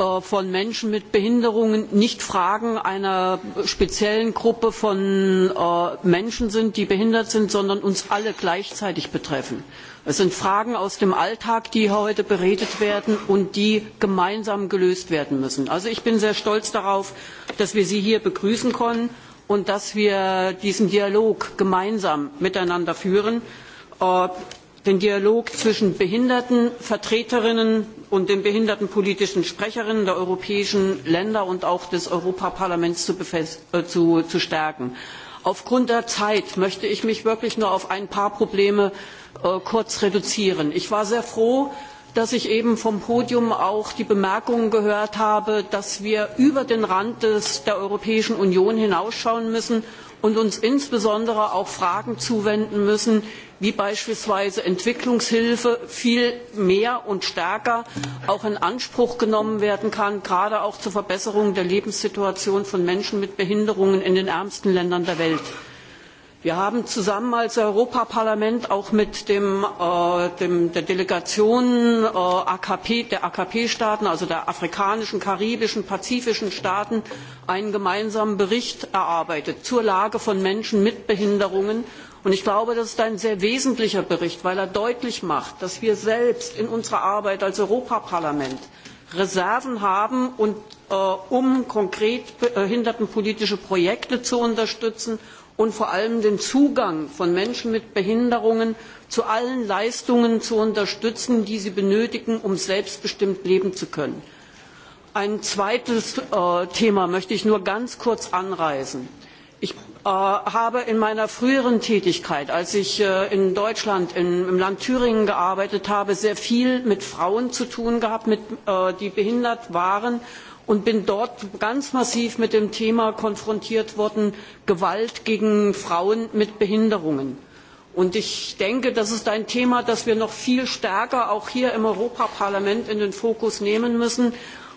Speaker 19: äh, von Menschen mit Behinderungen nicht Fragen einer speziellen Gruppe von äh, Menschen sind, die behindert sind, sondern uns alle gleichzeitig betreffen. Es sind Fragen aus dem Alltag, die heute beredet werden und die gemeinsam gelöst werden müssen. Also ich bin sehr stolz darauf, dass wir Sie hier begrüßen konnten und dass wir diesen Dialog gemeinsam miteinander führen. Den Dialog zwischen Behindertenvertreterinnen und den behindertenpolitischen Sprecherinnen der europäischen Länder und auch des Europaparlaments zu, äh, zu, zu stärken. Aufgrund der Zeit möchte ich mich wirklich nur auf ein paar Probleme Äh, kurz reduzieren. Ich war sehr froh, dass ich eben vom Podium auch die Bemerkungen gehört habe, dass wir über den Rand des, der Europäischen Union hinausschauen müssen und uns insbesondere auch Fragen zuwenden müssen, wie beispielsweise Entwicklungshilfe viel mehr und stärker auch in Anspruch genommen werden kann, gerade auch zur Verbesserung der Lebenssituation von Menschen mit Behinderungen in den ärmsten Ländern der Welt. Wir haben zusammen als Europaparlament auch mit dem, äh, dem, der Delegation äh, AKP, der AKP-Staaten, also der afrikanischen, karibischen, pazifischen Staaten, einen gemeinsamen Bericht erarbeitet zur Lage von Menschen mit Behinderungen. Und ich glaube, das ist ein sehr wesentlicher Bericht, weil er deutlich macht, dass wir selbst in unserer Arbeit als Europaparlament Reserven haben, und, äh, um konkret behindertenpolitische Projekte zu unterstützen – und vor allem den Zugang von Menschen mit Behinderungen zu allen Leistungen zu unterstützen, die sie benötigen, um selbstbestimmt leben zu können. Ein zweites äh, Thema möchte ich nur ganz kurz anreißen. Ich äh, habe in meiner früheren Tätigkeit, als ich äh, in Deutschland, in, im Land Thüringen gearbeitet habe, sehr viel mit Frauen zu tun gehabt, mit, äh, die behindert waren und bin dort ganz massiv mit dem Thema konfrontiert worden, Gewalt gegen Frauen mit Behinderungen. Und ich denke, das ist ein Thema, das wir noch viel stärker auch hier im Europaparlament in den Fokus nehmen müssen,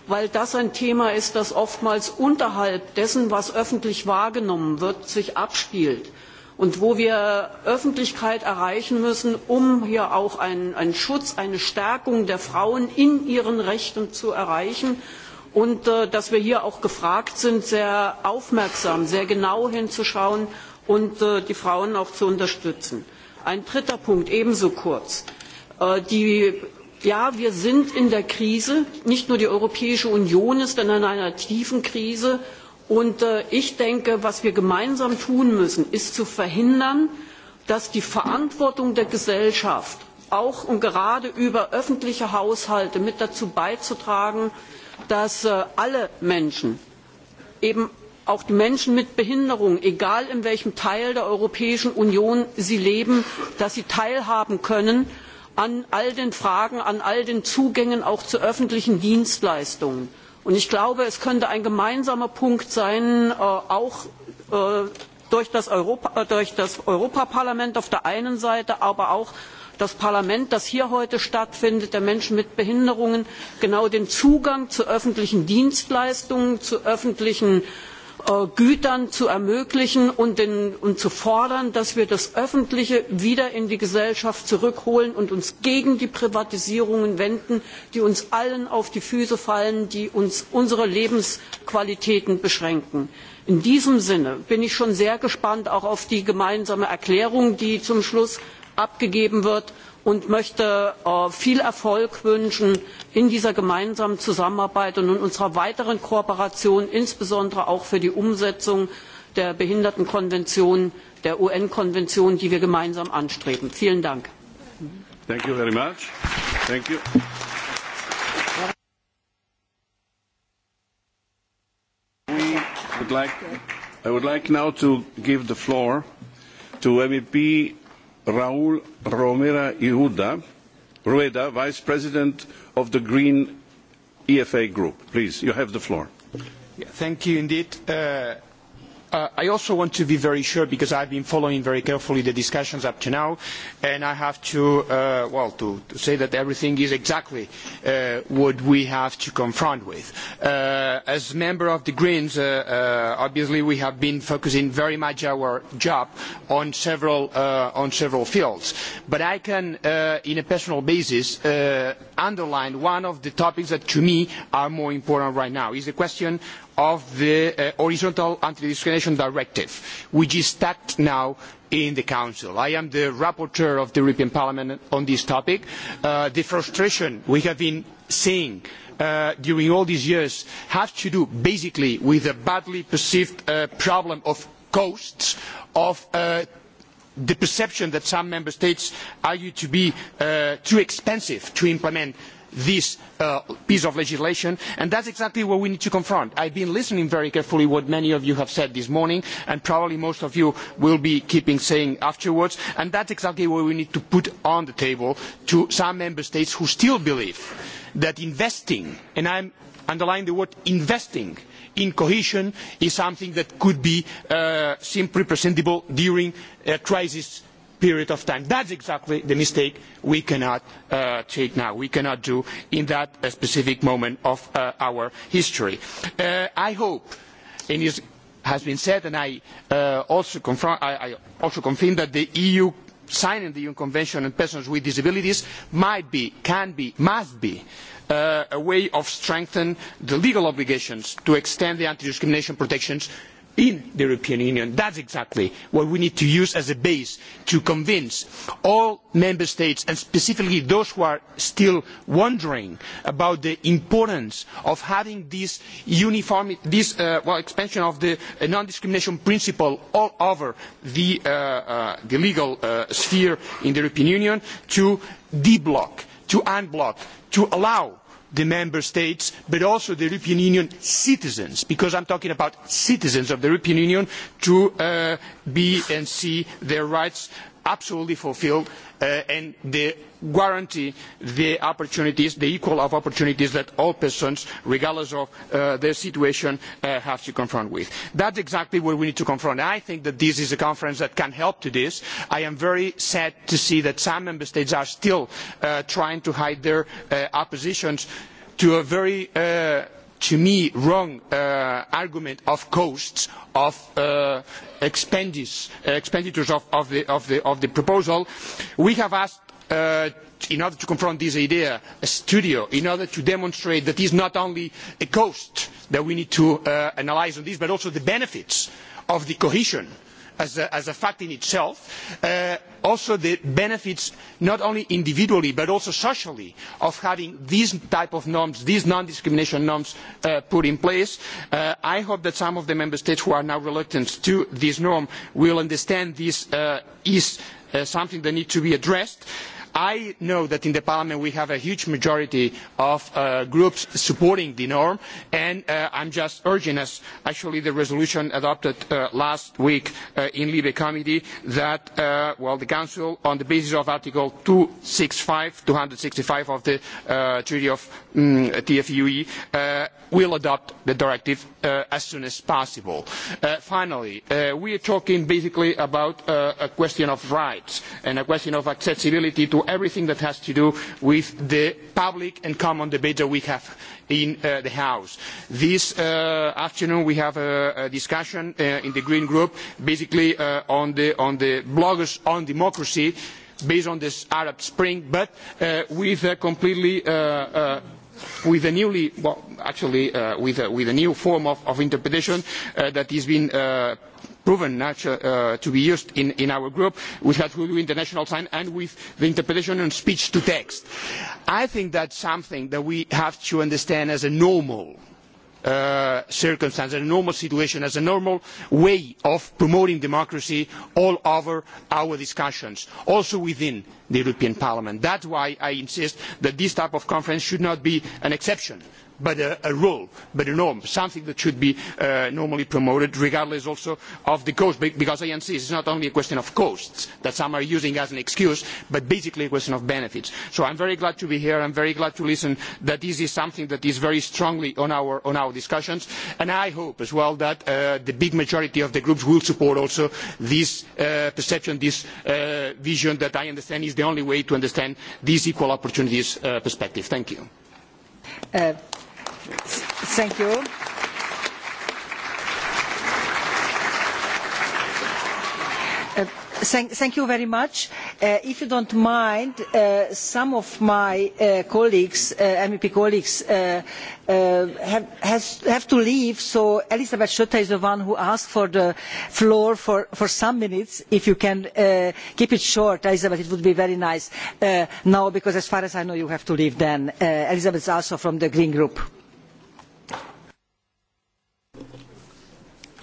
Speaker 19: weil das ein Thema ist, das oftmals unterhalb dessen, was öffentlich wahrgenommen wird, sich abspielt und wo wir Öffentlichkeit erreichen müssen, um hier auch einen, einen Schutz, eine Stärkung der Frauen in ihren Rechten zu erreichen und äh, dass wir hier auch gefragt sind, sehr aufmerksam, sehr genau hinzuschauen und äh, die Frauen auch zu unterstützen. Ein dritter Punkt, ebenso kurz. Äh, die, ja, wir sind in der Krise. Nicht nur die Europäische Union ist in einer tiefen Krise. Und äh, ich denke, was wir gemeinsam tun müssen, ist zu verhindern, dass die Verantwortung der Gesellschaft auch und gerade über öffentliche Haushalte mit dazu beizutragen, dass äh, alle Menschen, eben auch die Menschen mit Behinderung, egal in welchem Teil der Europäischen Union sie leben, dass sie teilhaben können an all den Fragen, an all den Zugängen auch zu öffentlichen Dienstleistungen. Und ich glaube, es könnte ein gemeinsamer Punkt sein, äh, auch äh, durch das, durch das Europaparlament auf der einen Seite, aber auch das Parlament, das hier heute stattfindet, der Menschen mit Behinderungen, genau den Zugang zu öffentlichen Dienstleistungen, zu öffentlichen äh, Gütern zu ermöglichen und, den, und zu fordern, dass wir das Öffentliche wieder in die Gesellschaft zurückholen und uns gegen die Privatisierungen wenden, die uns allen auf die Füße fallen, die uns unsere Lebensqualitäten beschränken. In diesem Sinne bin ich schon sehr gespannt auch auf die gemeinsame Erklärung, die zum Schluss abgegeben wird und möchte äh, viel Erfolg wünschen in dieser gemeinsamen Zusammenarbeit und in unserer weiteren Kooperation, insbesondere auch für die Umsetzung der Behindertenkonvention, der UN-Konvention, die wir gemeinsam anstreben. Vielen Dank.
Speaker 18: I would like now to give the floor to MEP Raul Romera Iruda, Rueda, Vice President of the Green EFA Group. Please, you have the floor.
Speaker 20: Yeah, thank you indeed. Uh, Uh, I also want to be very sure because I have been following very carefully the discussions up to now and I have to, uh, well, to, to say that everything is exactly uh, what we have to confront with. Uh, as member of the Greens, uh, uh, obviously we have been focusing very much our job on several, uh, on several fields. But I can, uh, in a personal basis, uh, underline one of the topics that to me are more important right now is the question of the uh, Horizontal Anti-Discrimination Directive, which is stacked now in the Council. I am the rapporteur of the European Parliament on this topic. Uh, the frustration we have been seeing uh, during all these years has to do basically with the badly perceived uh, problem of costs of uh, the perception that some member states argue to be uh, too expensive to implement this uh, piece of legislation, and that is exactly what we need to confront. I have been listening very carefully to what many of you have said this morning, and probably most of you will be keeping saying afterwards, and that is exactly what we need to put on the table to some member states who still believe that investing, and I am the word investing, in cohesion is something that could be uh, simply presentable during a crisis period of time. That is exactly the mistake we cannot uh, take now, we cannot do in that uh, specific moment of uh, our history. Uh, I hope, and it has been said, and I, uh, also, confirm, I, I also confirm that the EU signing the e UN Convention on Persons with Disabilities might be, can be, must be uh, a way of strengthening the legal obligations to extend the anti-discrimination protections in the European Union. That is exactly what we need to use as a base to convince all member states and specifically those who are still wondering about the importance of having this, uniform, this uh, well, expansion of the non-discrimination principle all over the, uh, uh, the legal uh, sphere in the European Union to de-block, to unblock, to allow the member states, but also the European Union citizens, because I am talking about citizens of the European Union, to uh, be and see their rights absolutely fulfilled uh, and the guarantee the opportunities, the equal of opportunities that all persons, regardless of uh, their situation, uh, have to confront with. That is exactly what we need to confront. I think that this is a conference that can help to this. I am very sad to see that some member states are still uh, trying to hide their uh, oppositions to a very uh, to me wrong uh, argument of costs of uh, expenditures of, of, the, of, the, of the proposal we have asked Uh, in order to confront this idea, a studio, in order to demonstrate that it is not only a cost that we need to uh, analyse on this, but also the benefits of the cohesion as a, as a fact in itself, uh, also the benefits not only individually but also socially of having these type of norms, these non-discrimination norms uh, put in place. Uh, I hope that some of the member states who are now reluctant to this norm will understand this uh, is uh, something that needs to be addressed. Uh, I know that in the Parliament we have a huge majority of uh, groups supporting the norm, and uh, I am just urging us, actually the resolution adopted uh, last week uh, in the Libe Committee, that uh, well, the Council, on the basis of Article two hundred and sixty five of the uh, Treaty of um, mm, TFUE, will adopt the directive as soon as possible. finally, we are talking basically about a question of rights and a question of accessibility to everything that has to do with the public and common debate that we have in uh, the House. This uh, afternoon we have a, a discussion uh, in the Green Group basically uh, on, the, on the bloggers on democracy based on this Arab Spring, but uh, with a completely uh, uh, with a newly, well, actually, uh, with, a, with a new form of, of interpretation uh, that has been uh, proven natural, uh, to be used in, in our group, which had to do international sign and with the interpretation on speech to text. I think that's something that we have to understand as a normal uh, circumstance, a normal situation, as a normal way of promoting democracy all over our discussions, also within the European Parliament. That is why I insist that this type of conference should not be an exception but a, a rule, but a norm, something that should be uh, normally promoted regardless also of the cost, because I insist not only a question of costs that some are using as an excuse, but basically a question of benefits. So I am very glad to be here, I am very glad to listen that this is something that is very strongly on our, on our discussions, and I hope as well that uh, the big majority of the groups will support also this uh, perception, this uh, vision that I understand is the only way to understand this equal opportunities uh, perspective. Thank you.
Speaker 17: Uh, Thank you. Uh, thank, thank you very much. Uh, if you don't mind, uh, some of my uh, colleagues, uh, MEP colleagues, uh, uh, have, has, have to leave, so Elisabeth Schotter is the one who asked for the floor for, for some minutes. If you can uh, keep it short, Elisabeth, it would be very nice uh, now, because as far as I know, you have to leave then. Uh, Elisabeth is also from the Green Group.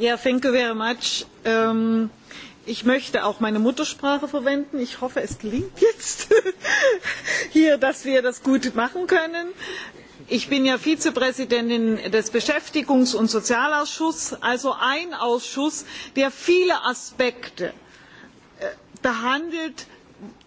Speaker 21: Yeah, thank you very much. Um, ich möchte auch meine Muttersprache verwenden. Ich hoffe, es gelingt jetzt hier, dass wir das gut machen können. Ich bin ja Vizepräsidentin des Beschäftigungs- und Sozialausschusses, also ein Ausschuss, der viele Aspekte äh, behandelt,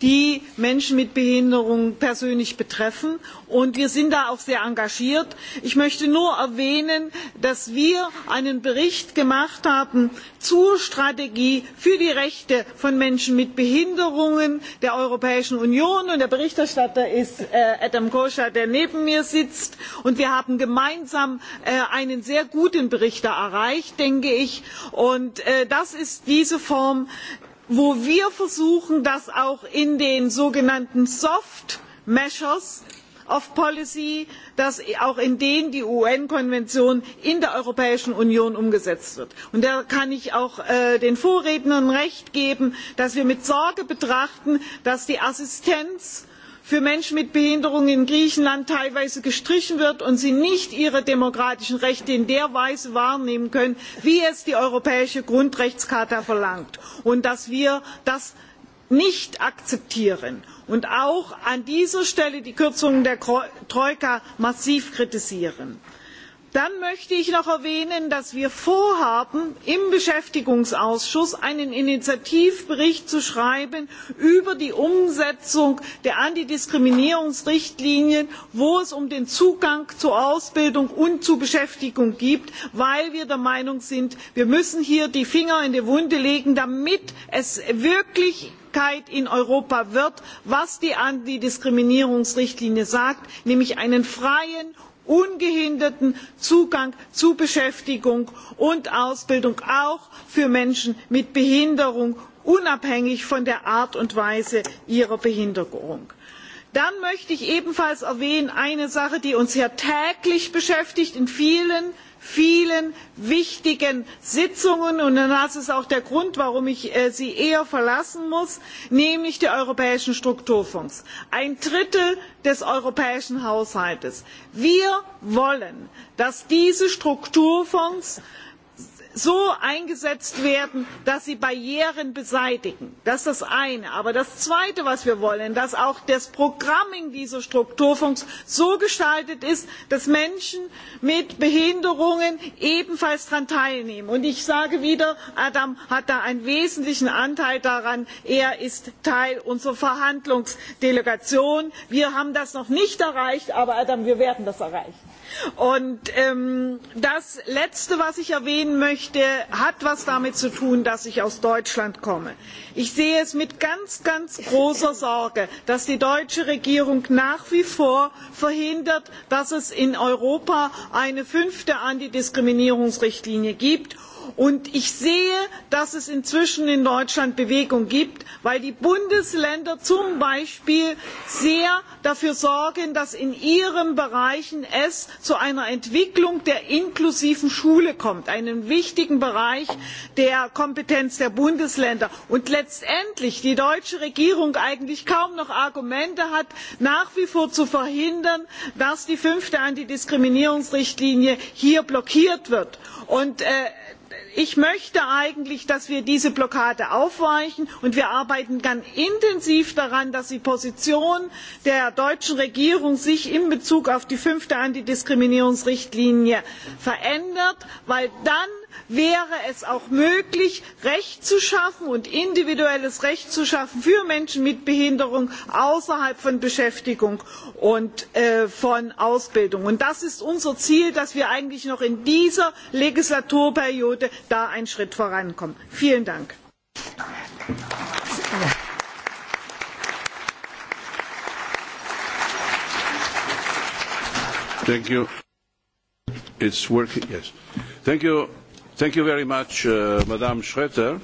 Speaker 21: die Menschen mit Behinderung persönlich betreffen. Und wir sind da auch sehr engagiert. Ich möchte nur erwähnen, dass wir einen Bericht gemacht haben zur Strategie für die Rechte von Menschen mit Behinderungen der Europäischen Union. Und der Berichterstatter ist äh, Adam Koscher, der neben mir sitzt. Und wir haben gemeinsam äh, einen sehr guten Bericht erreicht, denke ich. Und äh, das ist diese Form wo wir versuchen, das auch in den sogenannten Soft Measures of Policy, dass auch in denen die UN-Konvention in der Europäischen Union umgesetzt wird. Und da kann ich auch äh, den Vorrednern recht geben, dass wir mit Sorge betrachten, dass die Assistenz für Menschen mit Behinderung in Griechenland teilweise gestrichen wird und sie nicht ihre demokratischen Rechte in der Weise wahrnehmen können, wie es die Europäische Grundrechtscharta verlangt und dass wir das nicht akzeptieren und auch an dieser Stelle die Kürzungen der Troika massiv kritisieren. Dann möchte ich noch erwähnen, dass wir vorhaben, im Beschäftigungsausschuss einen Initiativbericht zu schreiben über die Umsetzung der Antidiskriminierungsrichtlinien, wo es um den Zugang zu Ausbildung und zu Beschäftigung geht, weil wir der Meinung sind, wir müssen hier die Finger in die Wunde legen, damit es wirklich Wirklichkeit in Europa wird, was die Antidiskriminierungsrichtlinie sagt, nämlich einen freien ungehinderten Zugang zu Beschäftigung und Ausbildung auch für Menschen mit Behinderung, unabhängig von der Art und Weise ihrer Behinderung. Dann möchte ich ebenfalls erwähnen eine Sache, die uns ja täglich beschäftigt in vielen vielen wichtigen Sitzungen und das ist auch der Grund, warum ich äh, sie eher verlassen muss, nämlich die europäischen Strukturfonds. Ein Drittel des europäischen Haushaltes. Wir wollen, dass diese Strukturfonds so eingesetzt werden, dass sie Barrieren beseitigen. Das ist das eine. Aber das zweite, was wir wollen, ist, dass auch das Programming dieser Strukturfonds so gestaltet ist, dass Menschen mit Behinderungen ebenfalls daran teilnehmen. Und ich sage wieder, Adam hat da einen wesentlichen Anteil daran. Er ist Teil unserer Verhandlungsdelegation. Wir haben das noch nicht erreicht, aber Adam, wir werden das erreichen. Und ähm, das Letzte, was ich erwähnen möchte, Bericht hat etwas damit zu tun, dass ich aus Deutschland komme. Ich sehe es mit ganz, ganz großer Sorge, dass die deutsche Regierung nach wie vor verhindert, dass es in Europa eine fünfte Antidiskriminierungsrichtlinie gibt Und ich sehe, dass es inzwischen in Deutschland Bewegung gibt, weil die Bundesländer zum Beispiel sehr dafür sorgen, dass in ihren Bereichen es zu einer Entwicklung der inklusiven Schule kommt, einem wichtigen Bereich der Kompetenz der Bundesländer. Und letztendlich die deutsche Regierung eigentlich kaum noch Argumente hat, nach wie vor zu verhindern, dass die fünfte Antidiskriminierungsrichtlinie hier blockiert wird. Und äh, ich möchte eigentlich, dass wir diese Blockade aufweichen und wir arbeiten ganz intensiv daran, dass die Position der deutschen Regierung sich in Bezug auf die fünfte Antidiskriminierungsrichtlinie verändert, weil dann wäre es auch möglich, Recht zu schaffen und individuelles Recht zu schaffen für Menschen mit Behinderung außerhalb von Beschäftigung und äh, von Ausbildung. Und das ist unser Ziel, dass wir eigentlich noch in dieser Legislaturperiode da einen Schritt vorankommen. Vielen Dank.
Speaker 18: Thank you. It's working, yes. Thank you Thank you very much, uh, Madam Schroeter.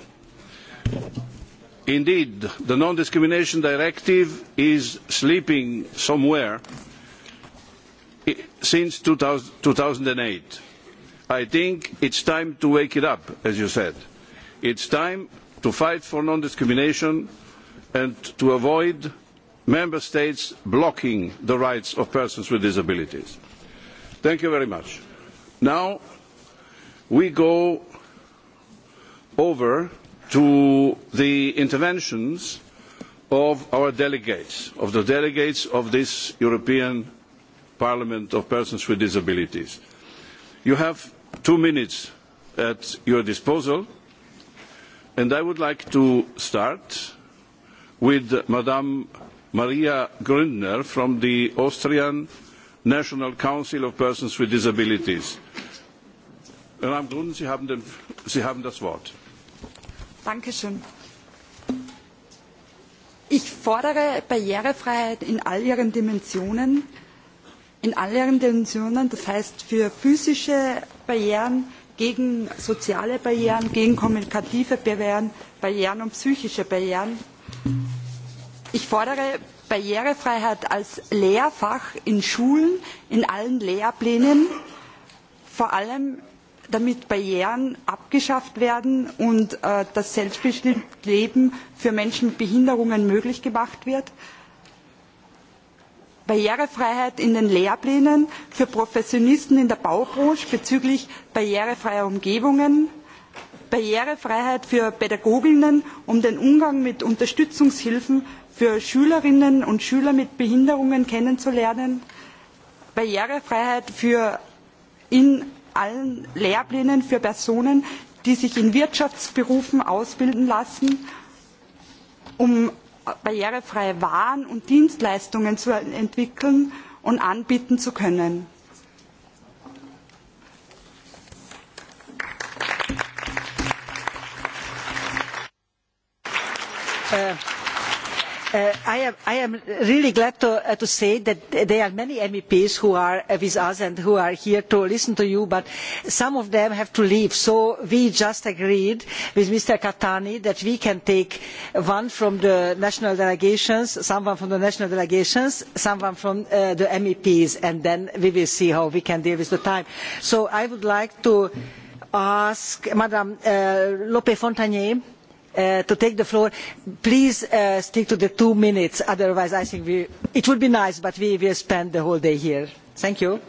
Speaker 18: Indeed, the Non-Discrimination Directive is sleeping somewhere since 2000, 2008. I think it's time to wake it up, as you said. It's time to fight for non-discrimination and to avoid member states blocking the rights of persons with disabilities. Thank you very much. Now, we go over to the interventions of our delegates, of the delegates of this European Parliament of Persons with Disabilities. You have two minutes at your disposal, and I would like to start with Madame Maria Gründner from the Austrian National Council of Persons with Disabilities. Madame Grun, Sie haben, den, Sie haben das Wort.
Speaker 22: Dankeschön. Ich fordere Barrierefreiheit in all ihren Dimensionen, in all ihren Dimensionen, das heißt für physische Barrieren, gegen soziale Barrieren, gegen kommunikative Barrieren, Barrieren und psychische Barrieren. Ich fordere Barrierefreiheit als Lehrfach in Schulen, in allen Lehrplänen, vor allem damit Barrieren abgeschafft werden und äh, das selbstbestimmte Leben für Menschen mit Behinderungen möglich gemacht wird. Barrierefreiheit in den Lehrplänen für Professionisten in der Baubranche bezüglich barrierefreier Umgebungen. Barrierefreiheit für Pädagoginnen, um den Umgang mit Unterstützungshilfen für Schülerinnen und Schüler mit Behinderungen kennenzulernen. Barrierefreiheit für in allen Lehrplänen für Personen, die sich in Wirtschaftsberufen ausbilden lassen, um barrierefreie Waren und Dienstleistungen zu entwickeln und anbieten zu können.
Speaker 17: Äh. Uh, I, am, I, am, really glad to, uh, to, say that there are many MEPs who are uh, with us and who are here to listen to you, but some of them have to leave. So we just agreed with Mr. Catani that we can take one from the national delegations, someone from the national delegations, someone from uh, the MEPs, and then we will see how we can deal with the time. So I would like to ask Madam uh, Lope Fontanier Uh, to take the floor. Please uh, stick to the two minutes, otherwise I think we, it would be nice, but we will spend the whole day here. Thank you.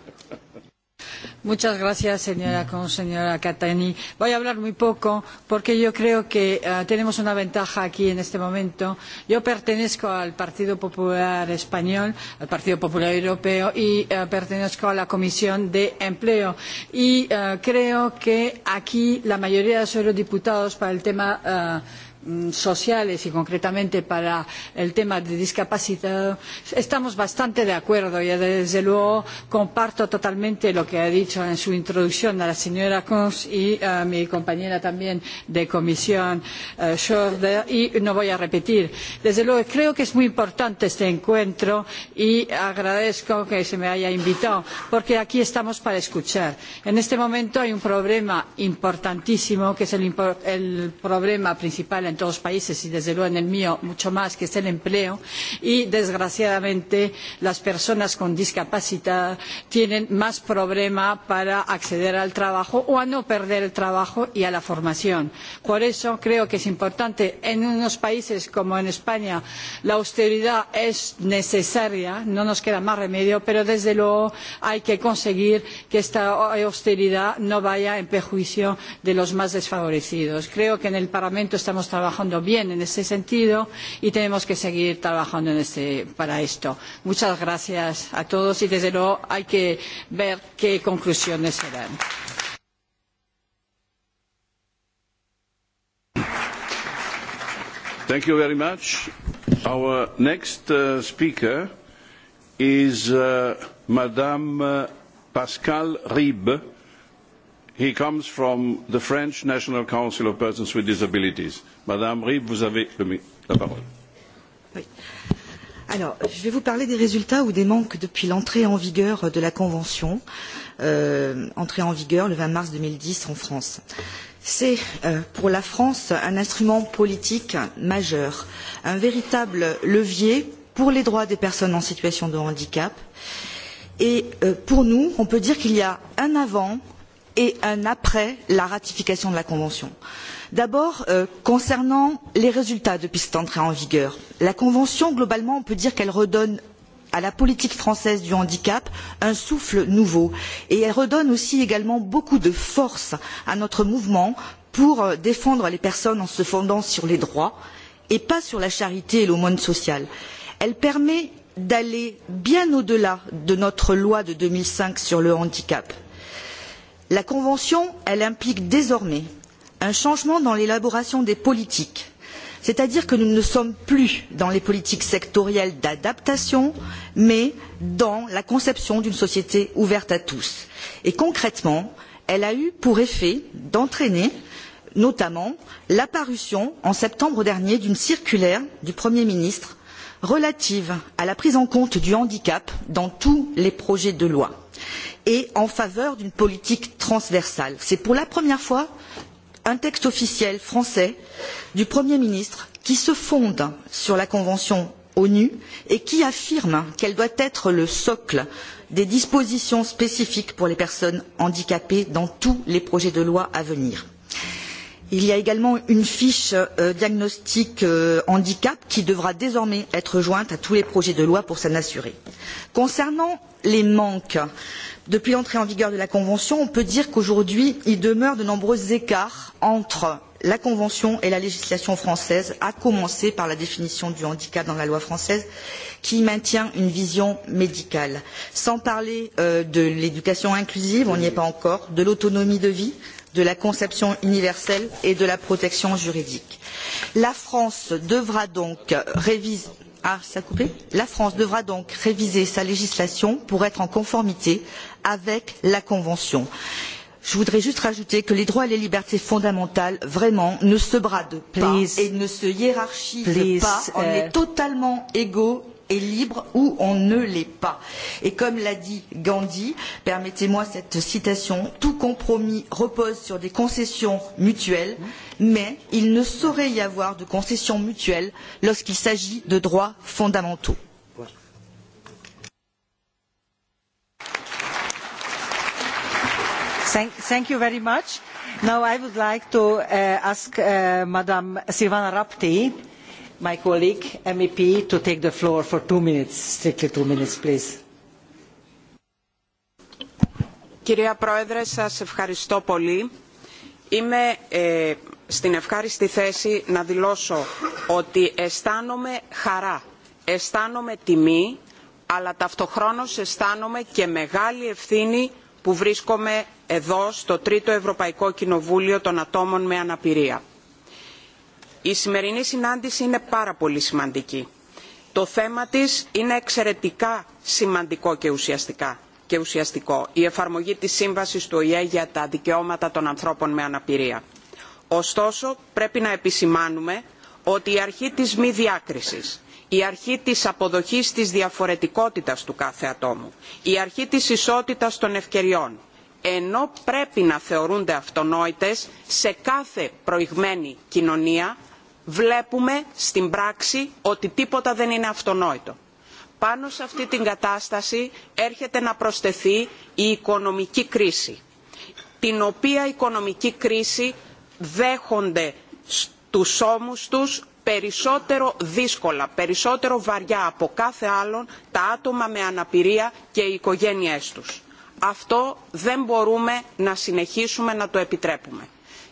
Speaker 23: Muchas gracias, señora con señora Catani. Voy a hablar muy poco porque yo creo que uh, tenemos una ventaja aquí en este momento. Yo pertenezco al Partido Popular Español, al Partido Popular Europeo y uh, pertenezco a la Comisión de Empleo. Y uh, creo que aquí la mayoría de los eurodiputados para el tema. Uh, Mm, sociales y concretamente para el tema de discapacidad, estamos bastante de acuerdo y desde luego comparto totalmente lo que ha dicho en su introducción a la señora Cons y a mi compañera también de comisión eh, Schroeder y no voy a repetir. Desde luego creo que es muy importante este encuentro y agradezco que se me haya invitado porque aquí estamos para escuchar. En este momento hay un problema importantísimo que es el, el problema principal en todos los países y desde luego en el mío mucho más, que es el empleo. Y desgraciadamente las personas con discapacidad tienen más problema para acceder al trabajo o a no perder el trabajo y a la formación. Por eso creo que es importante en unos países como en España la austeridad es necesaria, no nos queda más remedio, pero desde luego hay que conseguir que esta austeridad no vaya en perjuicio de los más desfavorecidos. Creo que en el Parlamento estamos trabajando trabajando bien en ese sentido y tenemos que seguir trabajando en este, para esto. Muchas gracias a todos y desde luego hay que ver qué conclusiones se dan.
Speaker 18: Thank you very much. Our next uh, speaker is uh, Madame uh, Pascal Ribes He comes from the French National Council of Persons with Disabilities. Madame Rive, vous avez la parole.
Speaker 24: Oui. Alors, je vais vous parler des résultats ou des manques depuis l'entrée en vigueur de la Convention, euh, entrée en vigueur le 20 mars 2010 en France. C'est euh, pour la France un instrument politique majeur, un véritable levier pour les droits des personnes en situation de handicap. Et euh, pour nous, on peut dire qu'il y a un avant, et un après la ratification de la Convention. D'abord, euh, concernant les résultats depuis cette entrée en vigueur, la Convention, globalement, on peut dire qu'elle redonne à la politique française du handicap un souffle nouveau et elle redonne aussi également beaucoup de force à notre mouvement pour euh, défendre les personnes en se fondant sur les droits et pas sur la charité et l'aumône sociale. Elle permet d'aller bien au-delà de notre loi de deux mille cinq sur le handicap La Convention, elle implique désormais un changement dans l'élaboration des politiques, c'est-à-dire que nous ne sommes plus dans les politiques sectorielles d'adaptation, mais dans la conception d'une société ouverte à tous. Et concrètement, elle a eu pour effet d'entraîner notamment la parution en septembre dernier d'une circulaire du Premier ministre relative à la prise en compte du handicap dans tous les projets de loi et en faveur d'une politique transversale. C'est pour la première fois un texte officiel français du Premier ministre qui se fonde sur la Convention ONU et qui affirme qu'elle doit être le socle des dispositions spécifiques pour les personnes handicapées dans tous les projets de loi à venir. Il y a également une fiche euh, diagnostic euh, handicap qui devra désormais être jointe à tous les projets de loi pour s'en assurer. Concernant les manques, depuis l'entrée en vigueur de la Convention, on peut dire qu'aujourd'hui, il demeure de nombreux écarts entre la Convention et la législation française, à commencer par la définition du handicap dans la loi française, qui maintient une vision médicale. Sans parler euh, de l'éducation inclusive, on n'y est pas encore, de l'autonomie de vie, de la conception universelle et de la protection juridique. La France devra donc réviser ah, La France devra donc réviser sa législation pour être en conformité avec la Convention. Je voudrais juste rajouter que les droits et les libertés fondamentales, vraiment, ne se bradent pas Please. et ne se hiérarchisent Please. pas. On euh, est totalement égaux est libre ou on ne l'est pas. Et comme l'a dit Gandhi, permettez-moi cette citation, tout compromis repose sur des concessions mutuelles, mais il ne saurait y avoir de concessions mutuelles lorsqu'il s'agit de droits fondamentaux.
Speaker 17: Thank, thank you very much. Now I would like to uh, ask uh, Madame Silvana Rapti my colleague MEP to take the floor for two minutes, strictly two minutes, please.
Speaker 12: Κυρία Πρόεδρε, σας ευχαριστώ πολύ. Είμαι ε, στην ευχάριστη θέση να δηλώσω ότι αισθάνομαι χαρά, αισθάνομαι τιμή, αλλά ταυτοχρόνως αισθάνομαι και μεγάλη ευθύνη που βρίσκομαι εδώ στο Τρίτο Ευρωπαϊκό Κοινοβούλιο των Ατόμων με Αναπηρία Η σημερινή συνάντηση είναι πάρα πολύ σημαντική. Το θέμα της είναι εξαιρετικά σημαντικό και, ουσιαστικά, και ουσιαστικό. Η εφαρμογή της Σύμβασης του ΟΗΕ για τα δικαιώματα των ανθρώπων με αναπηρία. Ωστόσο, πρέπει να επισημάνουμε ότι η αρχή της μη διάκρισης, η αρχή της αποδοχής της διαφορετικότητας του κάθε ατόμου, η αρχή της ισότητας των ευκαιριών, ενώ πρέπει να θεωρούνται αυτονόητες σε κάθε προηγμένη κοινωνία, βλέπουμε στην πράξη ότι τίποτα δεν είναι αυτονόητο. Πάνω σε αυτή την κατάσταση έρχεται να προσθεθεί η οικονομική κρίση, την οποία οικονομική κρίση δέχονται στους ώμους τους περισσότερο δύσκολα, περισσότερο βαριά από κάθε άλλον τα άτομα με αναπηρία και οι οικογένειές τους. Αυτό δεν μπορούμε να συνεχίσουμε να το επιτρέπουμε.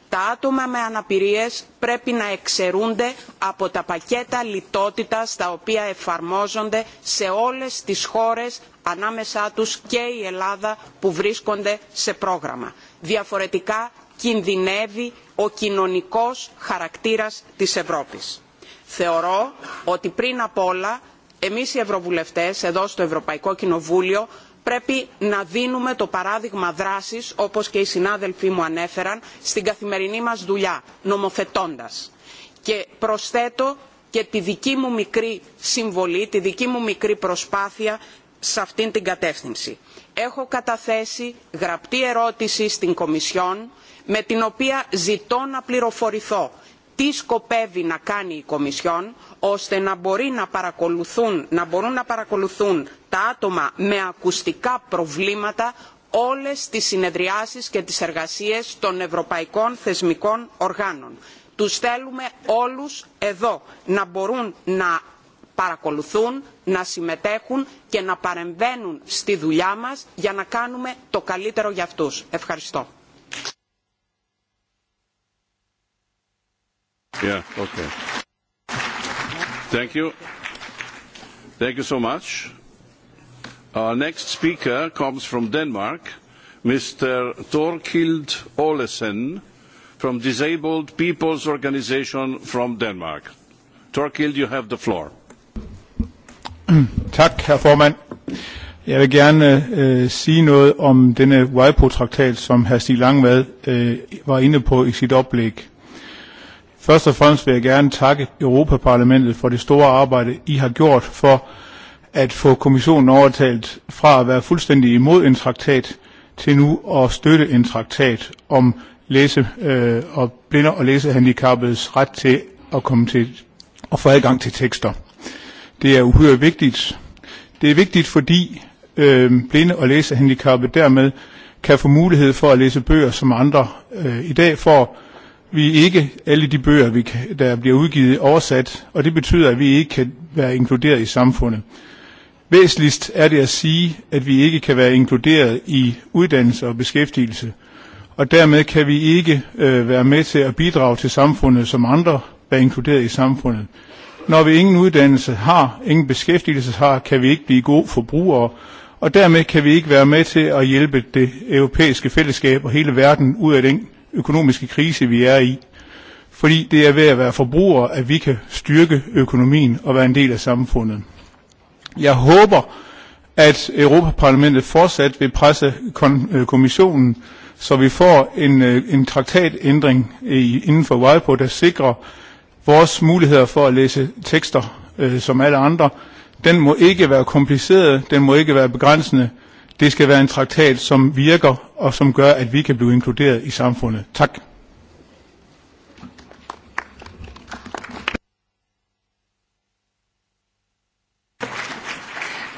Speaker 12: Τα άτομα με αναπηρίες πρέπει να εξαιρούνται από τα πακέτα λιτότητας τα οποία εφαρμόζονται σε όλες τις χώρες ανάμεσά τους και η Ελλάδα που βρίσκονται σε πρόγραμμα. Διαφορετικά κινδυνεύει ο κοινωνικός χαρακτήρας της Ευρώπης. Θεωρώ ότι πριν απ' όλα εμείς οι Ευρωβουλευτές εδώ στο Ευρωπαϊκό Κοινοβούλιο πρέπει να δίνουμε το παράδειγμα δράσης, όπως και οι συνάδελφοί μου ανέφεραν, στην καθημερινή μας δουλειά, νομοθετώντας. Και προσθέτω και τη δική μου μικρή συμβολή, τη δική μου μικρή προσπάθεια σε αυτήν την κατεύθυνση. Έχω καταθέσει γραπτή ερώτηση στην Κομισιόν με την οποία ζητώ να πληροφορηθώ τι σκοπεύει να κάνει η Κομισιόν ώστε να, μπορεί να, παρακολουθούν, να μπορούν να παρακολουθούν τα άτομα με ακουστικά προβλήματα όλες τις συνεδριάσεις και τις εργασίες των ευρωπαϊκών θεσμικών οργάνων. Τους θέλουμε όλους εδώ να μπορούν να παρακολουθούν, να συμμετέχουν και να παρεμβαίνουν στη δουλειά μας για να κάνουμε το καλύτερο για αυτούς. Ευχαριστώ.
Speaker 18: Yeah, okay. Thank you. Thank you so much. Our next speaker comes from Denmark, Mr. Torkild Olesen from Disabled People's Organization from Denmark. Torkild, you have the floor.
Speaker 25: tak, herr formand. Jeg vil gerne øh, sige noget om denne WIPO-traktat, som hr Stig Langvad øh, var inde på i sit oplæg. Først og fremmest vil jeg gerne takke Europaparlamentet for det store arbejde, I har gjort for at få kommissionen overtalt fra at være fuldstændig imod en traktat til nu at støtte en traktat om læse øh, og blinde og læsehandicappedes ret til at komme til at få adgang til tekster. Det er uhyre vigtigt. Det er vigtigt, fordi øh, blinde og læsehandicappede dermed kan få mulighed for at læse bøger, som andre øh, i dag får, vi ikke alle de bøger, vi kan, der bliver udgivet, oversat, og det betyder, at vi ikke kan være inkluderet i samfundet. Væsentligst er det at sige, at vi ikke kan være inkluderet i uddannelse og beskæftigelse, og dermed kan vi ikke øh, være med til at bidrage til samfundet, som andre er inkluderet i samfundet. Når vi ingen uddannelse har, ingen beskæftigelse har, kan vi ikke blive gode forbrugere, og dermed kan vi ikke være med til at hjælpe det europæiske fællesskab og hele verden ud af den økonomiske krise, vi er i. Fordi det er ved at være forbrugere, at vi kan styrke økonomien og være en del af samfundet. Jeg håber, at Europaparlamentet fortsat vil presse øh, kommissionen, så vi får en, øh, en traktatændring inden for WIPO, der sikrer vores muligheder for at læse tekster øh, som alle andre. Den må ikke være kompliceret, den må ikke være begrænsende, det skal være en traktat, som virker og som gør, at vi kan blive inkluderet i samfundet. Tak.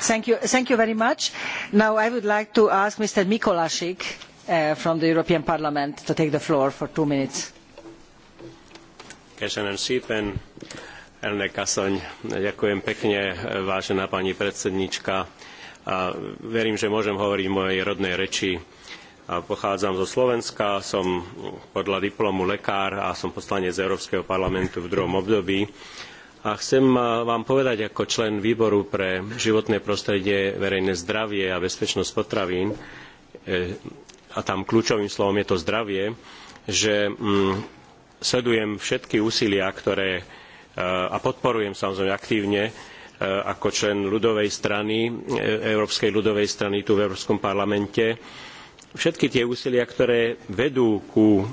Speaker 17: Thank you, thank you very much. Now I would like to ask Mr. Mikolasik uh, from the European Parliament to take the floor for two minutes.
Speaker 26: Köszönöm szépen, elnök asszony, ďakujem pekne, vážená pani predsednička A verím, že môžem hovoriť v mojej rodnej reči. A pochádzam zo Slovenska, som podľa diplomu lekár a som poslanec Európskeho parlamentu v druhom období. A chcem vám povedať ako člen výboru pre životné prostredie, verejné zdravie a bezpečnosť potravín, eh, a tam kľúčovým slovom je to zdravie, že mm, sledujem všetky úsilia, ktoré eh, a podporujem samozrejme aktívne E, ako člen ľudovej strany, e, Európskej ľudovej strany tu v Európskom parlamente. Všetky tie úsilia, ktoré vedú ku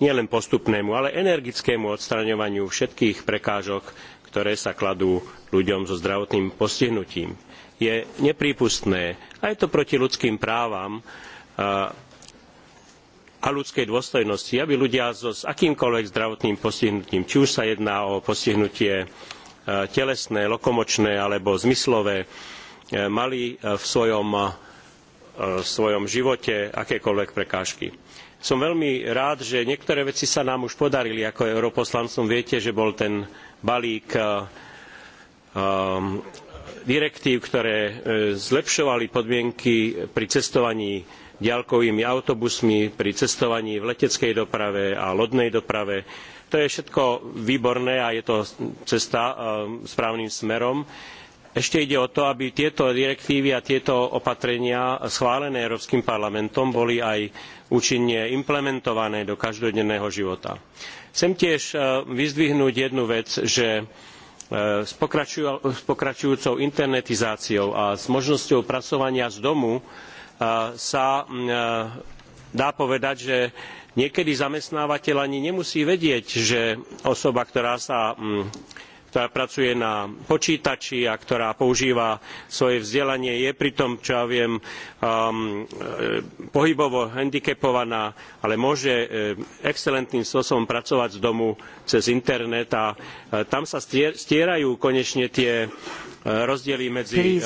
Speaker 26: nielen postupnému, ale energickému odstraňovaniu všetkých prekážok, ktoré sa kladú ľuďom so zdravotným postihnutím. Je neprípustné, a je to proti ľudským právam, e, a ľudskej dôstojnosti, aby ľudia so, s akýmkoľvek zdravotným postihnutím, či už sa jedná o postihnutie E, telesné, lokomočné alebo zmyslové, e, mali e, v svojom, v svojom živote akékoľvek prekážky. Som veľmi rád, že niektoré veci sa nám už podarili ako europoslancom. Viete, že bol ten balík um, direktív, ktoré zlepšovali podmienky pri cestovaní diaľkovými autobusmi, pri cestovaní v leteckej doprave a lodnej doprave To je všetko výborné a je to cesta eh, správnym smerom. Ešte ide o to, aby tieto direktívy a tieto opatrenia schválené Európskym parlamentom boli aj účinne implementované do každodenného života. Chcem tiež eh, vyzdvihnúť jednu vec, že eh, s, pokračujúcou internetizáciou a s možnosťou pracovania z domu sa mm, dá povedať, že niekedy zamestnávateľ ani nemusí vedieť že osoba ktorá sa mm, ktorá pracuje na počítači a ktorá používa svoje vzdelanie, je pritom, čo ja viem, um, e, pohybovo handicapovaná, ale môže e, excelentným spôsobom pracovať z domu cez internet a e, tam sa stierajú konečne tie rozdiely medzi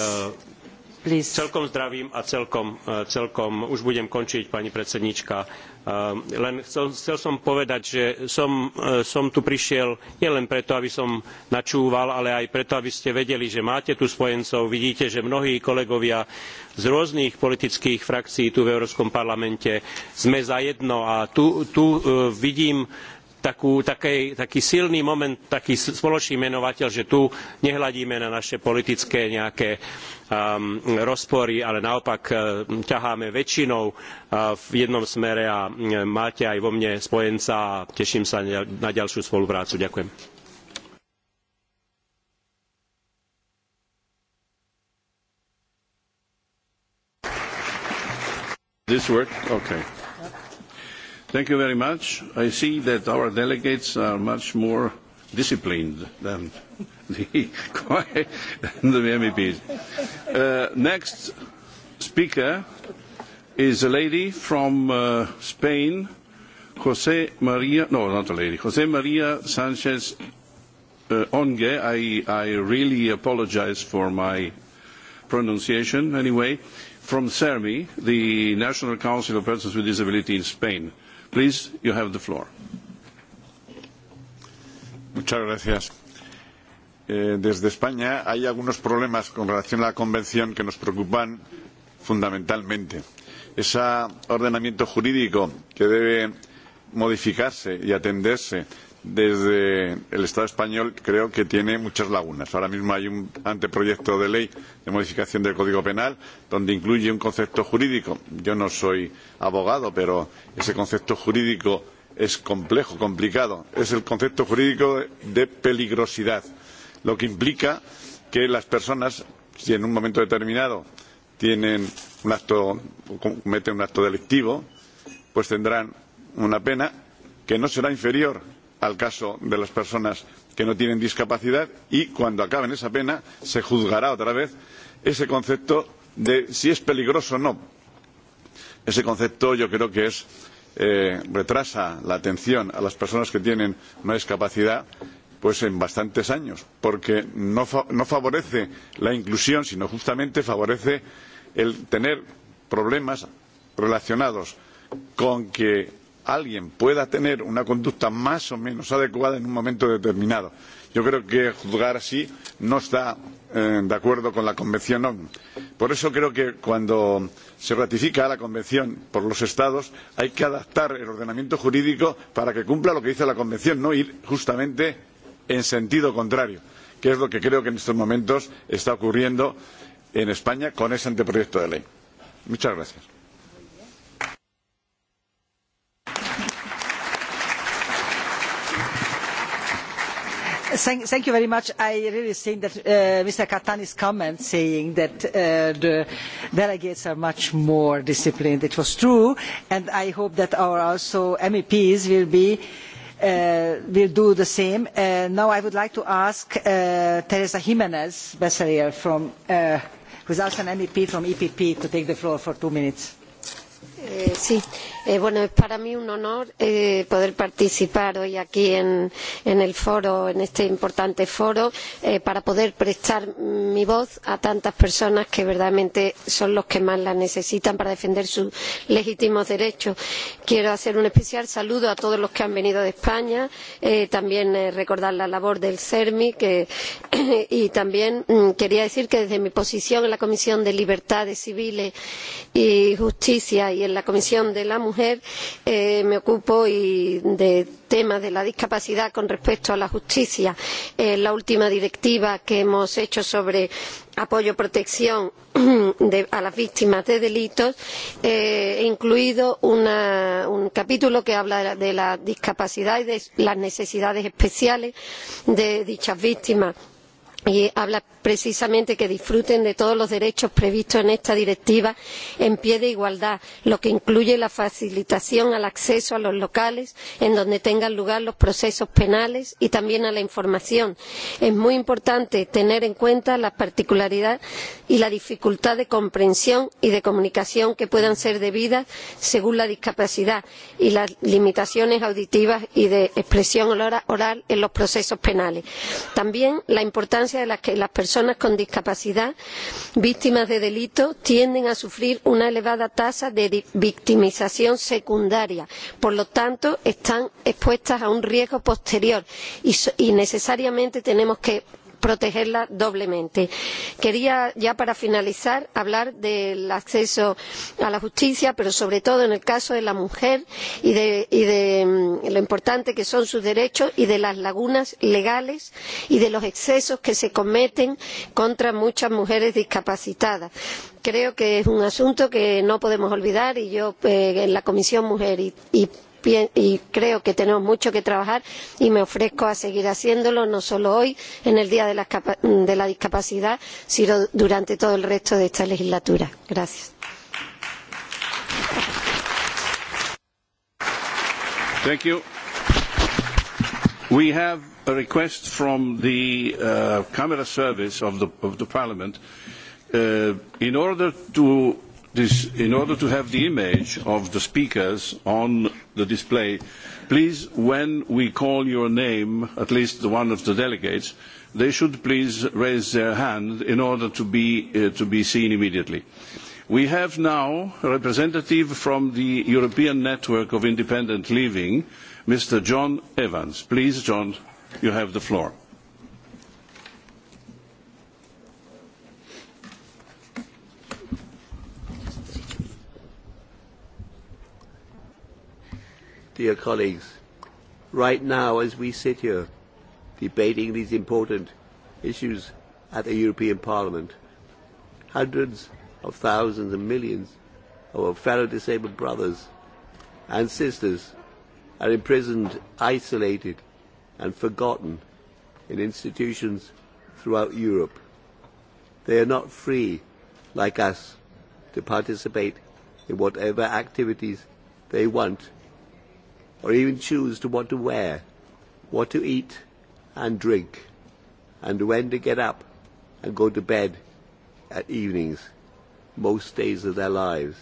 Speaker 26: Please. Celkom zdravím a celkom, e, celkom už budem končiť, pani predsednička. E, len chcel, chcel som povedať, že som, e, som tu prišiel nielen preto, aby som načúval, ale aj preto, aby ste vedeli, že máte tu spojencov. Vidíte, že mnohí kolegovia z rôznych politických frakcií tu v Európskom parlamente sme za jedno a tu, tu vidím takú, taký, taký silný moment, taký spoločný menovateľ, že tu nehľadíme na naše politické nejaké um, rozpory, ale naopak eh, ťaháme väčšinou uh, v jednom smere a eh, máte aj vo mne spojenca a teším sa na ďalšiu spoluprácu. Ďakujem.
Speaker 18: This work? Okay. Thank you very much. I see that our delegates are much more disciplined than the, MEPs. Uh, next speaker is a lady from uh, Spain, Jose Maria, no, not a lady, Jose Maria Sanchez uh, Onge. I, I really apologize for my pronunciation anyway, from CERMI, the National Council of Persons with Disability in Spain. Please,
Speaker 27: you have the floor. Muchas gracias. Eh, desde España hay algunos problemas con relación a la Convención que nos preocupan fundamentalmente. Ese ordenamiento jurídico que debe modificarse y atenderse desde el Estado español creo que tiene muchas lagunas. Ahora mismo hay un anteproyecto de ley de modificación del Código Penal donde incluye un concepto jurídico. Yo no soy abogado, pero ese concepto jurídico es complejo, complicado. Es el concepto jurídico de peligrosidad, lo que implica que las personas, si en un momento determinado tienen un acto, cometen un acto delictivo, pues tendrán una pena que no será inferior al caso de las personas que no tienen discapacidad y cuando acaben esa pena se juzgará otra vez ese concepto de si es peligroso o no. Ese concepto yo creo que es, eh, retrasa la atención a las personas que tienen una discapacidad pues en bastantes años, porque no, fa no favorece la inclusión, sino justamente favorece el tener problemas relacionados con que alguien pueda tener una conducta más o menos adecuada en un momento determinado. Yo creo que juzgar así no está eh, de acuerdo con la Convención ONU. Por eso creo que cuando se ratifica la Convención por los Estados hay que adaptar el ordenamiento jurídico para que cumpla lo que dice la Convención, no ir justamente en sentido contrario, que es lo que creo que en estos momentos está ocurriendo en España con ese anteproyecto de ley. Muchas gracias.
Speaker 17: Thank, you very much. I really think that uh, Mr. Katani's comment saying that uh, the delegates are much more disciplined, it was true, and I hope that our also MEPs will be uh, will do the same. Uh, now I would like to ask uh, Teresa Jimenez Becerril, from, uh, who is also an MEP from EPP, to take the floor for two minutes.
Speaker 28: Eh, sí, eh, bueno, es para mí un honor eh, poder participar hoy aquí en, en el foro, en este importante foro, eh, para poder prestar mi voz a tantas personas que verdaderamente son los que más la necesitan para defender sus legítimos derechos. Quiero hacer un especial saludo a todos los que han venido de España, eh, también eh, recordar la labor del CERMI que, y también mm, quería decir que desde mi posición en la Comisión de Libertades Civiles y Justicia y el la Comisión de la Mujer eh, me ocupo y de temas de la discapacidad con respecto a la justicia. Eh, la última directiva que hemos hecho sobre apoyo y protección de, a las víctimas de delitos, eh, he incluido una, un capítulo que habla de la, de la discapacidad y de las necesidades especiales de dichas víctimas y habla precisamente que disfruten de todos los derechos previstos en esta directiva en pie de igualdad, lo que incluye la facilitación al acceso a los locales en donde tengan lugar los procesos penales y también a la información. Es muy importante tener en cuenta la particularidad y la dificultad de comprensión y de comunicación que puedan ser debidas según la discapacidad y las limitaciones auditivas y de expresión oral en los procesos penales. También la importancia de las que las personas personas con discapacidad víctimas de delitos tienden a sufrir una elevada tasa de victimización secundaria. Por lo tanto, están expuestas a un riesgo posterior y, y necesariamente tenemos que protegerla doblemente. Quería, ya para finalizar, hablar del acceso a la justicia, pero sobre todo en el caso de la mujer y de, y de mm, lo importante que son sus derechos y de las lagunas legales y de los excesos que se cometen contra muchas mujeres discapacitadas. Creo que es un asunto que no podemos olvidar y yo eh, en la Comisión Mujer y, y y creo que tenemos mucho que trabajar y me ofrezco a seguir haciéndolo, no solo hoy, en el Día de la, de la Discapacidad, sino durante todo el resto de esta legislatura. Gracias.
Speaker 18: Thank you. We have a request from the uh, camera service of the, of the Parliament uh, in order to this, in order to have the image of the speakers on the display, please, when we call your name, at least the one of the delegates, they should please raise their hand in order to be, uh, to be seen immediately. We have now a representative from the European Network of Independent Living, Mr. John Evans. Please, John, you have the floor.
Speaker 15: dear colleagues, right now as we sit here debating these important issues at the European Parliament, hundreds of thousands and millions of our fellow disabled brothers and sisters are imprisoned, isolated and forgotten in institutions throughout Europe. They are not free, like us, to participate in whatever activities they want or even choose to what to wear, what to eat and drink, and when to get up and go to bed at evenings, most days of their lives.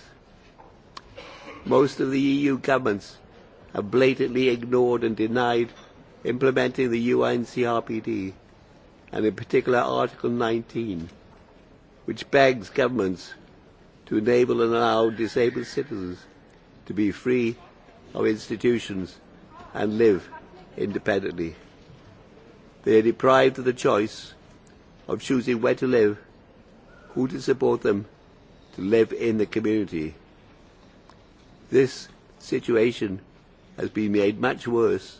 Speaker 15: Most of the EU governments have blatantly ignored and denied implementing the UNCRPD, and in particular Article 19, which begs governments to enable and allow disabled citizens to be free of institutions and live independently. They are deprived of the choice of choosing where to live, who to support them to live in the community. This situation has been made much worse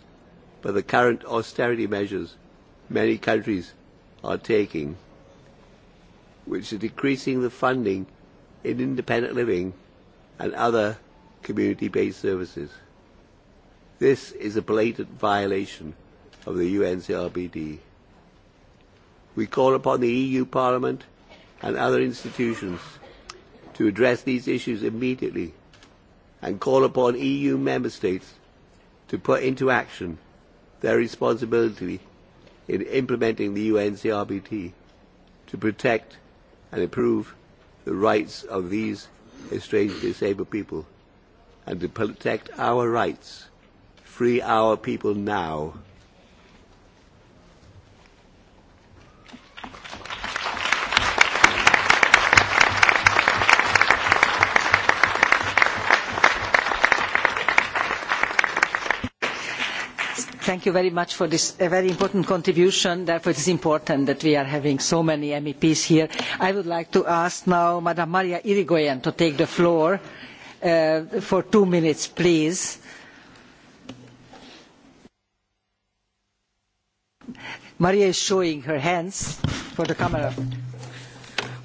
Speaker 15: by the current austerity measures many countries are taking, which are decreasing the funding in independent living and other community-based services. This is a blatant violation of the UNCRBD. We call upon the EU Parliament and other institutions to address these issues immediately and call upon EU member states to put into action their responsibility in implementing the UNCRBT to protect and improve the rights of these estranged disabled people and to protect our rights. Free our people now.
Speaker 17: Thank you very much for this very important contribution. Therefore, it is important that we are having so many MEPs here. I would like to ask now Madam Maria Irigoyen to take the floor uh, for two minutes, please. is showing her hands for the camera.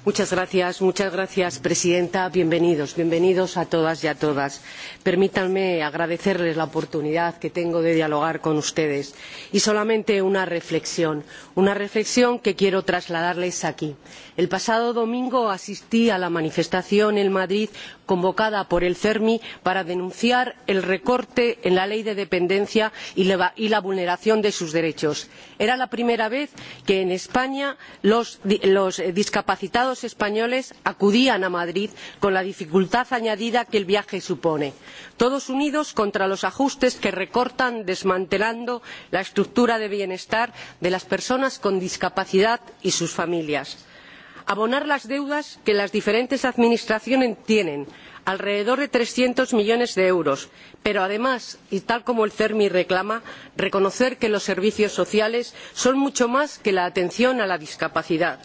Speaker 17: Muchas gracias, muchas gracias, presidenta.
Speaker 29: Bienvenidos, bienvenidos a todas y a todas. Permítanme agradecerles la oportunidad que tengo de dialogar con ustedes y solamente una reflexión, una reflexión que quiero trasladarles aquí. El pasado domingo asistí a la manifestación en Madrid convocada por el CERMI para denunciar el recorte en la ley de dependencia y la vulneración de sus derechos. Era la primera vez que en España los, los discapacitados españoles acudían a Madrid con la dificultad añadida que el viaje supone. Todos unidos contra los ajustes que recortan desmantelando la estructura de bienestar de las personas con discapacidad y sus familias abonar las deudas que las diferentes administraciones tienen alrededor de trescientos millones de euros pero además y tal como el cermi reclama reconocer que los servicios sociales son mucho más que la atención a la discapacidad.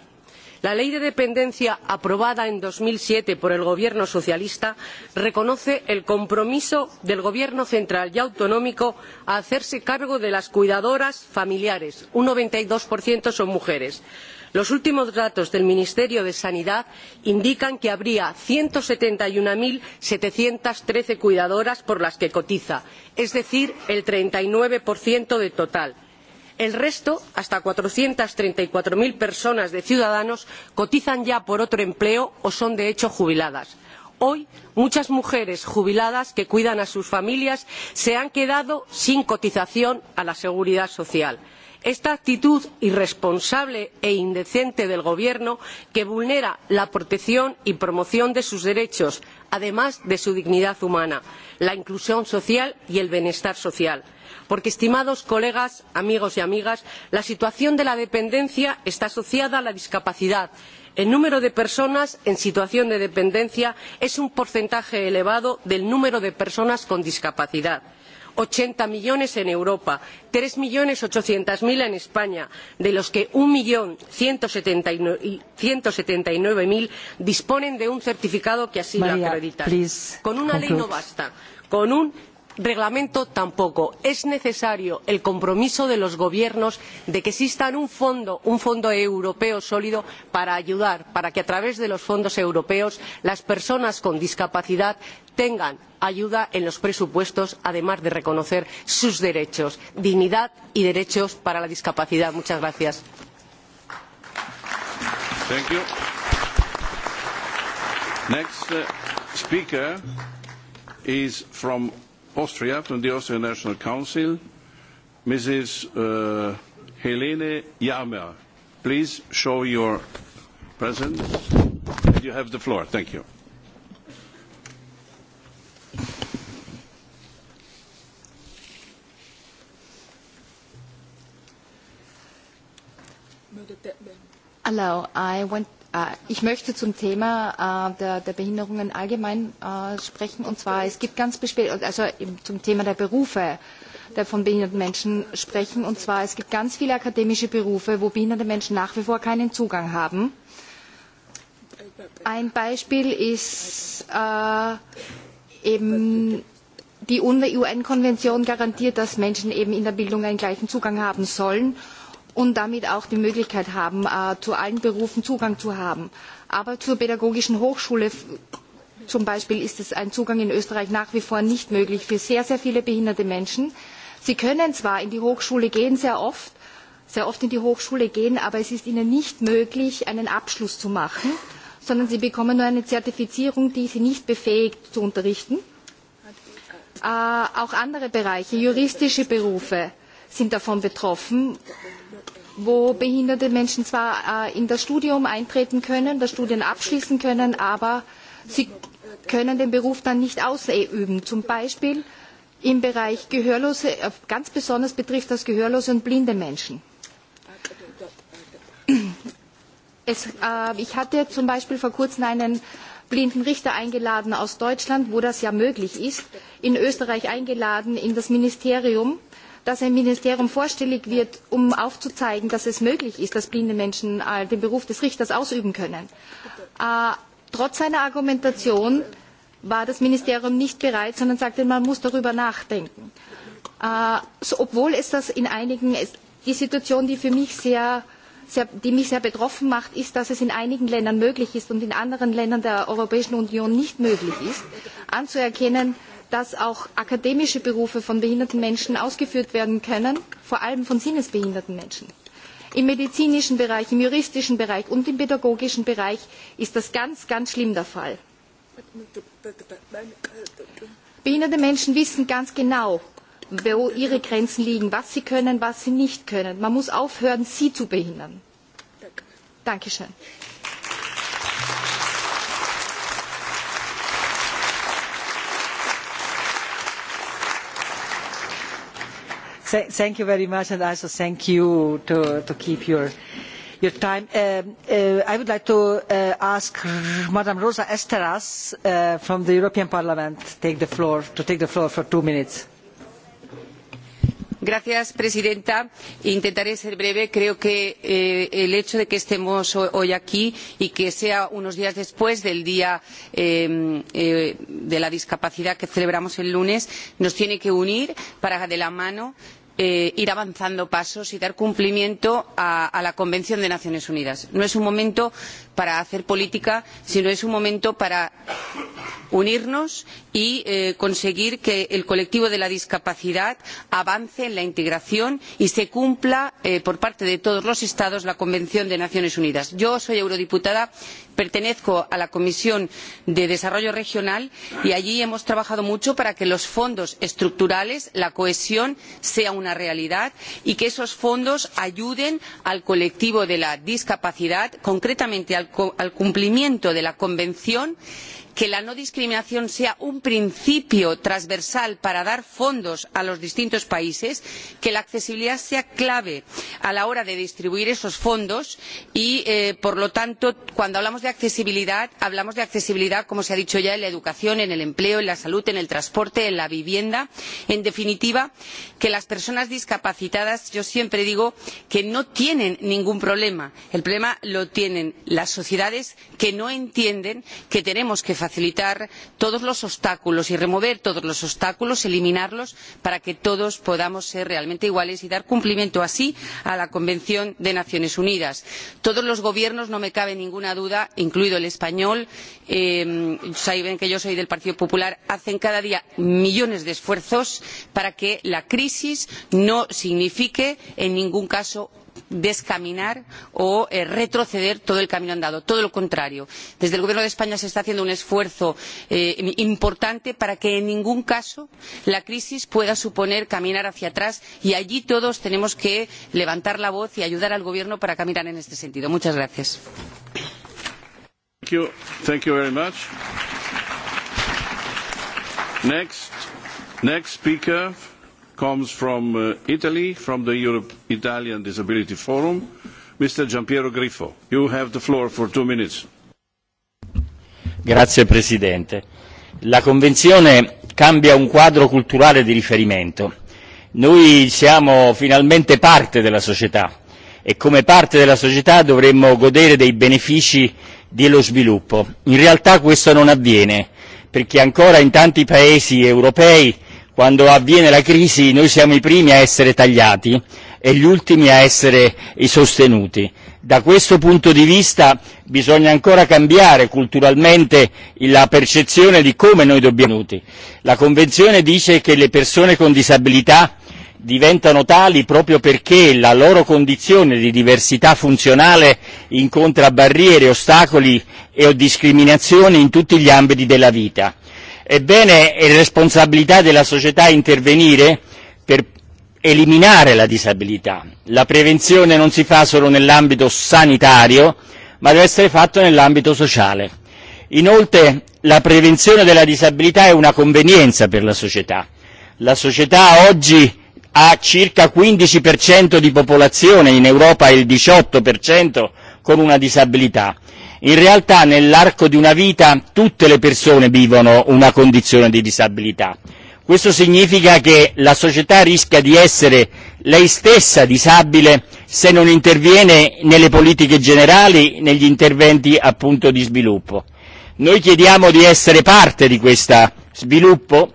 Speaker 29: La ley de dependencia aprobada en dos mil siete por el Gobierno socialista reconoce el compromiso del Gobierno central y autonómico a hacerse cargo de las cuidadoras familiares, un noventa y dos son mujeres Los últimos datos del Ministerio de Sanidad indican que habría ciento setenta y 171.713 cuidadoras por las que cotiza, es decir, el treinta y 39% del total. El resto, hasta cuatrocientos treinta y cuatro 434.000 personas de ciudadanos, cotizan ya por otro empleo o son de hecho jubiladas. Hoy, muchas mujeres jubiladas que cuidan a sus familias se han quedado sin cotización a la seguridad social. Esta actitud irresponsable e indecente del Gobierno, que vulnera la protección y promoción de sus derechos, además de su dignidad humana, la inclusión social y el bienestar social. Porque, estimados colegas, amigos y amigas, la situación de la dependencia está asociada a la discapacidad. El número de personas en situación de dependencia es un porcentaje elevado del número de personas con discapacidad ochenta millones en Europa, tres millones ochocientos mil en España, de los que un millón ciento setenta y nueve mil disponen de un certificado que así lo acredita. Con una conclude. ley no basta, con un reglamento tampoco. Es necesario el compromiso de los gobiernos de que exista un fondo, un fondo europeo sólido para ayudar, para que a través de los fondos europeos las personas con discapacidad tengan ayuda en los presupuestos, además de reconocer sus derechos, dignidad y derechos para la discapacidad. Muchas gracias.
Speaker 18: Thank you. Next uh, speaker is from Austria, from the Austrian National Council, Mrs. Uh, Helene Jammer. Please show your presence. And you have the floor. Thank you.
Speaker 30: Hello, I want Äh, ich möchte zum Thema äh, der, der Behinderungen allgemein äh, sprechen. Und zwar, es gibt ganz also zum Thema der Berufe der von behinderten Menschen sprechen. Und zwar, es gibt ganz viele akademische Berufe, wo behinderte Menschen nach wie vor keinen Zugang haben. Ein Beispiel ist äh, eben die UN-Konvention garantiert, dass Menschen eben in der Bildung einen gleichen Zugang haben sollen und damit auch die Möglichkeit haben, äh, zu allen Berufen Zugang zu haben. Aber zur pädagogischen Hochschule zum Beispiel ist es ein Zugang in Österreich nach wie vor nicht möglich für sehr, sehr viele behinderte Menschen. Sie können zwar in die Hochschule gehen, sehr oft, sehr oft in die Hochschule gehen, aber es ist ihnen nicht möglich, einen Abschluss zu machen, sondern sie bekommen nur eine Zertifizierung, die sie nicht befähigt zu unterrichten. Äh, auch andere Bereiche, juristische Berufe sind davon betroffen wo behinderte Menschen zwar äh, in das Studium eintreten können, das Studium abschließen können, aber sie können den Beruf dann nicht ausüben. Zum Beispiel im Bereich Gehörlose, äh, ganz besonders betrifft das Gehörlose und blinde Menschen. Es, äh, ich hatte zum Beispiel vor kurzem einen blinden Richter eingeladen aus Deutschland, wo das ja möglich ist, in Österreich eingeladen in das Ministerium dass ein Ministerium vorstellig wird, um aufzuzeigen, dass es möglich ist, dass blinde Menschen äh, den Beruf des Richters ausüben können. Äh, trotz seiner Argumentation war das Ministerium nicht bereit, sondern sagte, man muss darüber nachdenken. Äh, so, obwohl es das in einigen, es, die Situation, die für mich sehr, sehr, die mich sehr betroffen macht, ist, dass es in einigen Ländern möglich ist und in anderen Ländern der Europäischen Union nicht möglich ist, anzuerkennen, dass auch akademische Berufe von behinderten Menschen ausgeführt werden können, vor allem von sinnesbehinderten Menschen. Im medizinischen Bereich, im juristischen Bereich und im pädagogischen Bereich ist das ganz, ganz schlimm der Fall. Behinderte Menschen wissen ganz genau, wo ihre Grenzen liegen, was sie können, was sie nicht können. Man muss aufhören, sie zu behindern. Dankeschön.
Speaker 17: thank you very much, and also thank you to, to keep your your time. Uh, uh, I would like to uh, ask Madam Rosa Esteras uh, from the European Parliament to take the floor, to take the floor for two minutes.
Speaker 9: Gracias, presidenta. Intentaré ser breve. Creo que eh, el hecho de que estemos hoy aquí y que sea unos días después del Día eh, eh, de la Discapacidad que celebramos el lunes nos tiene que unir para de la mano eh, ir avanzando pasos y dar cumplimiento a, a la Convención de las Naciones Unidas. No es un momento para hacer política, sino es un momento para unirnos y eh, conseguir que el colectivo de la discapacidad avance en la integración y se cumpla eh, por parte de todos los Estados la Convención de las Naciones Unidas. Yo soy eurodiputada, pertenezco a la Comisión de Desarrollo Regional y allí hemos trabajado mucho para que los fondos estructurales, la cohesión, sea una realidad y que esos fondos ayuden al colectivo de la discapacidad, concretamente al, al cumplimiento de la Convención que la no discriminación sea un principio transversal para dar fondos a los distintos países, que la accesibilidad sea clave a la hora de distribuir esos fondos y, eh, por lo tanto, cuando hablamos de accesibilidad, hablamos de accesibilidad, como se ha dicho ya, en la educación, en el empleo, en la salud, en el transporte, en la vivienda. En definitiva, que las personas discapacitadas, yo siempre digo que no tienen ningún problema. El problema lo tienen las sociedades que no entienden que tenemos que facilitar facilitar todos los obstáculos y remover todos los obstáculos, eliminarlos, para que todos podamos ser realmente iguales y dar cumplimiento así a la Convención de las Naciones Unidas. Todos los gobiernos, no me cabe ninguna duda, incluido el español, eh, saben que yo soy del Partido Popular, hacen cada día millones de esfuerzos para que la crisis no signifique en ningún caso descaminar o eh, retroceder todo el camino andado. Todo lo contrario. Desde el Gobierno de España se está haciendo un esfuerzo eh, importante para que en ningún caso la crisis pueda suponer caminar hacia atrás y allí todos tenemos que levantar la voz y ayudar al Gobierno para caminar en este sentido. Muchas gracias. Thank you.
Speaker 18: Thank you Next, next speaker comes from uh, Italy, from the Europe Italian Disability Forum. Mr. Giampiero Grifo. you have the floor for two minutes.
Speaker 31: Grazie Presidente. La Convenzione cambia un quadro culturale di riferimento. Noi siamo finalmente parte della società e come parte della società dovremmo godere dei benefici dello sviluppo. In realtà questo non avviene perché ancora in tanti paesi europei quando avviene la crisi noi siamo i primi a essere tagliati e gli ultimi a essere i sostenuti. Da questo punto di vista bisogna ancora cambiare culturalmente la percezione di come noi dobbiamo essere La Convenzione dice che le persone con disabilità diventano tali proprio perché la loro condizione di diversità funzionale incontra barriere, ostacoli e discriminazioni in tutti gli ambiti della vita Ebbene, è responsabilità della società intervenire per eliminare la disabilità. La prevenzione non si fa solo nell'ambito sanitario, ma deve essere fatta nell'ambito sociale. Inoltre, la prevenzione della disabilità è una convenienza per la società. La società oggi ha circa 15% di popolazione, in Europa il 18% con una disabilità In realtà nell'arco di una vita tutte le persone vivono una condizione di disabilità. Questo significa che la società rischia di essere lei stessa disabile se non interviene nelle politiche generali, negli interventi appunto di sviluppo. Noi chiediamo di essere parte di questo sviluppo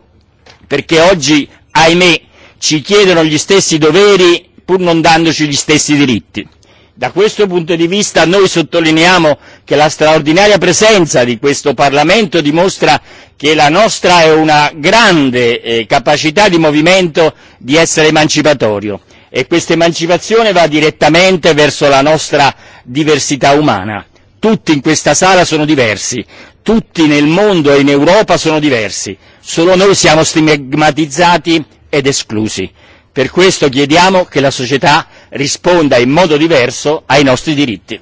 Speaker 31: perché oggi, ahimè, ci chiedono gli stessi doveri pur non dandoci gli stessi diritti. Da questo punto di vista noi sottolineiamo che la straordinaria presenza di questo Parlamento dimostra che la nostra è una grande eh, capacità di movimento di essere emancipatorio e questa emancipazione va direttamente verso la nostra diversità umana. Tutti in questa sala sono diversi, tutti nel mondo e in Europa sono diversi, solo noi siamo stigmatizzati ed esclusi. Per questo chiediamo che la società risponda in modo diverso ai nostri diritti.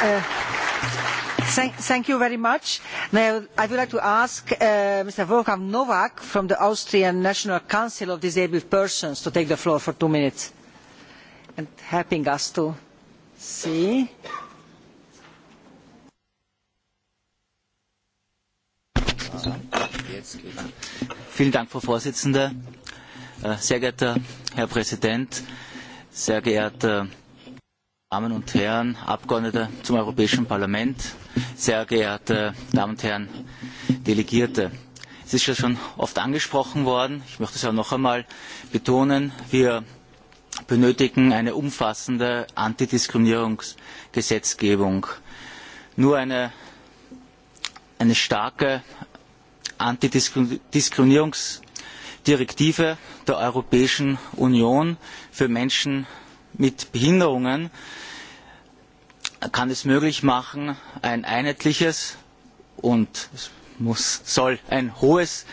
Speaker 17: Eh, thank, thank you very much. Now, I would like to ask uh, Mr. Wolfgang Novak from the Austrian National Council of Disabled Persons to take the floor for two minutes and helping us to
Speaker 32: see. Jetzt geht's. Vielen Dank, Frau Vorsitzende. Äh, sehr geehrter Herr Präsident, sehr geehrte Damen und Herren, Abgeordnete zum Europäischen Parlament, sehr geehrte Damen und Herren Delegierte. Es ist ja schon oft angesprochen worden, ich möchte es auch noch einmal betonen, wir benötigen eine umfassende Antidiskriminierungsgesetzgebung. Nur eine, eine starke Antidiskriminierungsdirektive der Europäischen Union für Menschen mit Behinderungen kann es möglich machen, ein einheitliches und muss, soll ein hohes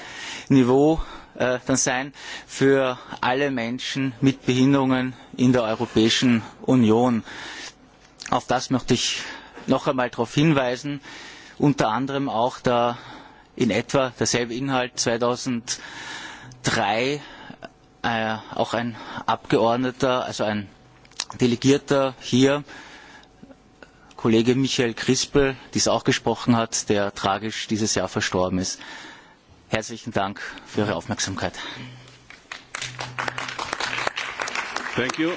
Speaker 32: Niveau äh, dann sein für alle Menschen mit Behinderungen in der Europäischen Union. Auf das möchte ich noch einmal darauf hinweisen, unter anderem auch der in etwa derselbe Inhalt 2003 äh, auch ein Abgeordneter, also ein Delegierter hier, Kollege Michael Crispel, dies auch gesprochen hat, der tragisch dieses Jahr verstorben ist. Herzlichen Dank für Ihre Aufmerksamkeit. Thank
Speaker 18: you.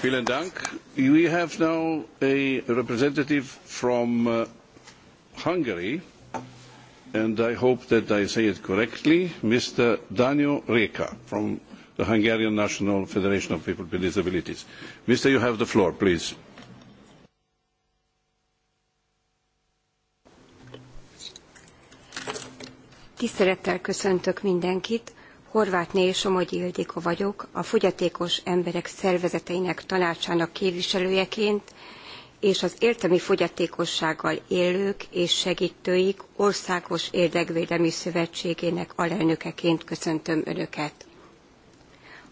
Speaker 18: Vielen Dank. We have now a representative from uh, Hungary, and I hope that I say it correctly, Mr. Daniel Reka from the Hungarian National Federation of People with Disabilities. Mr. You have the floor, please.
Speaker 7: Tisztelettel köszöntök mindenkit. Horvátné Somogyi Ildiko vagyok, a Fogyatékos Emberek Szervezeteinek Tanácsának képviselőjeként és az Értemi fogyatékossággal élők és segítőik Országos Érdekvédelmi Szövetségének alelnökeként köszöntöm Önöket.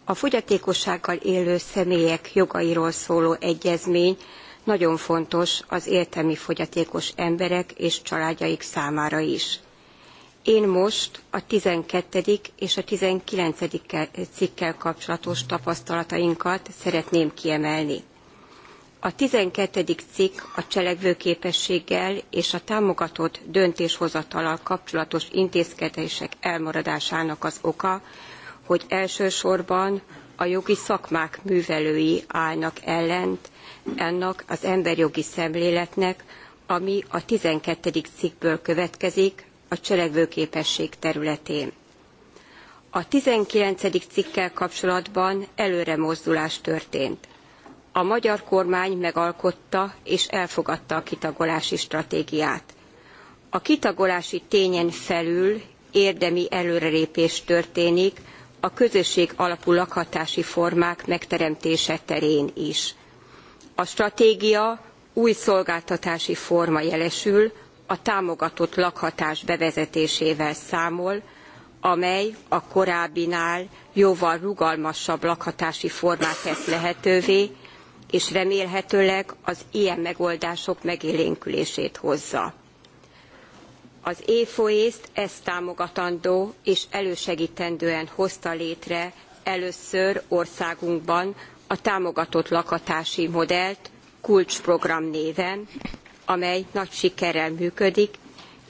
Speaker 7: A fogyatékossággal élő személyek jogairól szóló egyezmény nagyon fontos az értelmi fogyatékos emberek és családjaik számára is. Én most a 12. és a 19. Eh, cikkel kapcsolatos tapasztalatainkat szeretném kiemelni. A 12. cikk a cselekvőképességgel és a támogatott döntéshozatalal kapcsolatos intézkedések elmaradásának az oka, hogy elsősorban a jogi szakmák művelői állnak ellent ennek az emberjogi szemléletnek, ami a 12. cikkből következik, a cselekvőképesség területén. A 19. cikkel kapcsolatban előremozdulás történt. A magyar kormány megalkotta és elfogadta a kitagolási stratégiát. A kitagolási tényen felül érdemi előrelépés történik a közösség alapú lakhatási formák megteremtése terén is. A stratégia új szolgáltatási forma jelesül, a támogatott lakhatás bevezetésével számol, amely a korábbinál jóval rugalmasabb lakhatási formát tesz lehetővé, és remélhetőleg az ilyen megoldások megélénkülését hozza. Az éfoészt ezt támogatandó és elősegítendően hozta létre először országunkban a támogatott lakhatási modellt kulcsprogram néven, amely nagy sikerrel működik,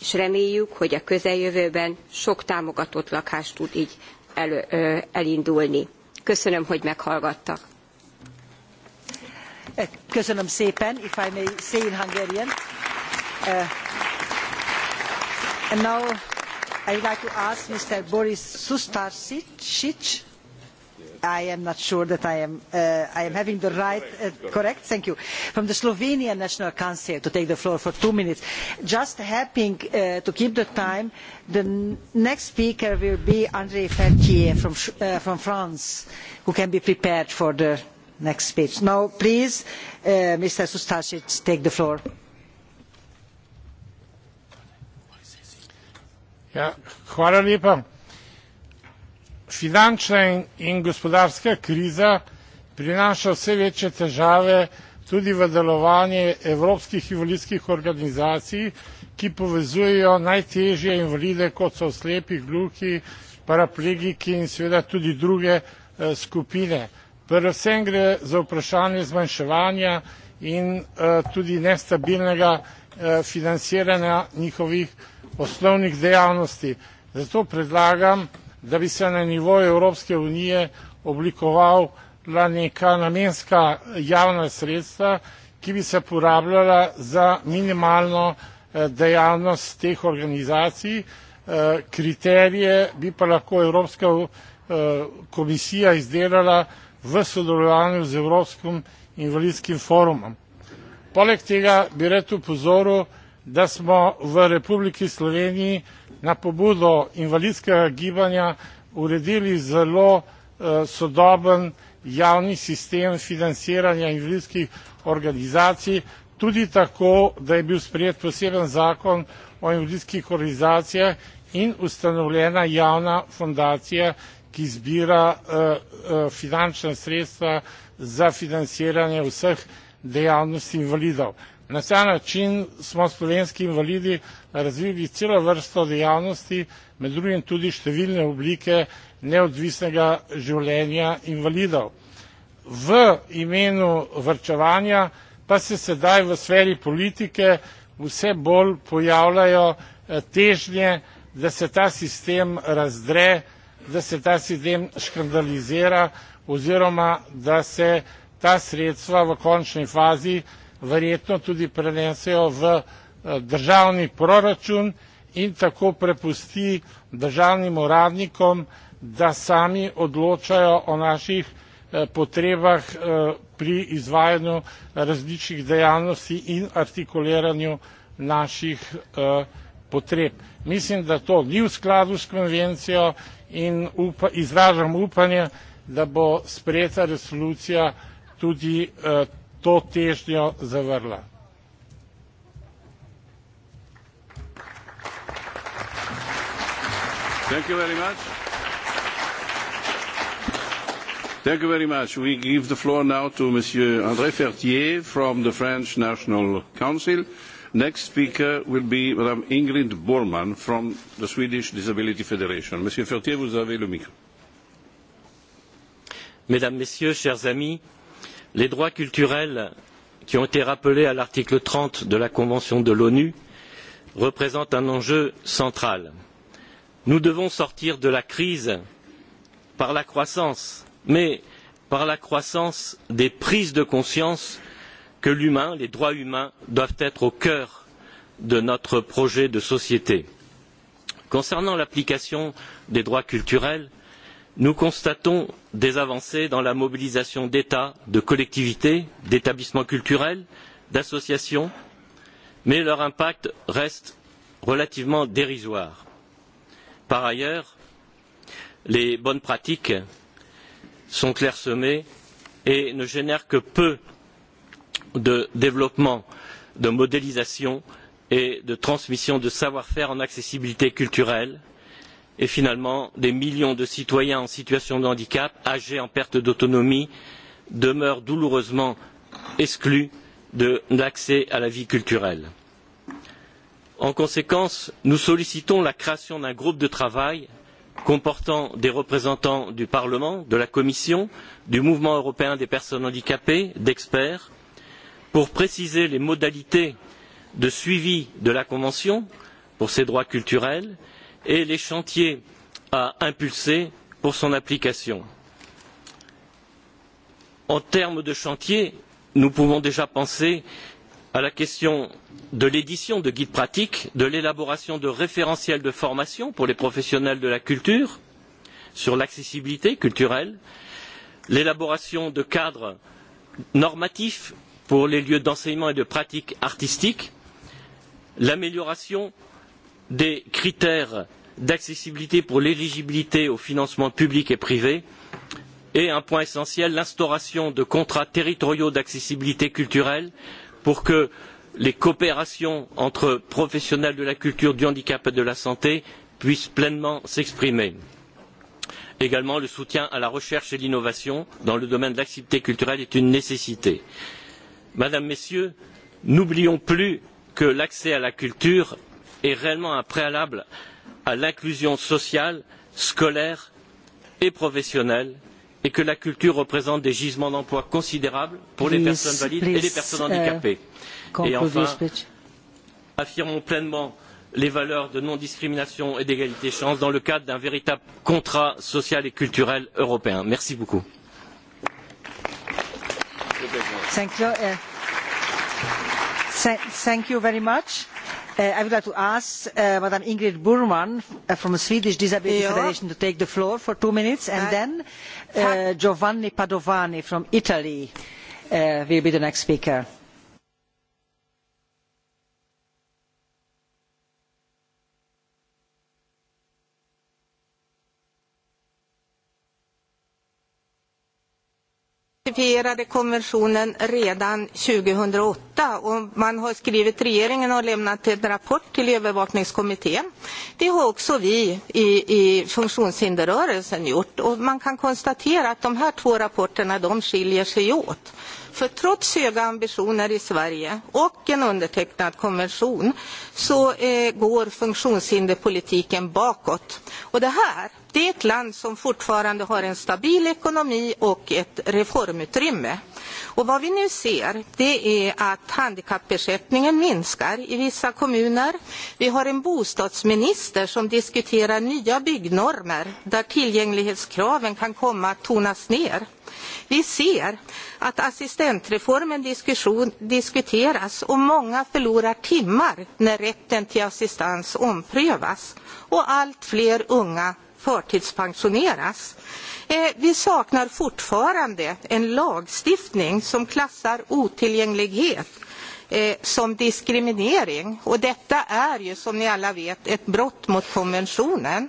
Speaker 7: és reméljük, hogy a közeljövőben sok támogatott lakást tud így el, ö, elindulni. Köszönöm, hogy meghallgattak.
Speaker 17: Eh, köszönöm szépen, if I may say in Hungarian. Uh, and now I'd like to ask Mr. Boris Sustarsic I am not sure that I am, uh, I am having the right, uh, correct, thank you, from the Slovenian National Council to take the floor for two minutes. Just happening uh, to keep the time, the next speaker will be Andrei Fertier from, uh, from France, who can be prepared for the next speech. Now, please, uh, Mr. Sustasic, take the floor.
Speaker 33: Ja, finančna in gospodarska kriza prinaša vse večje težave tudi v delovanje evropskih invalidskih organizacij, ki povezujejo najtežje invalide, kot so slepi, gluhi, paraplegiki in seveda tudi druge eh, skupine. Predvsem gre za vprašanje zmanjševanja in eh, tudi nestabilnega eh, financiranja njihovih osnovnih dejavnosti. Zato predlagam, da bi se na nivo Evropske unije oblikovala neka namenska javna sredstva, ki bi se porabljala za minimalno eh, dejavnost teh organizacij. Eh, kriterije bi pa lahko Evropska eh, komisija izdelala v sodelovanju z Evropskim invalidskim forumom. Poleg tega bi rad upozoril, da smo v Republiki Sloveniji na pobudo invalidskega gibanja uredili zelo eh, sodoben javni sistem financiranja invalidskih organizacij, tudi tako, da je bil sprejet poseben zakon o invalidskih organizacijah in ustanovljena javna fundacija, ki zbira eh, eh, finančna sredstva za financiranje vseh dejavnosti invalidov. Na ta način smo slovenski invalidi razvili celo vrsto dejavnosti, med drugim tudi številne oblike neodvisnega življenja invalidov. V imenu vrčevanja pa se sedaj v sferi politike vse bolj pojavljajo eh, težnje, da se ta sistem razdre, da se ta sistem škandalizira oziroma da se ta sredstva v končni fazi verjetno tudi prenesejo v E, državni proračun in tako prepusti državnim uradnikom, da sami odločajo o naših e, potrebah e, pri izvajanju različnih dejavnosti in artikuliranju naših potreb. Mislim, da to ni v skladu s konvencijo in upa, izražam upanje, da bo sprejeta resolucija tudi to težnjo zavrla.
Speaker 27: Thank you very much.
Speaker 18: Thank you very much. We give the floor now to Monsieur André Fertier from the French National Council. Next speaker will be Madame Ingrid Bormann from the Swedish Disability Federation.
Speaker 34: Monsieur Fertier, vous avez le micro. Mesdames, Messieurs, chers amis, les droits culturels qui ont été rappelés à l'article 30 de la Convention de l'ONU représentent un enjeu central. Nous devons sortir de la crise par la croissance, mais par la croissance des prises de conscience que l'humain, les droits humains doivent être au cœur de notre projet de société. Concernant l'application des droits culturels, nous constatons des avancées dans la mobilisation d'États, de collectivités, d'établissements culturels, d'associations, mais leur impact reste relativement dérisoire. Par ailleurs, les bonnes pratiques sont clairsemées et ne génèrent que peu de développement, de modélisation et de transmission de savoir-faire en accessibilité culturelle et finalement des millions de citoyens en situation de handicap âgés en perte d'autonomie demeurent douloureusement exclus de l'accès à la vie culturelle. En conséquence, nous sollicitons la création d'un groupe de travail comportant des représentants du Parlement, de la Commission, du mouvement européen des personnes handicapées, d'experts, pour préciser les modalités de suivi de la Convention pour ses droits culturels et les chantiers à impulser pour son application. En termes de chantiers, nous pouvons déjà penser à la question de l'édition de guides pratiques, de l'élaboration de référentiels de formation pour les professionnels de la culture sur l'accessibilité culturelle, l'élaboration de cadres normatifs pour les lieux d'enseignement et de pratique artistique, l'amélioration des critères d'accessibilité pour l'éligibilité aux financements publics et privés, et un point essentiel, l'instauration de contrats territoriaux d'accessibilité culturelle pour que les coopérations entre professionnels de la culture, du handicap et de la santé puissent pleinement s'exprimer. Également, le soutien à la recherche et l'innovation dans le domaine de l'activité culturelle est une nécessité. Madame, Messieurs, n'oublions plus que l'accès à la culture est réellement un préalable à l'inclusion sociale, scolaire et professionnelle et que la culture représente des gisements d'emplois considérables pour please, les personnes valides please, et les personnes handicapées. Uh, et enfin, affirmons pleinement les valeurs de non-discrimination et d'égalité chance dans le cadre d'un véritable contrat social et culturel européen. Merci beaucoup.
Speaker 17: Thank you, uh, thank you very much. Uh, I would like to ask uh, Madam Ingrid Burman uh, from the Swedish Disability Federation to take the floor for two minutes, and then uh, Giovanni Padovani from Italy uh, will be the next speaker.
Speaker 35: ratificerade konventionen redan 2008 och man har skrivit, regeringen har lämnat en rapport till övervakningskommittén. Det har också vi i, i funktionshinderrörelsen gjort och man kan konstatera att de här två rapporterna de skiljer sig åt. För trots höga ambitioner i Sverige och en undertecknad konvention så eh, går funktionshinderpolitiken bakåt. Och det här det är ett land som fortfarande har en stabil ekonomi och ett reformutrymme. Och vad vi nu ser det är att handikappersättningen minskar i vissa kommuner. Vi har en bostadsminister som diskuterar nya byggnormer där tillgänglighetskraven kan komma att tonas ner. Vi ser att assistentreformen diskussion, diskuteras och många förlorar timmar när rätten till assistans omprövas och allt fler unga förtidspensioneras. Eh, vi saknar fortfarande en lagstiftning som klassar otillgänglighet eh, som diskriminering och detta är ju som ni alla vet ett brott mot konventionen.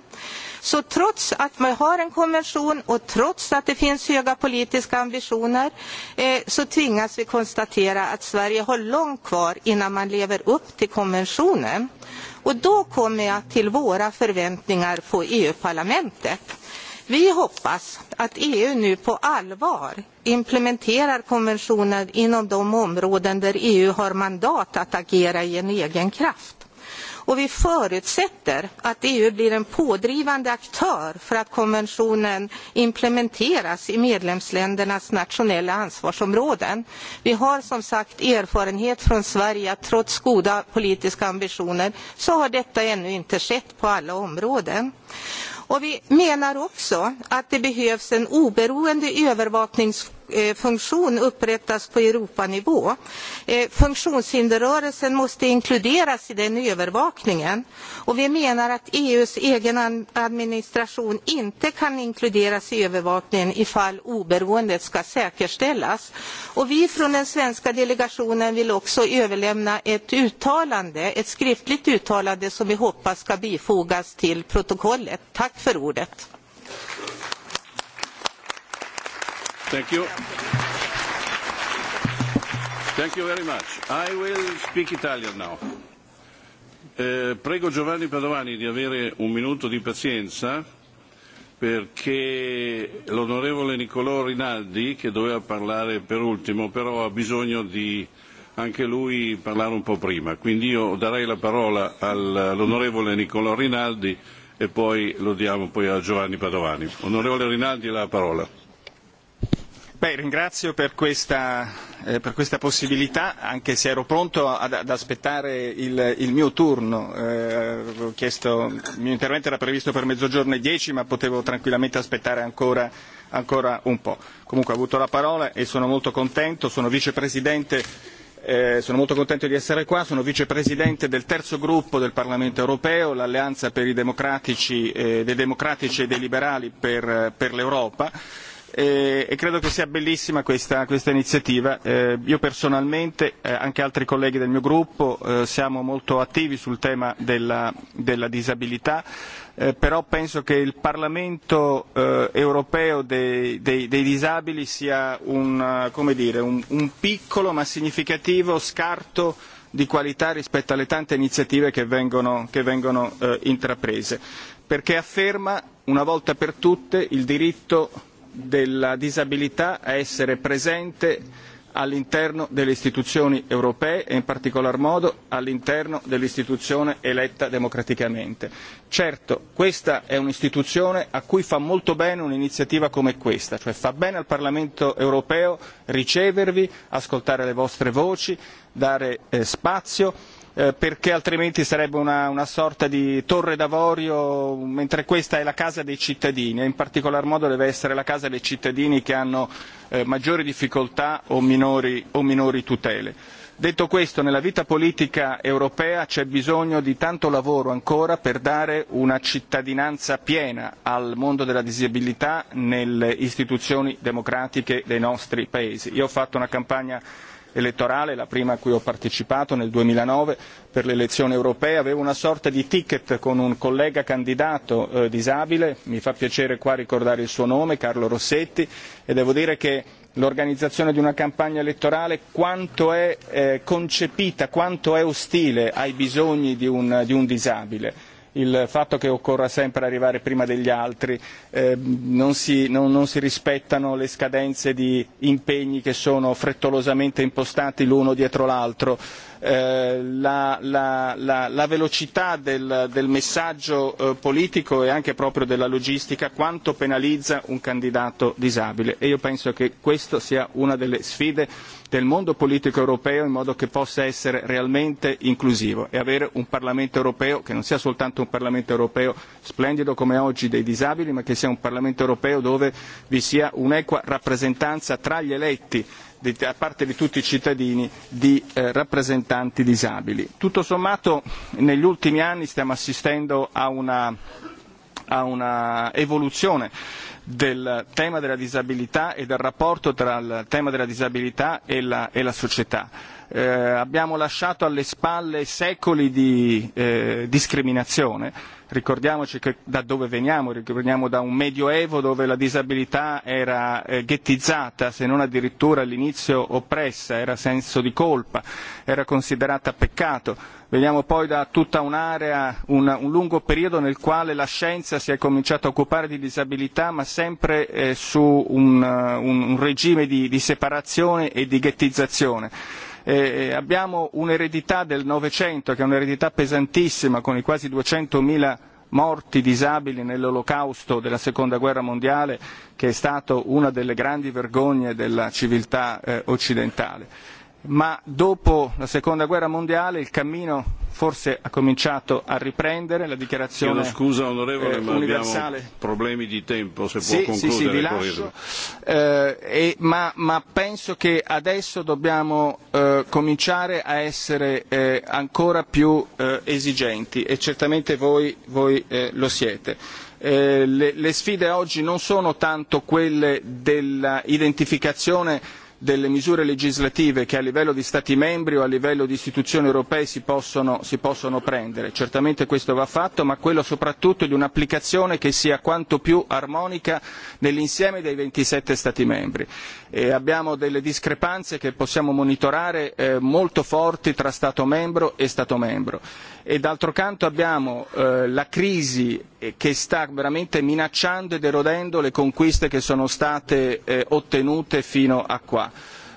Speaker 35: Så trots att man har en konvention och trots att det finns höga politiska ambitioner eh, så tvingas vi konstatera att Sverige har långt kvar innan man lever upp till konventionen. Och då kommer jag till våra förväntningar på EU-parlamentet. Vi hoppas att EU nu på allvar implementerar konventionen inom de områden där EU har mandat att agera i en egen kraft och vi förutsätter att EU blir en pådrivande aktör för att konventionen implementeras i medlemsländernas nationella ansvarsområden. Vi har som sagt erfarenhet från Sverige att trots goda politiska ambitioner så har detta ännu inte skett på alla områden. Och vi menar också att det behövs en oberoende övervaknings Eh, funktion upprättas på Europanivå. Eh, funktionshinderrörelsen måste inkluderas i den övervakningen. Och vi menar att EUs egen administration inte kan inkluderas i övervakningen ifall oberoendet ska säkerställas. Och vi från den svenska delegationen vill också överlämna ett uttalande, ett skriftligt uttalande som vi hoppas ska bifogas till protokollet. Tack för ordet.
Speaker 18: Thank you. Thank you very much. I will speak Italian now. Eh, prego Giovanni Padovani di avere un minuto di pazienza perché l'onorevole Niccolò Rinaldi, che doveva parlare per ultimo, però ha bisogno di anche lui parlare un po' prima. Quindi io darei la parola all'onorevole Niccolò Rinaldi e poi lo diamo poi a Giovanni Padovani. Onorevole Rinaldi, la parola.
Speaker 36: Beh, ringrazio per questa, eh, per questa possibilità, anche se ero pronto ad, ad aspettare il, il mio turno. Eh, ho chiesto, il mio intervento era previsto per mezzogiorno e dieci, ma potevo tranquillamente aspettare ancora, ancora un po'. Comunque ho avuto la parola e sono molto contento, sono vicepresidente Eh, sono molto contento di essere qua, sono vicepresidente del terzo gruppo del Parlamento europeo, l'Alleanza per i democratici, eh, dei democratici e dei liberali per, per l'Europa e, e credo che sia bellissima questa, questa iniziativa. Eh, io personalmente, eh, anche altri colleghi del mio gruppo, eh, siamo molto attivi sul tema della, della disabilità, eh, però penso che il Parlamento eh, europeo dei, dei, dei disabili sia un, come dire, un, un piccolo ma significativo scarto di qualità rispetto alle tante iniziative che vengono, che vengono eh, intraprese, perché afferma una volta per tutte il diritto della disabilità a essere presente all'interno delle istituzioni europee e in particolar modo all'interno dell'istituzione eletta democraticamente. Certo, questa è un'istituzione a cui fa molto bene un'iniziativa come questa, cioè fa bene al Parlamento europeo ricevervi, ascoltare le vostre voci, dare eh, spazio Eh, perché altrimenti sarebbe una, una sorta di torre d'avorio, mentre questa è la casa dei cittadini e in particolar modo deve essere la casa dei cittadini che hanno eh, maggiori difficoltà o minori, o minori tutele. Detto questo, nella vita politica europea c'è bisogno di tanto lavoro ancora per dare una cittadinanza piena al mondo della disabilità nelle istituzioni democratiche dei nostri paesi. Io ho fatto una campagna elettorale, la prima a cui ho partecipato nel 2009 per l'elezione europea, avevo una sorta di ticket con un collega candidato eh, disabile, mi fa piacere qua ricordare il suo nome, Carlo Rossetti, e devo dire che l'organizzazione di una campagna elettorale quanto è eh, concepita, quanto è ostile ai bisogni di un, di un disabile il fatto che occorra sempre arrivare prima degli altri, eh, non, si, non, non si rispettano le scadenze di impegni che sono frettolosamente impostati l'uno dietro l'altro eh, la, la, la, la velocità del, del messaggio eh, politico e anche proprio della logistica quanto penalizza un candidato disabile e io penso che questa sia una delle sfide del mondo politico europeo in modo che possa essere realmente inclusivo e avere un Parlamento europeo che non sia soltanto un Parlamento europeo splendido come oggi dei disabili ma che sia un Parlamento europeo dove vi sia un'equa rappresentanza tra gli eletti da parte di tutti i cittadini di eh, rappresentanti disabili. Tutto sommato negli ultimi anni stiamo assistendo a una, a una evoluzione del tema della disabilità e del rapporto tra il tema della disabilità e la, e la società eh, abbiamo lasciato alle spalle secoli di eh, discriminazione. Ricordiamoci che da dove veniamo, ricordiamo da un medioevo dove la disabilità era eh, ghettizzata, se non addirittura all'inizio oppressa, era senso di colpa, era considerata peccato. Veniamo poi da tutta un'area, un, un lungo periodo nel quale la scienza si è cominciata a occupare di disabilità, ma sempre eh, su un, un, un regime di, di separazione e di ghettizzazione Eh, eh, abbiamo un'eredità del Novecento che è un'eredità pesantissima con i quasi 200.000 morti disabili nell'olocausto della seconda guerra mondiale che è stata una delle grandi vergogne della civiltà eh, occidentale. Ma dopo la seconda guerra mondiale il cammino forse ha cominciato a riprendere la dichiarazione Chiedo scusa onorevole eh, ma universale. abbiamo problemi di tempo se sì, può concludere sì, sì, vi lascio, eh, e, ma, ma penso che adesso dobbiamo eh, cominciare a essere eh, ancora più eh, esigenti e certamente voi, voi eh, lo siete. Eh, le, le sfide oggi non sono tanto quelle dell'identificazione delle misure legislative che a livello di Stati membri o a livello di istituzioni europee si possono, si possono prendere. Certamente questo va fatto, ma quello soprattutto di un'applicazione che sia quanto più armonica nell'insieme dei ventisette Stati membri eh, abbiamo delle discrepanze che possiamo monitorare eh, molto forti tra Stato membro e Stato membro e d'altro canto abbiamo eh, la crisi eh, che sta veramente minacciando ed erodendo le conquiste che sono state eh, ottenute fino a qua.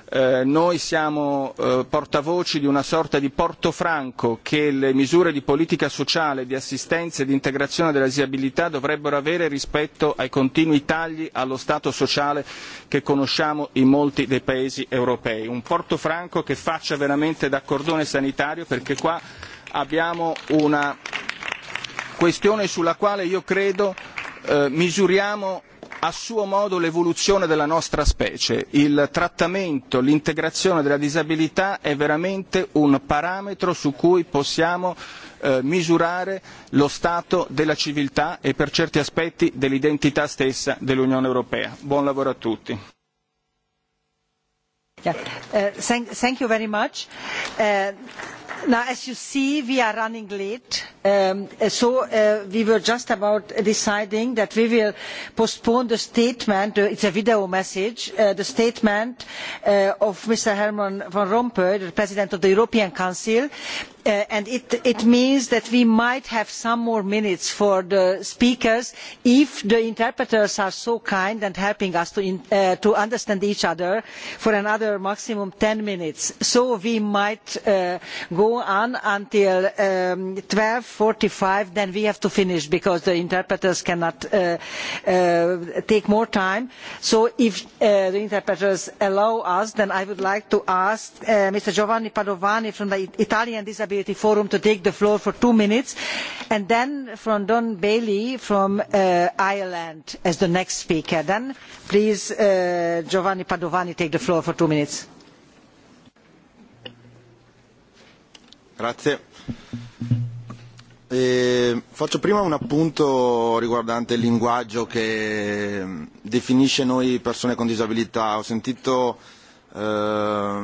Speaker 36: Eh, noi siamo eh, portavoci di una sorta di portofranco che le misure di politica sociale, di assistenza e di integrazione della disabilità dovrebbero avere rispetto ai continui tagli allo Stato sociale che conosciamo in molti dei paesi europei. Un porto franco che faccia veramente da cordone sanitario perché qua abbiamo una questione sulla quale io credo eh, misuriamo a suo modo l'evoluzione della nostra specie. Il trattamento, l'integrazione della disabilità è veramente un parametro su cui possiamo eh, misurare lo stato della civiltà e per certi aspetti dell'identità stessa dell'Unione Europea. Buon lavoro a tutti.
Speaker 17: Yeah. Uh, thank, thank uh, Now, as you see, we are running late, um, so uh, we were just about deciding that we will postpone the statement, uh, it's a video message, uh, the statement uh, of Mr. Herman Van Rompuy, the President of the European Council, Uh, and it, it, means that we might have some more minutes for the speakers if the interpreters are so kind and helping us to, in, uh, to understand each other for another maximum ten minutes. So we might uh, go on until um, 12.45, then we have to finish because the interpreters cannot uh, uh, take more time. So if uh, the interpreters allow us, then I would like to ask uh, Mr. Giovanni Padovani from the Italian Disability Forum to take the floor for two minutes, and then from Don Bailey from uh, Ireland as the next speaker. Then please, uh, Giovanni Padovani, take the floor for two minutes.
Speaker 37: Grazie. E, faccio prima un appunto riguardante il linguaggio che mm, definisce noi persone con disabilità. Ho sentito eh,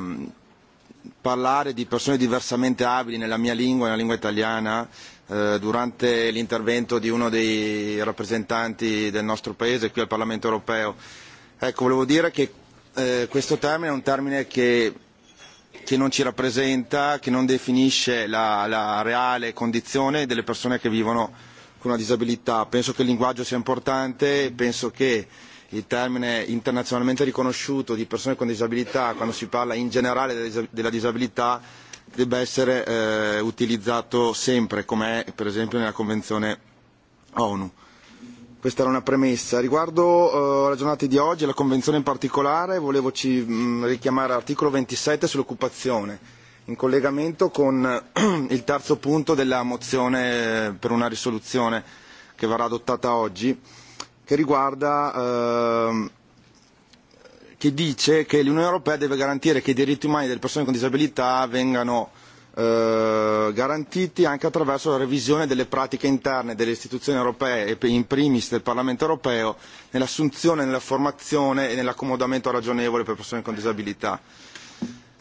Speaker 37: parlare di persone diversamente abili nella mia lingua, nella lingua italiana, eh, durante l'intervento di uno dei rappresentanti del nostro Paese qui al Parlamento europeo. Ecco, volevo dire che eh, questo termine è un termine che che non ci rappresenta, che non definisce la, la reale condizione delle persone che vivono con una disabilità. Penso che il linguaggio sia importante, penso che il termine internazionalmente riconosciuto di persone con disabilità, quando si parla in generale della disabilità, debba essere eh, utilizzato sempre, come è per esempio nella Convenzione ONU. Questa era una premessa. Riguardo uh, alla giornata di oggi, alla Convenzione in particolare, volevo ci, mh, mm, richiamare l'articolo 27 sull'occupazione, in collegamento con il terzo punto della mozione eh, per una risoluzione che verrà adottata oggi, che riguarda, uh, che dice che l'Unione Europea deve garantire che i diritti umani delle persone con disabilità vengano Eh, garantiti anche attraverso la revisione delle pratiche interne delle istituzioni europee e in primis del Parlamento europeo nell'assunzione, nella formazione e nell'accomodamento ragionevole per persone con disabilità.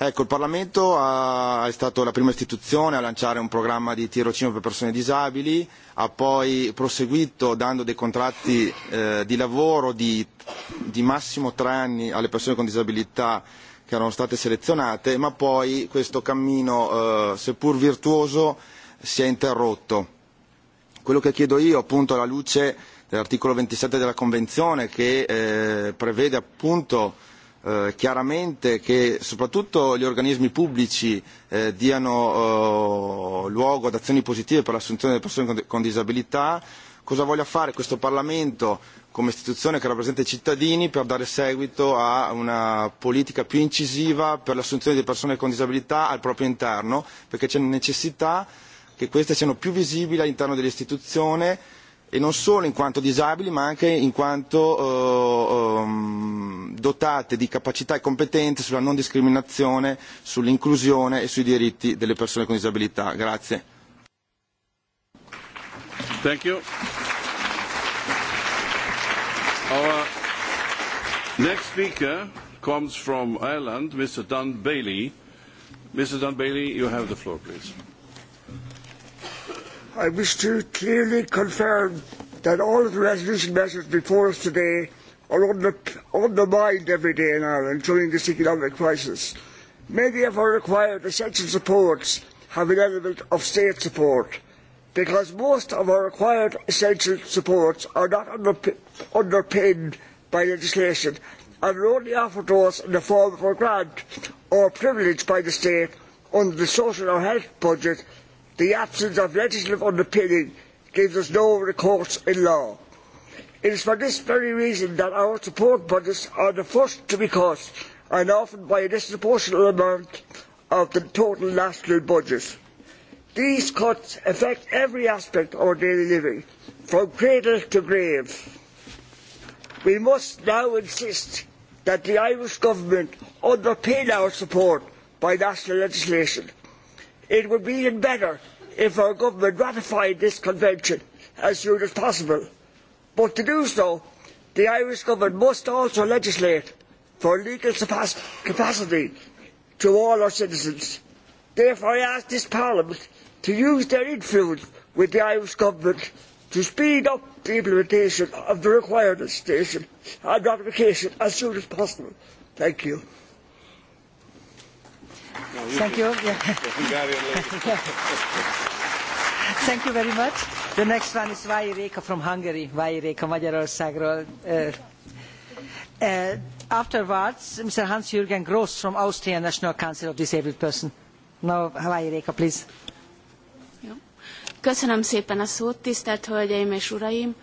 Speaker 37: Ecco, il Parlamento ha, è stata la prima istituzione a lanciare un programma di tirocinio per persone disabili, ha poi proseguito dando dei contratti eh, di lavoro di, di massimo tre anni alle persone con disabilità che erano state selezionate, ma poi questo cammino, eh, seppur virtuoso, si è interrotto. Quello che chiedo io, appunto, alla luce dell'articolo 27 della Convenzione, che eh, prevede appunto eh, chiaramente che soprattutto gli organismi pubblici eh, diano eh, luogo ad azioni positive per l'assunzione delle persone con, con disabilità, cosa voglia fare questo Parlamento come istituzione che rappresenta i cittadini per dare seguito a una politica più incisiva per l'assunzione di persone con disabilità al proprio interno, perché c'è necessità che queste siano più visibili all'interno dell'istituzione e non solo in quanto disabili ma anche in quanto eh, ehm, dotate di capacità e competenze sulla non discriminazione, sull'inclusione e sui diritti delle persone con disabilità. Grazie. Thank you.
Speaker 18: Our next speaker comes from Ireland, Mr. Dunn Bailey. Mr. Dunn Bailey, you have the floor, please.
Speaker 38: I wish to clearly confirm that all of the resolution measures before us today are on the, on the mind every day in Ireland during this economic crisis. Many of our required essential supports have an element of state support because most of our required essential supports are not underp underpinned by legislation and are only offered to us in the form of a grant or privilege by the state under the social or health budget, the absence of legislative underpinning gives us no recourse in law. It is for this very reason that our support budgets are the first to be cut and often by a disproportionate amount of the total national budget. These cuts affect every aspect of our daily living, from cradle to grave. We must now insist that the Irish Government underpin our support by national legislation. It would be even better if our Government ratified this convention as soon as possible. But to do so, the Irish Government must also legislate for legal capacity to all our citizens. Therefore, I ask this Parliament to use their influence with the Irish government to speed up the implementation of the required legislation and ratification as soon as possible. Thank you.
Speaker 26: Thank you. Yeah.
Speaker 17: Thank you very much. The next one is Reka from Hungary. Vajreka Magyarországról. Uh, uh, afterwards, Mr. Hans-Jürgen Gross from Austrian National Council of Disabled Persons. Now, Reka, please.
Speaker 6: Köszönöm szépen a szót, tisztelt Hölgyeim és Uraim!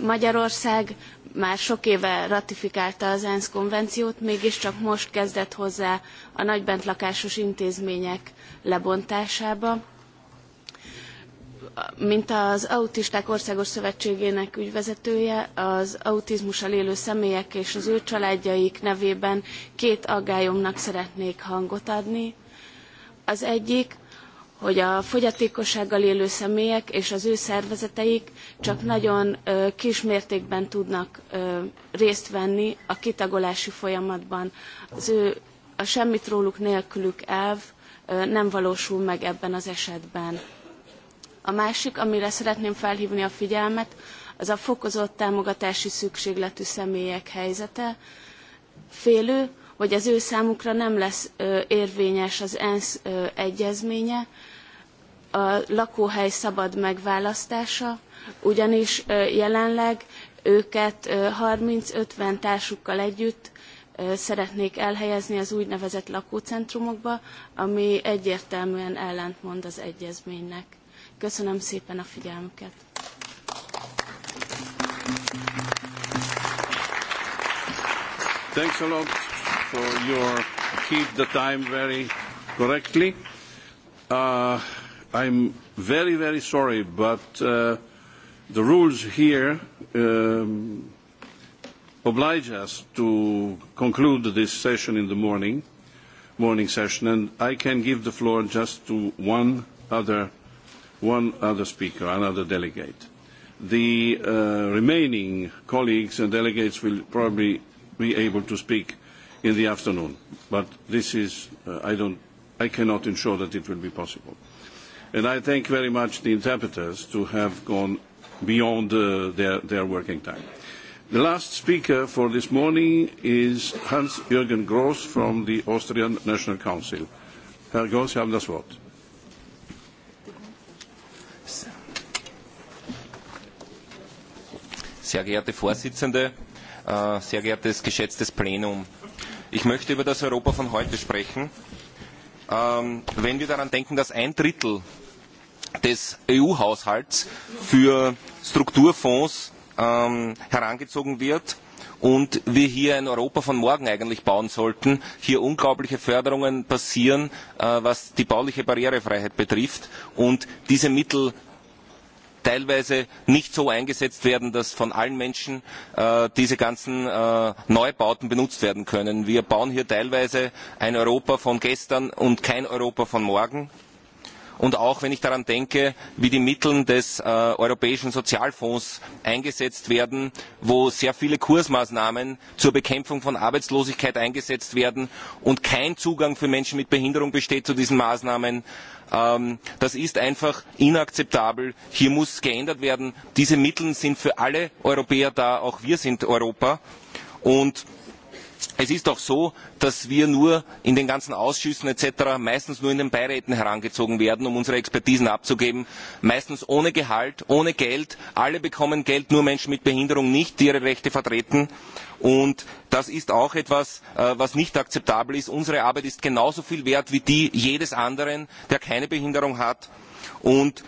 Speaker 6: Magyarország már sok éve ratifikálta az ENSZ konvenciót, mégiscsak most kezdett hozzá a nagybentlakásos intézmények lebontásába. Mint az Autisták Országos Szövetségének ügyvezetője, az autizmussal élő személyek és az ő családjaik nevében két aggályomnak szeretnék hangot adni. Az egyik, hogy a fogyatékossággal élő személyek és az ő szervezeteik csak nagyon kis mértékben tudnak részt venni a kitagolási folyamatban. Az ő, a semmit róluk nélkülük elv nem valósul meg ebben az esetben. A másik, amire szeretném felhívni a figyelmet, az a fokozott támogatási szükségletű személyek helyzete. Félő, hogy az ő számukra nem lesz érvényes az ENSZ egyezménye, a lakóhely szabad megválasztása, ugyanis jelenleg őket 30-50 társukkal együtt szeretnék elhelyezni az úgynevezett lakócentrumokba, ami egyértelműen ellentmond az egyezménynek. Köszönöm szépen a figyelmüket!
Speaker 18: Thanks a lot for your keep the time very correctly. Uh, I'm very, very sorry, but uh, the rules here um, oblige us to conclude this session in the morning, morning session, and I can give the floor just to one other, one other speaker, another delegate. The uh, remaining colleagues and delegates will probably be able to speak in the afternoon, but this is, uh, I, don't, I cannot ensure that it will be possible. And I thank very much the interpreters to have gone beyond uh, their, their working time. The last speaker for this morning is Hans-Jürgen Gross from the Austrian National Council. Herr Gross, Sie haben das
Speaker 39: Sehr geehrte Vorsitzende, äh, sehr geehrtes geschätztes Plenum, ich möchte über das Europa von heute sprechen. Ähm, wenn wir daran denken, dass ein Drittel des EU-Haushalts für Strukturfonds ähm, herangezogen wird und wir hier ein Europa von morgen eigentlich bauen sollten. Hier unglaubliche Förderungen passieren, äh, was die bauliche Barrierefreiheit betrifft und diese Mittel teilweise nicht so eingesetzt werden, dass von allen Menschen äh, diese ganzen äh, Neubauten benutzt werden können. Wir bauen hier teilweise ein Europa von gestern und kein Europa von morgen und auch wenn ich daran denke, wie die Mittel des äh, Europäischen Sozialfonds eingesetzt werden, wo sehr viele Kursmaßnahmen zur Bekämpfung von Arbeitslosigkeit eingesetzt werden und kein Zugang für Menschen mit Behinderung besteht zu diesen Maßnahmen. Ähm, das ist einfach inakzeptabel. Hier muss geändert werden. Diese Mittel sind für alle Europäer da, auch wir sind Europa. Und Es ist auch so, dass wir nur in den ganzen Ausschüssen etc. meistens nur in den Beiräten herangezogen werden, um unsere Expertisen abzugeben, meistens ohne Gehalt, ohne Geld. Alle bekommen Geld, nur Menschen mit Behinderung nicht, die ihre Rechte vertreten. Und das ist auch etwas, äh, was nicht akzeptabel ist. Unsere Arbeit ist genauso viel wert wie die jedes anderen, der keine Behinderung hat. Und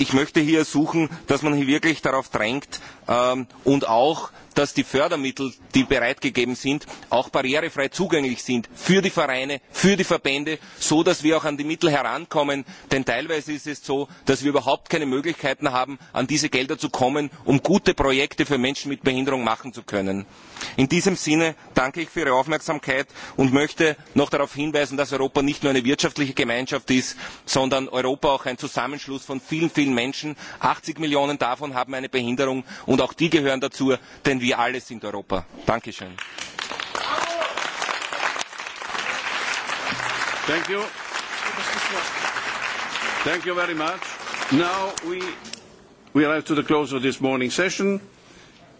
Speaker 39: ich möchte hier ersuchen, dass man hier wirklich darauf drängt, Ähm, und auch, dass die Fördermittel, die bereitgegeben sind, auch barrierefrei zugänglich sind für die Vereine, für die Verbände, so dass wir auch an die Mittel herankommen. Denn teilweise ist es so, dass wir überhaupt keine Möglichkeiten haben, an diese Gelder zu kommen, um gute Projekte für Menschen mit Behinderung machen zu können. In diesem Sinne danke ich für Ihre Aufmerksamkeit und möchte noch darauf hinweisen, dass Europa nicht nur eine wirtschaftliche Gemeinschaft ist, sondern Europa auch ein Zusammenschluss von vielen, vielen Menschen. achtzig Millionen davon haben eine Behinderung und und auch die gehören dazu, denn wir alle sind Europa. Dankeschön. Thank you.
Speaker 18: Thank you very much. Now we, we arrive to the close of this morning session.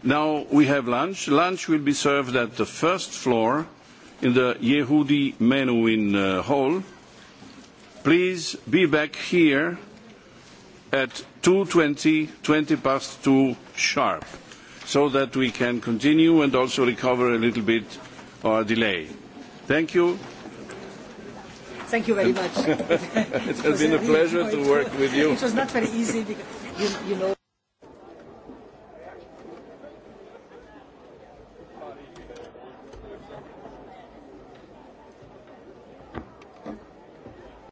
Speaker 18: Now we have lunch. Lunch will be served at the first floor in the Yehudi Menuhin uh, Hall. Please be back here at 2.20, 20 past 2 sharp, so that we can continue and also recover a little bit our delay. Thank you.
Speaker 17: Thank you very much.
Speaker 18: it has been a pleasure to work with you. It was not
Speaker 17: very easy, because, you, you know.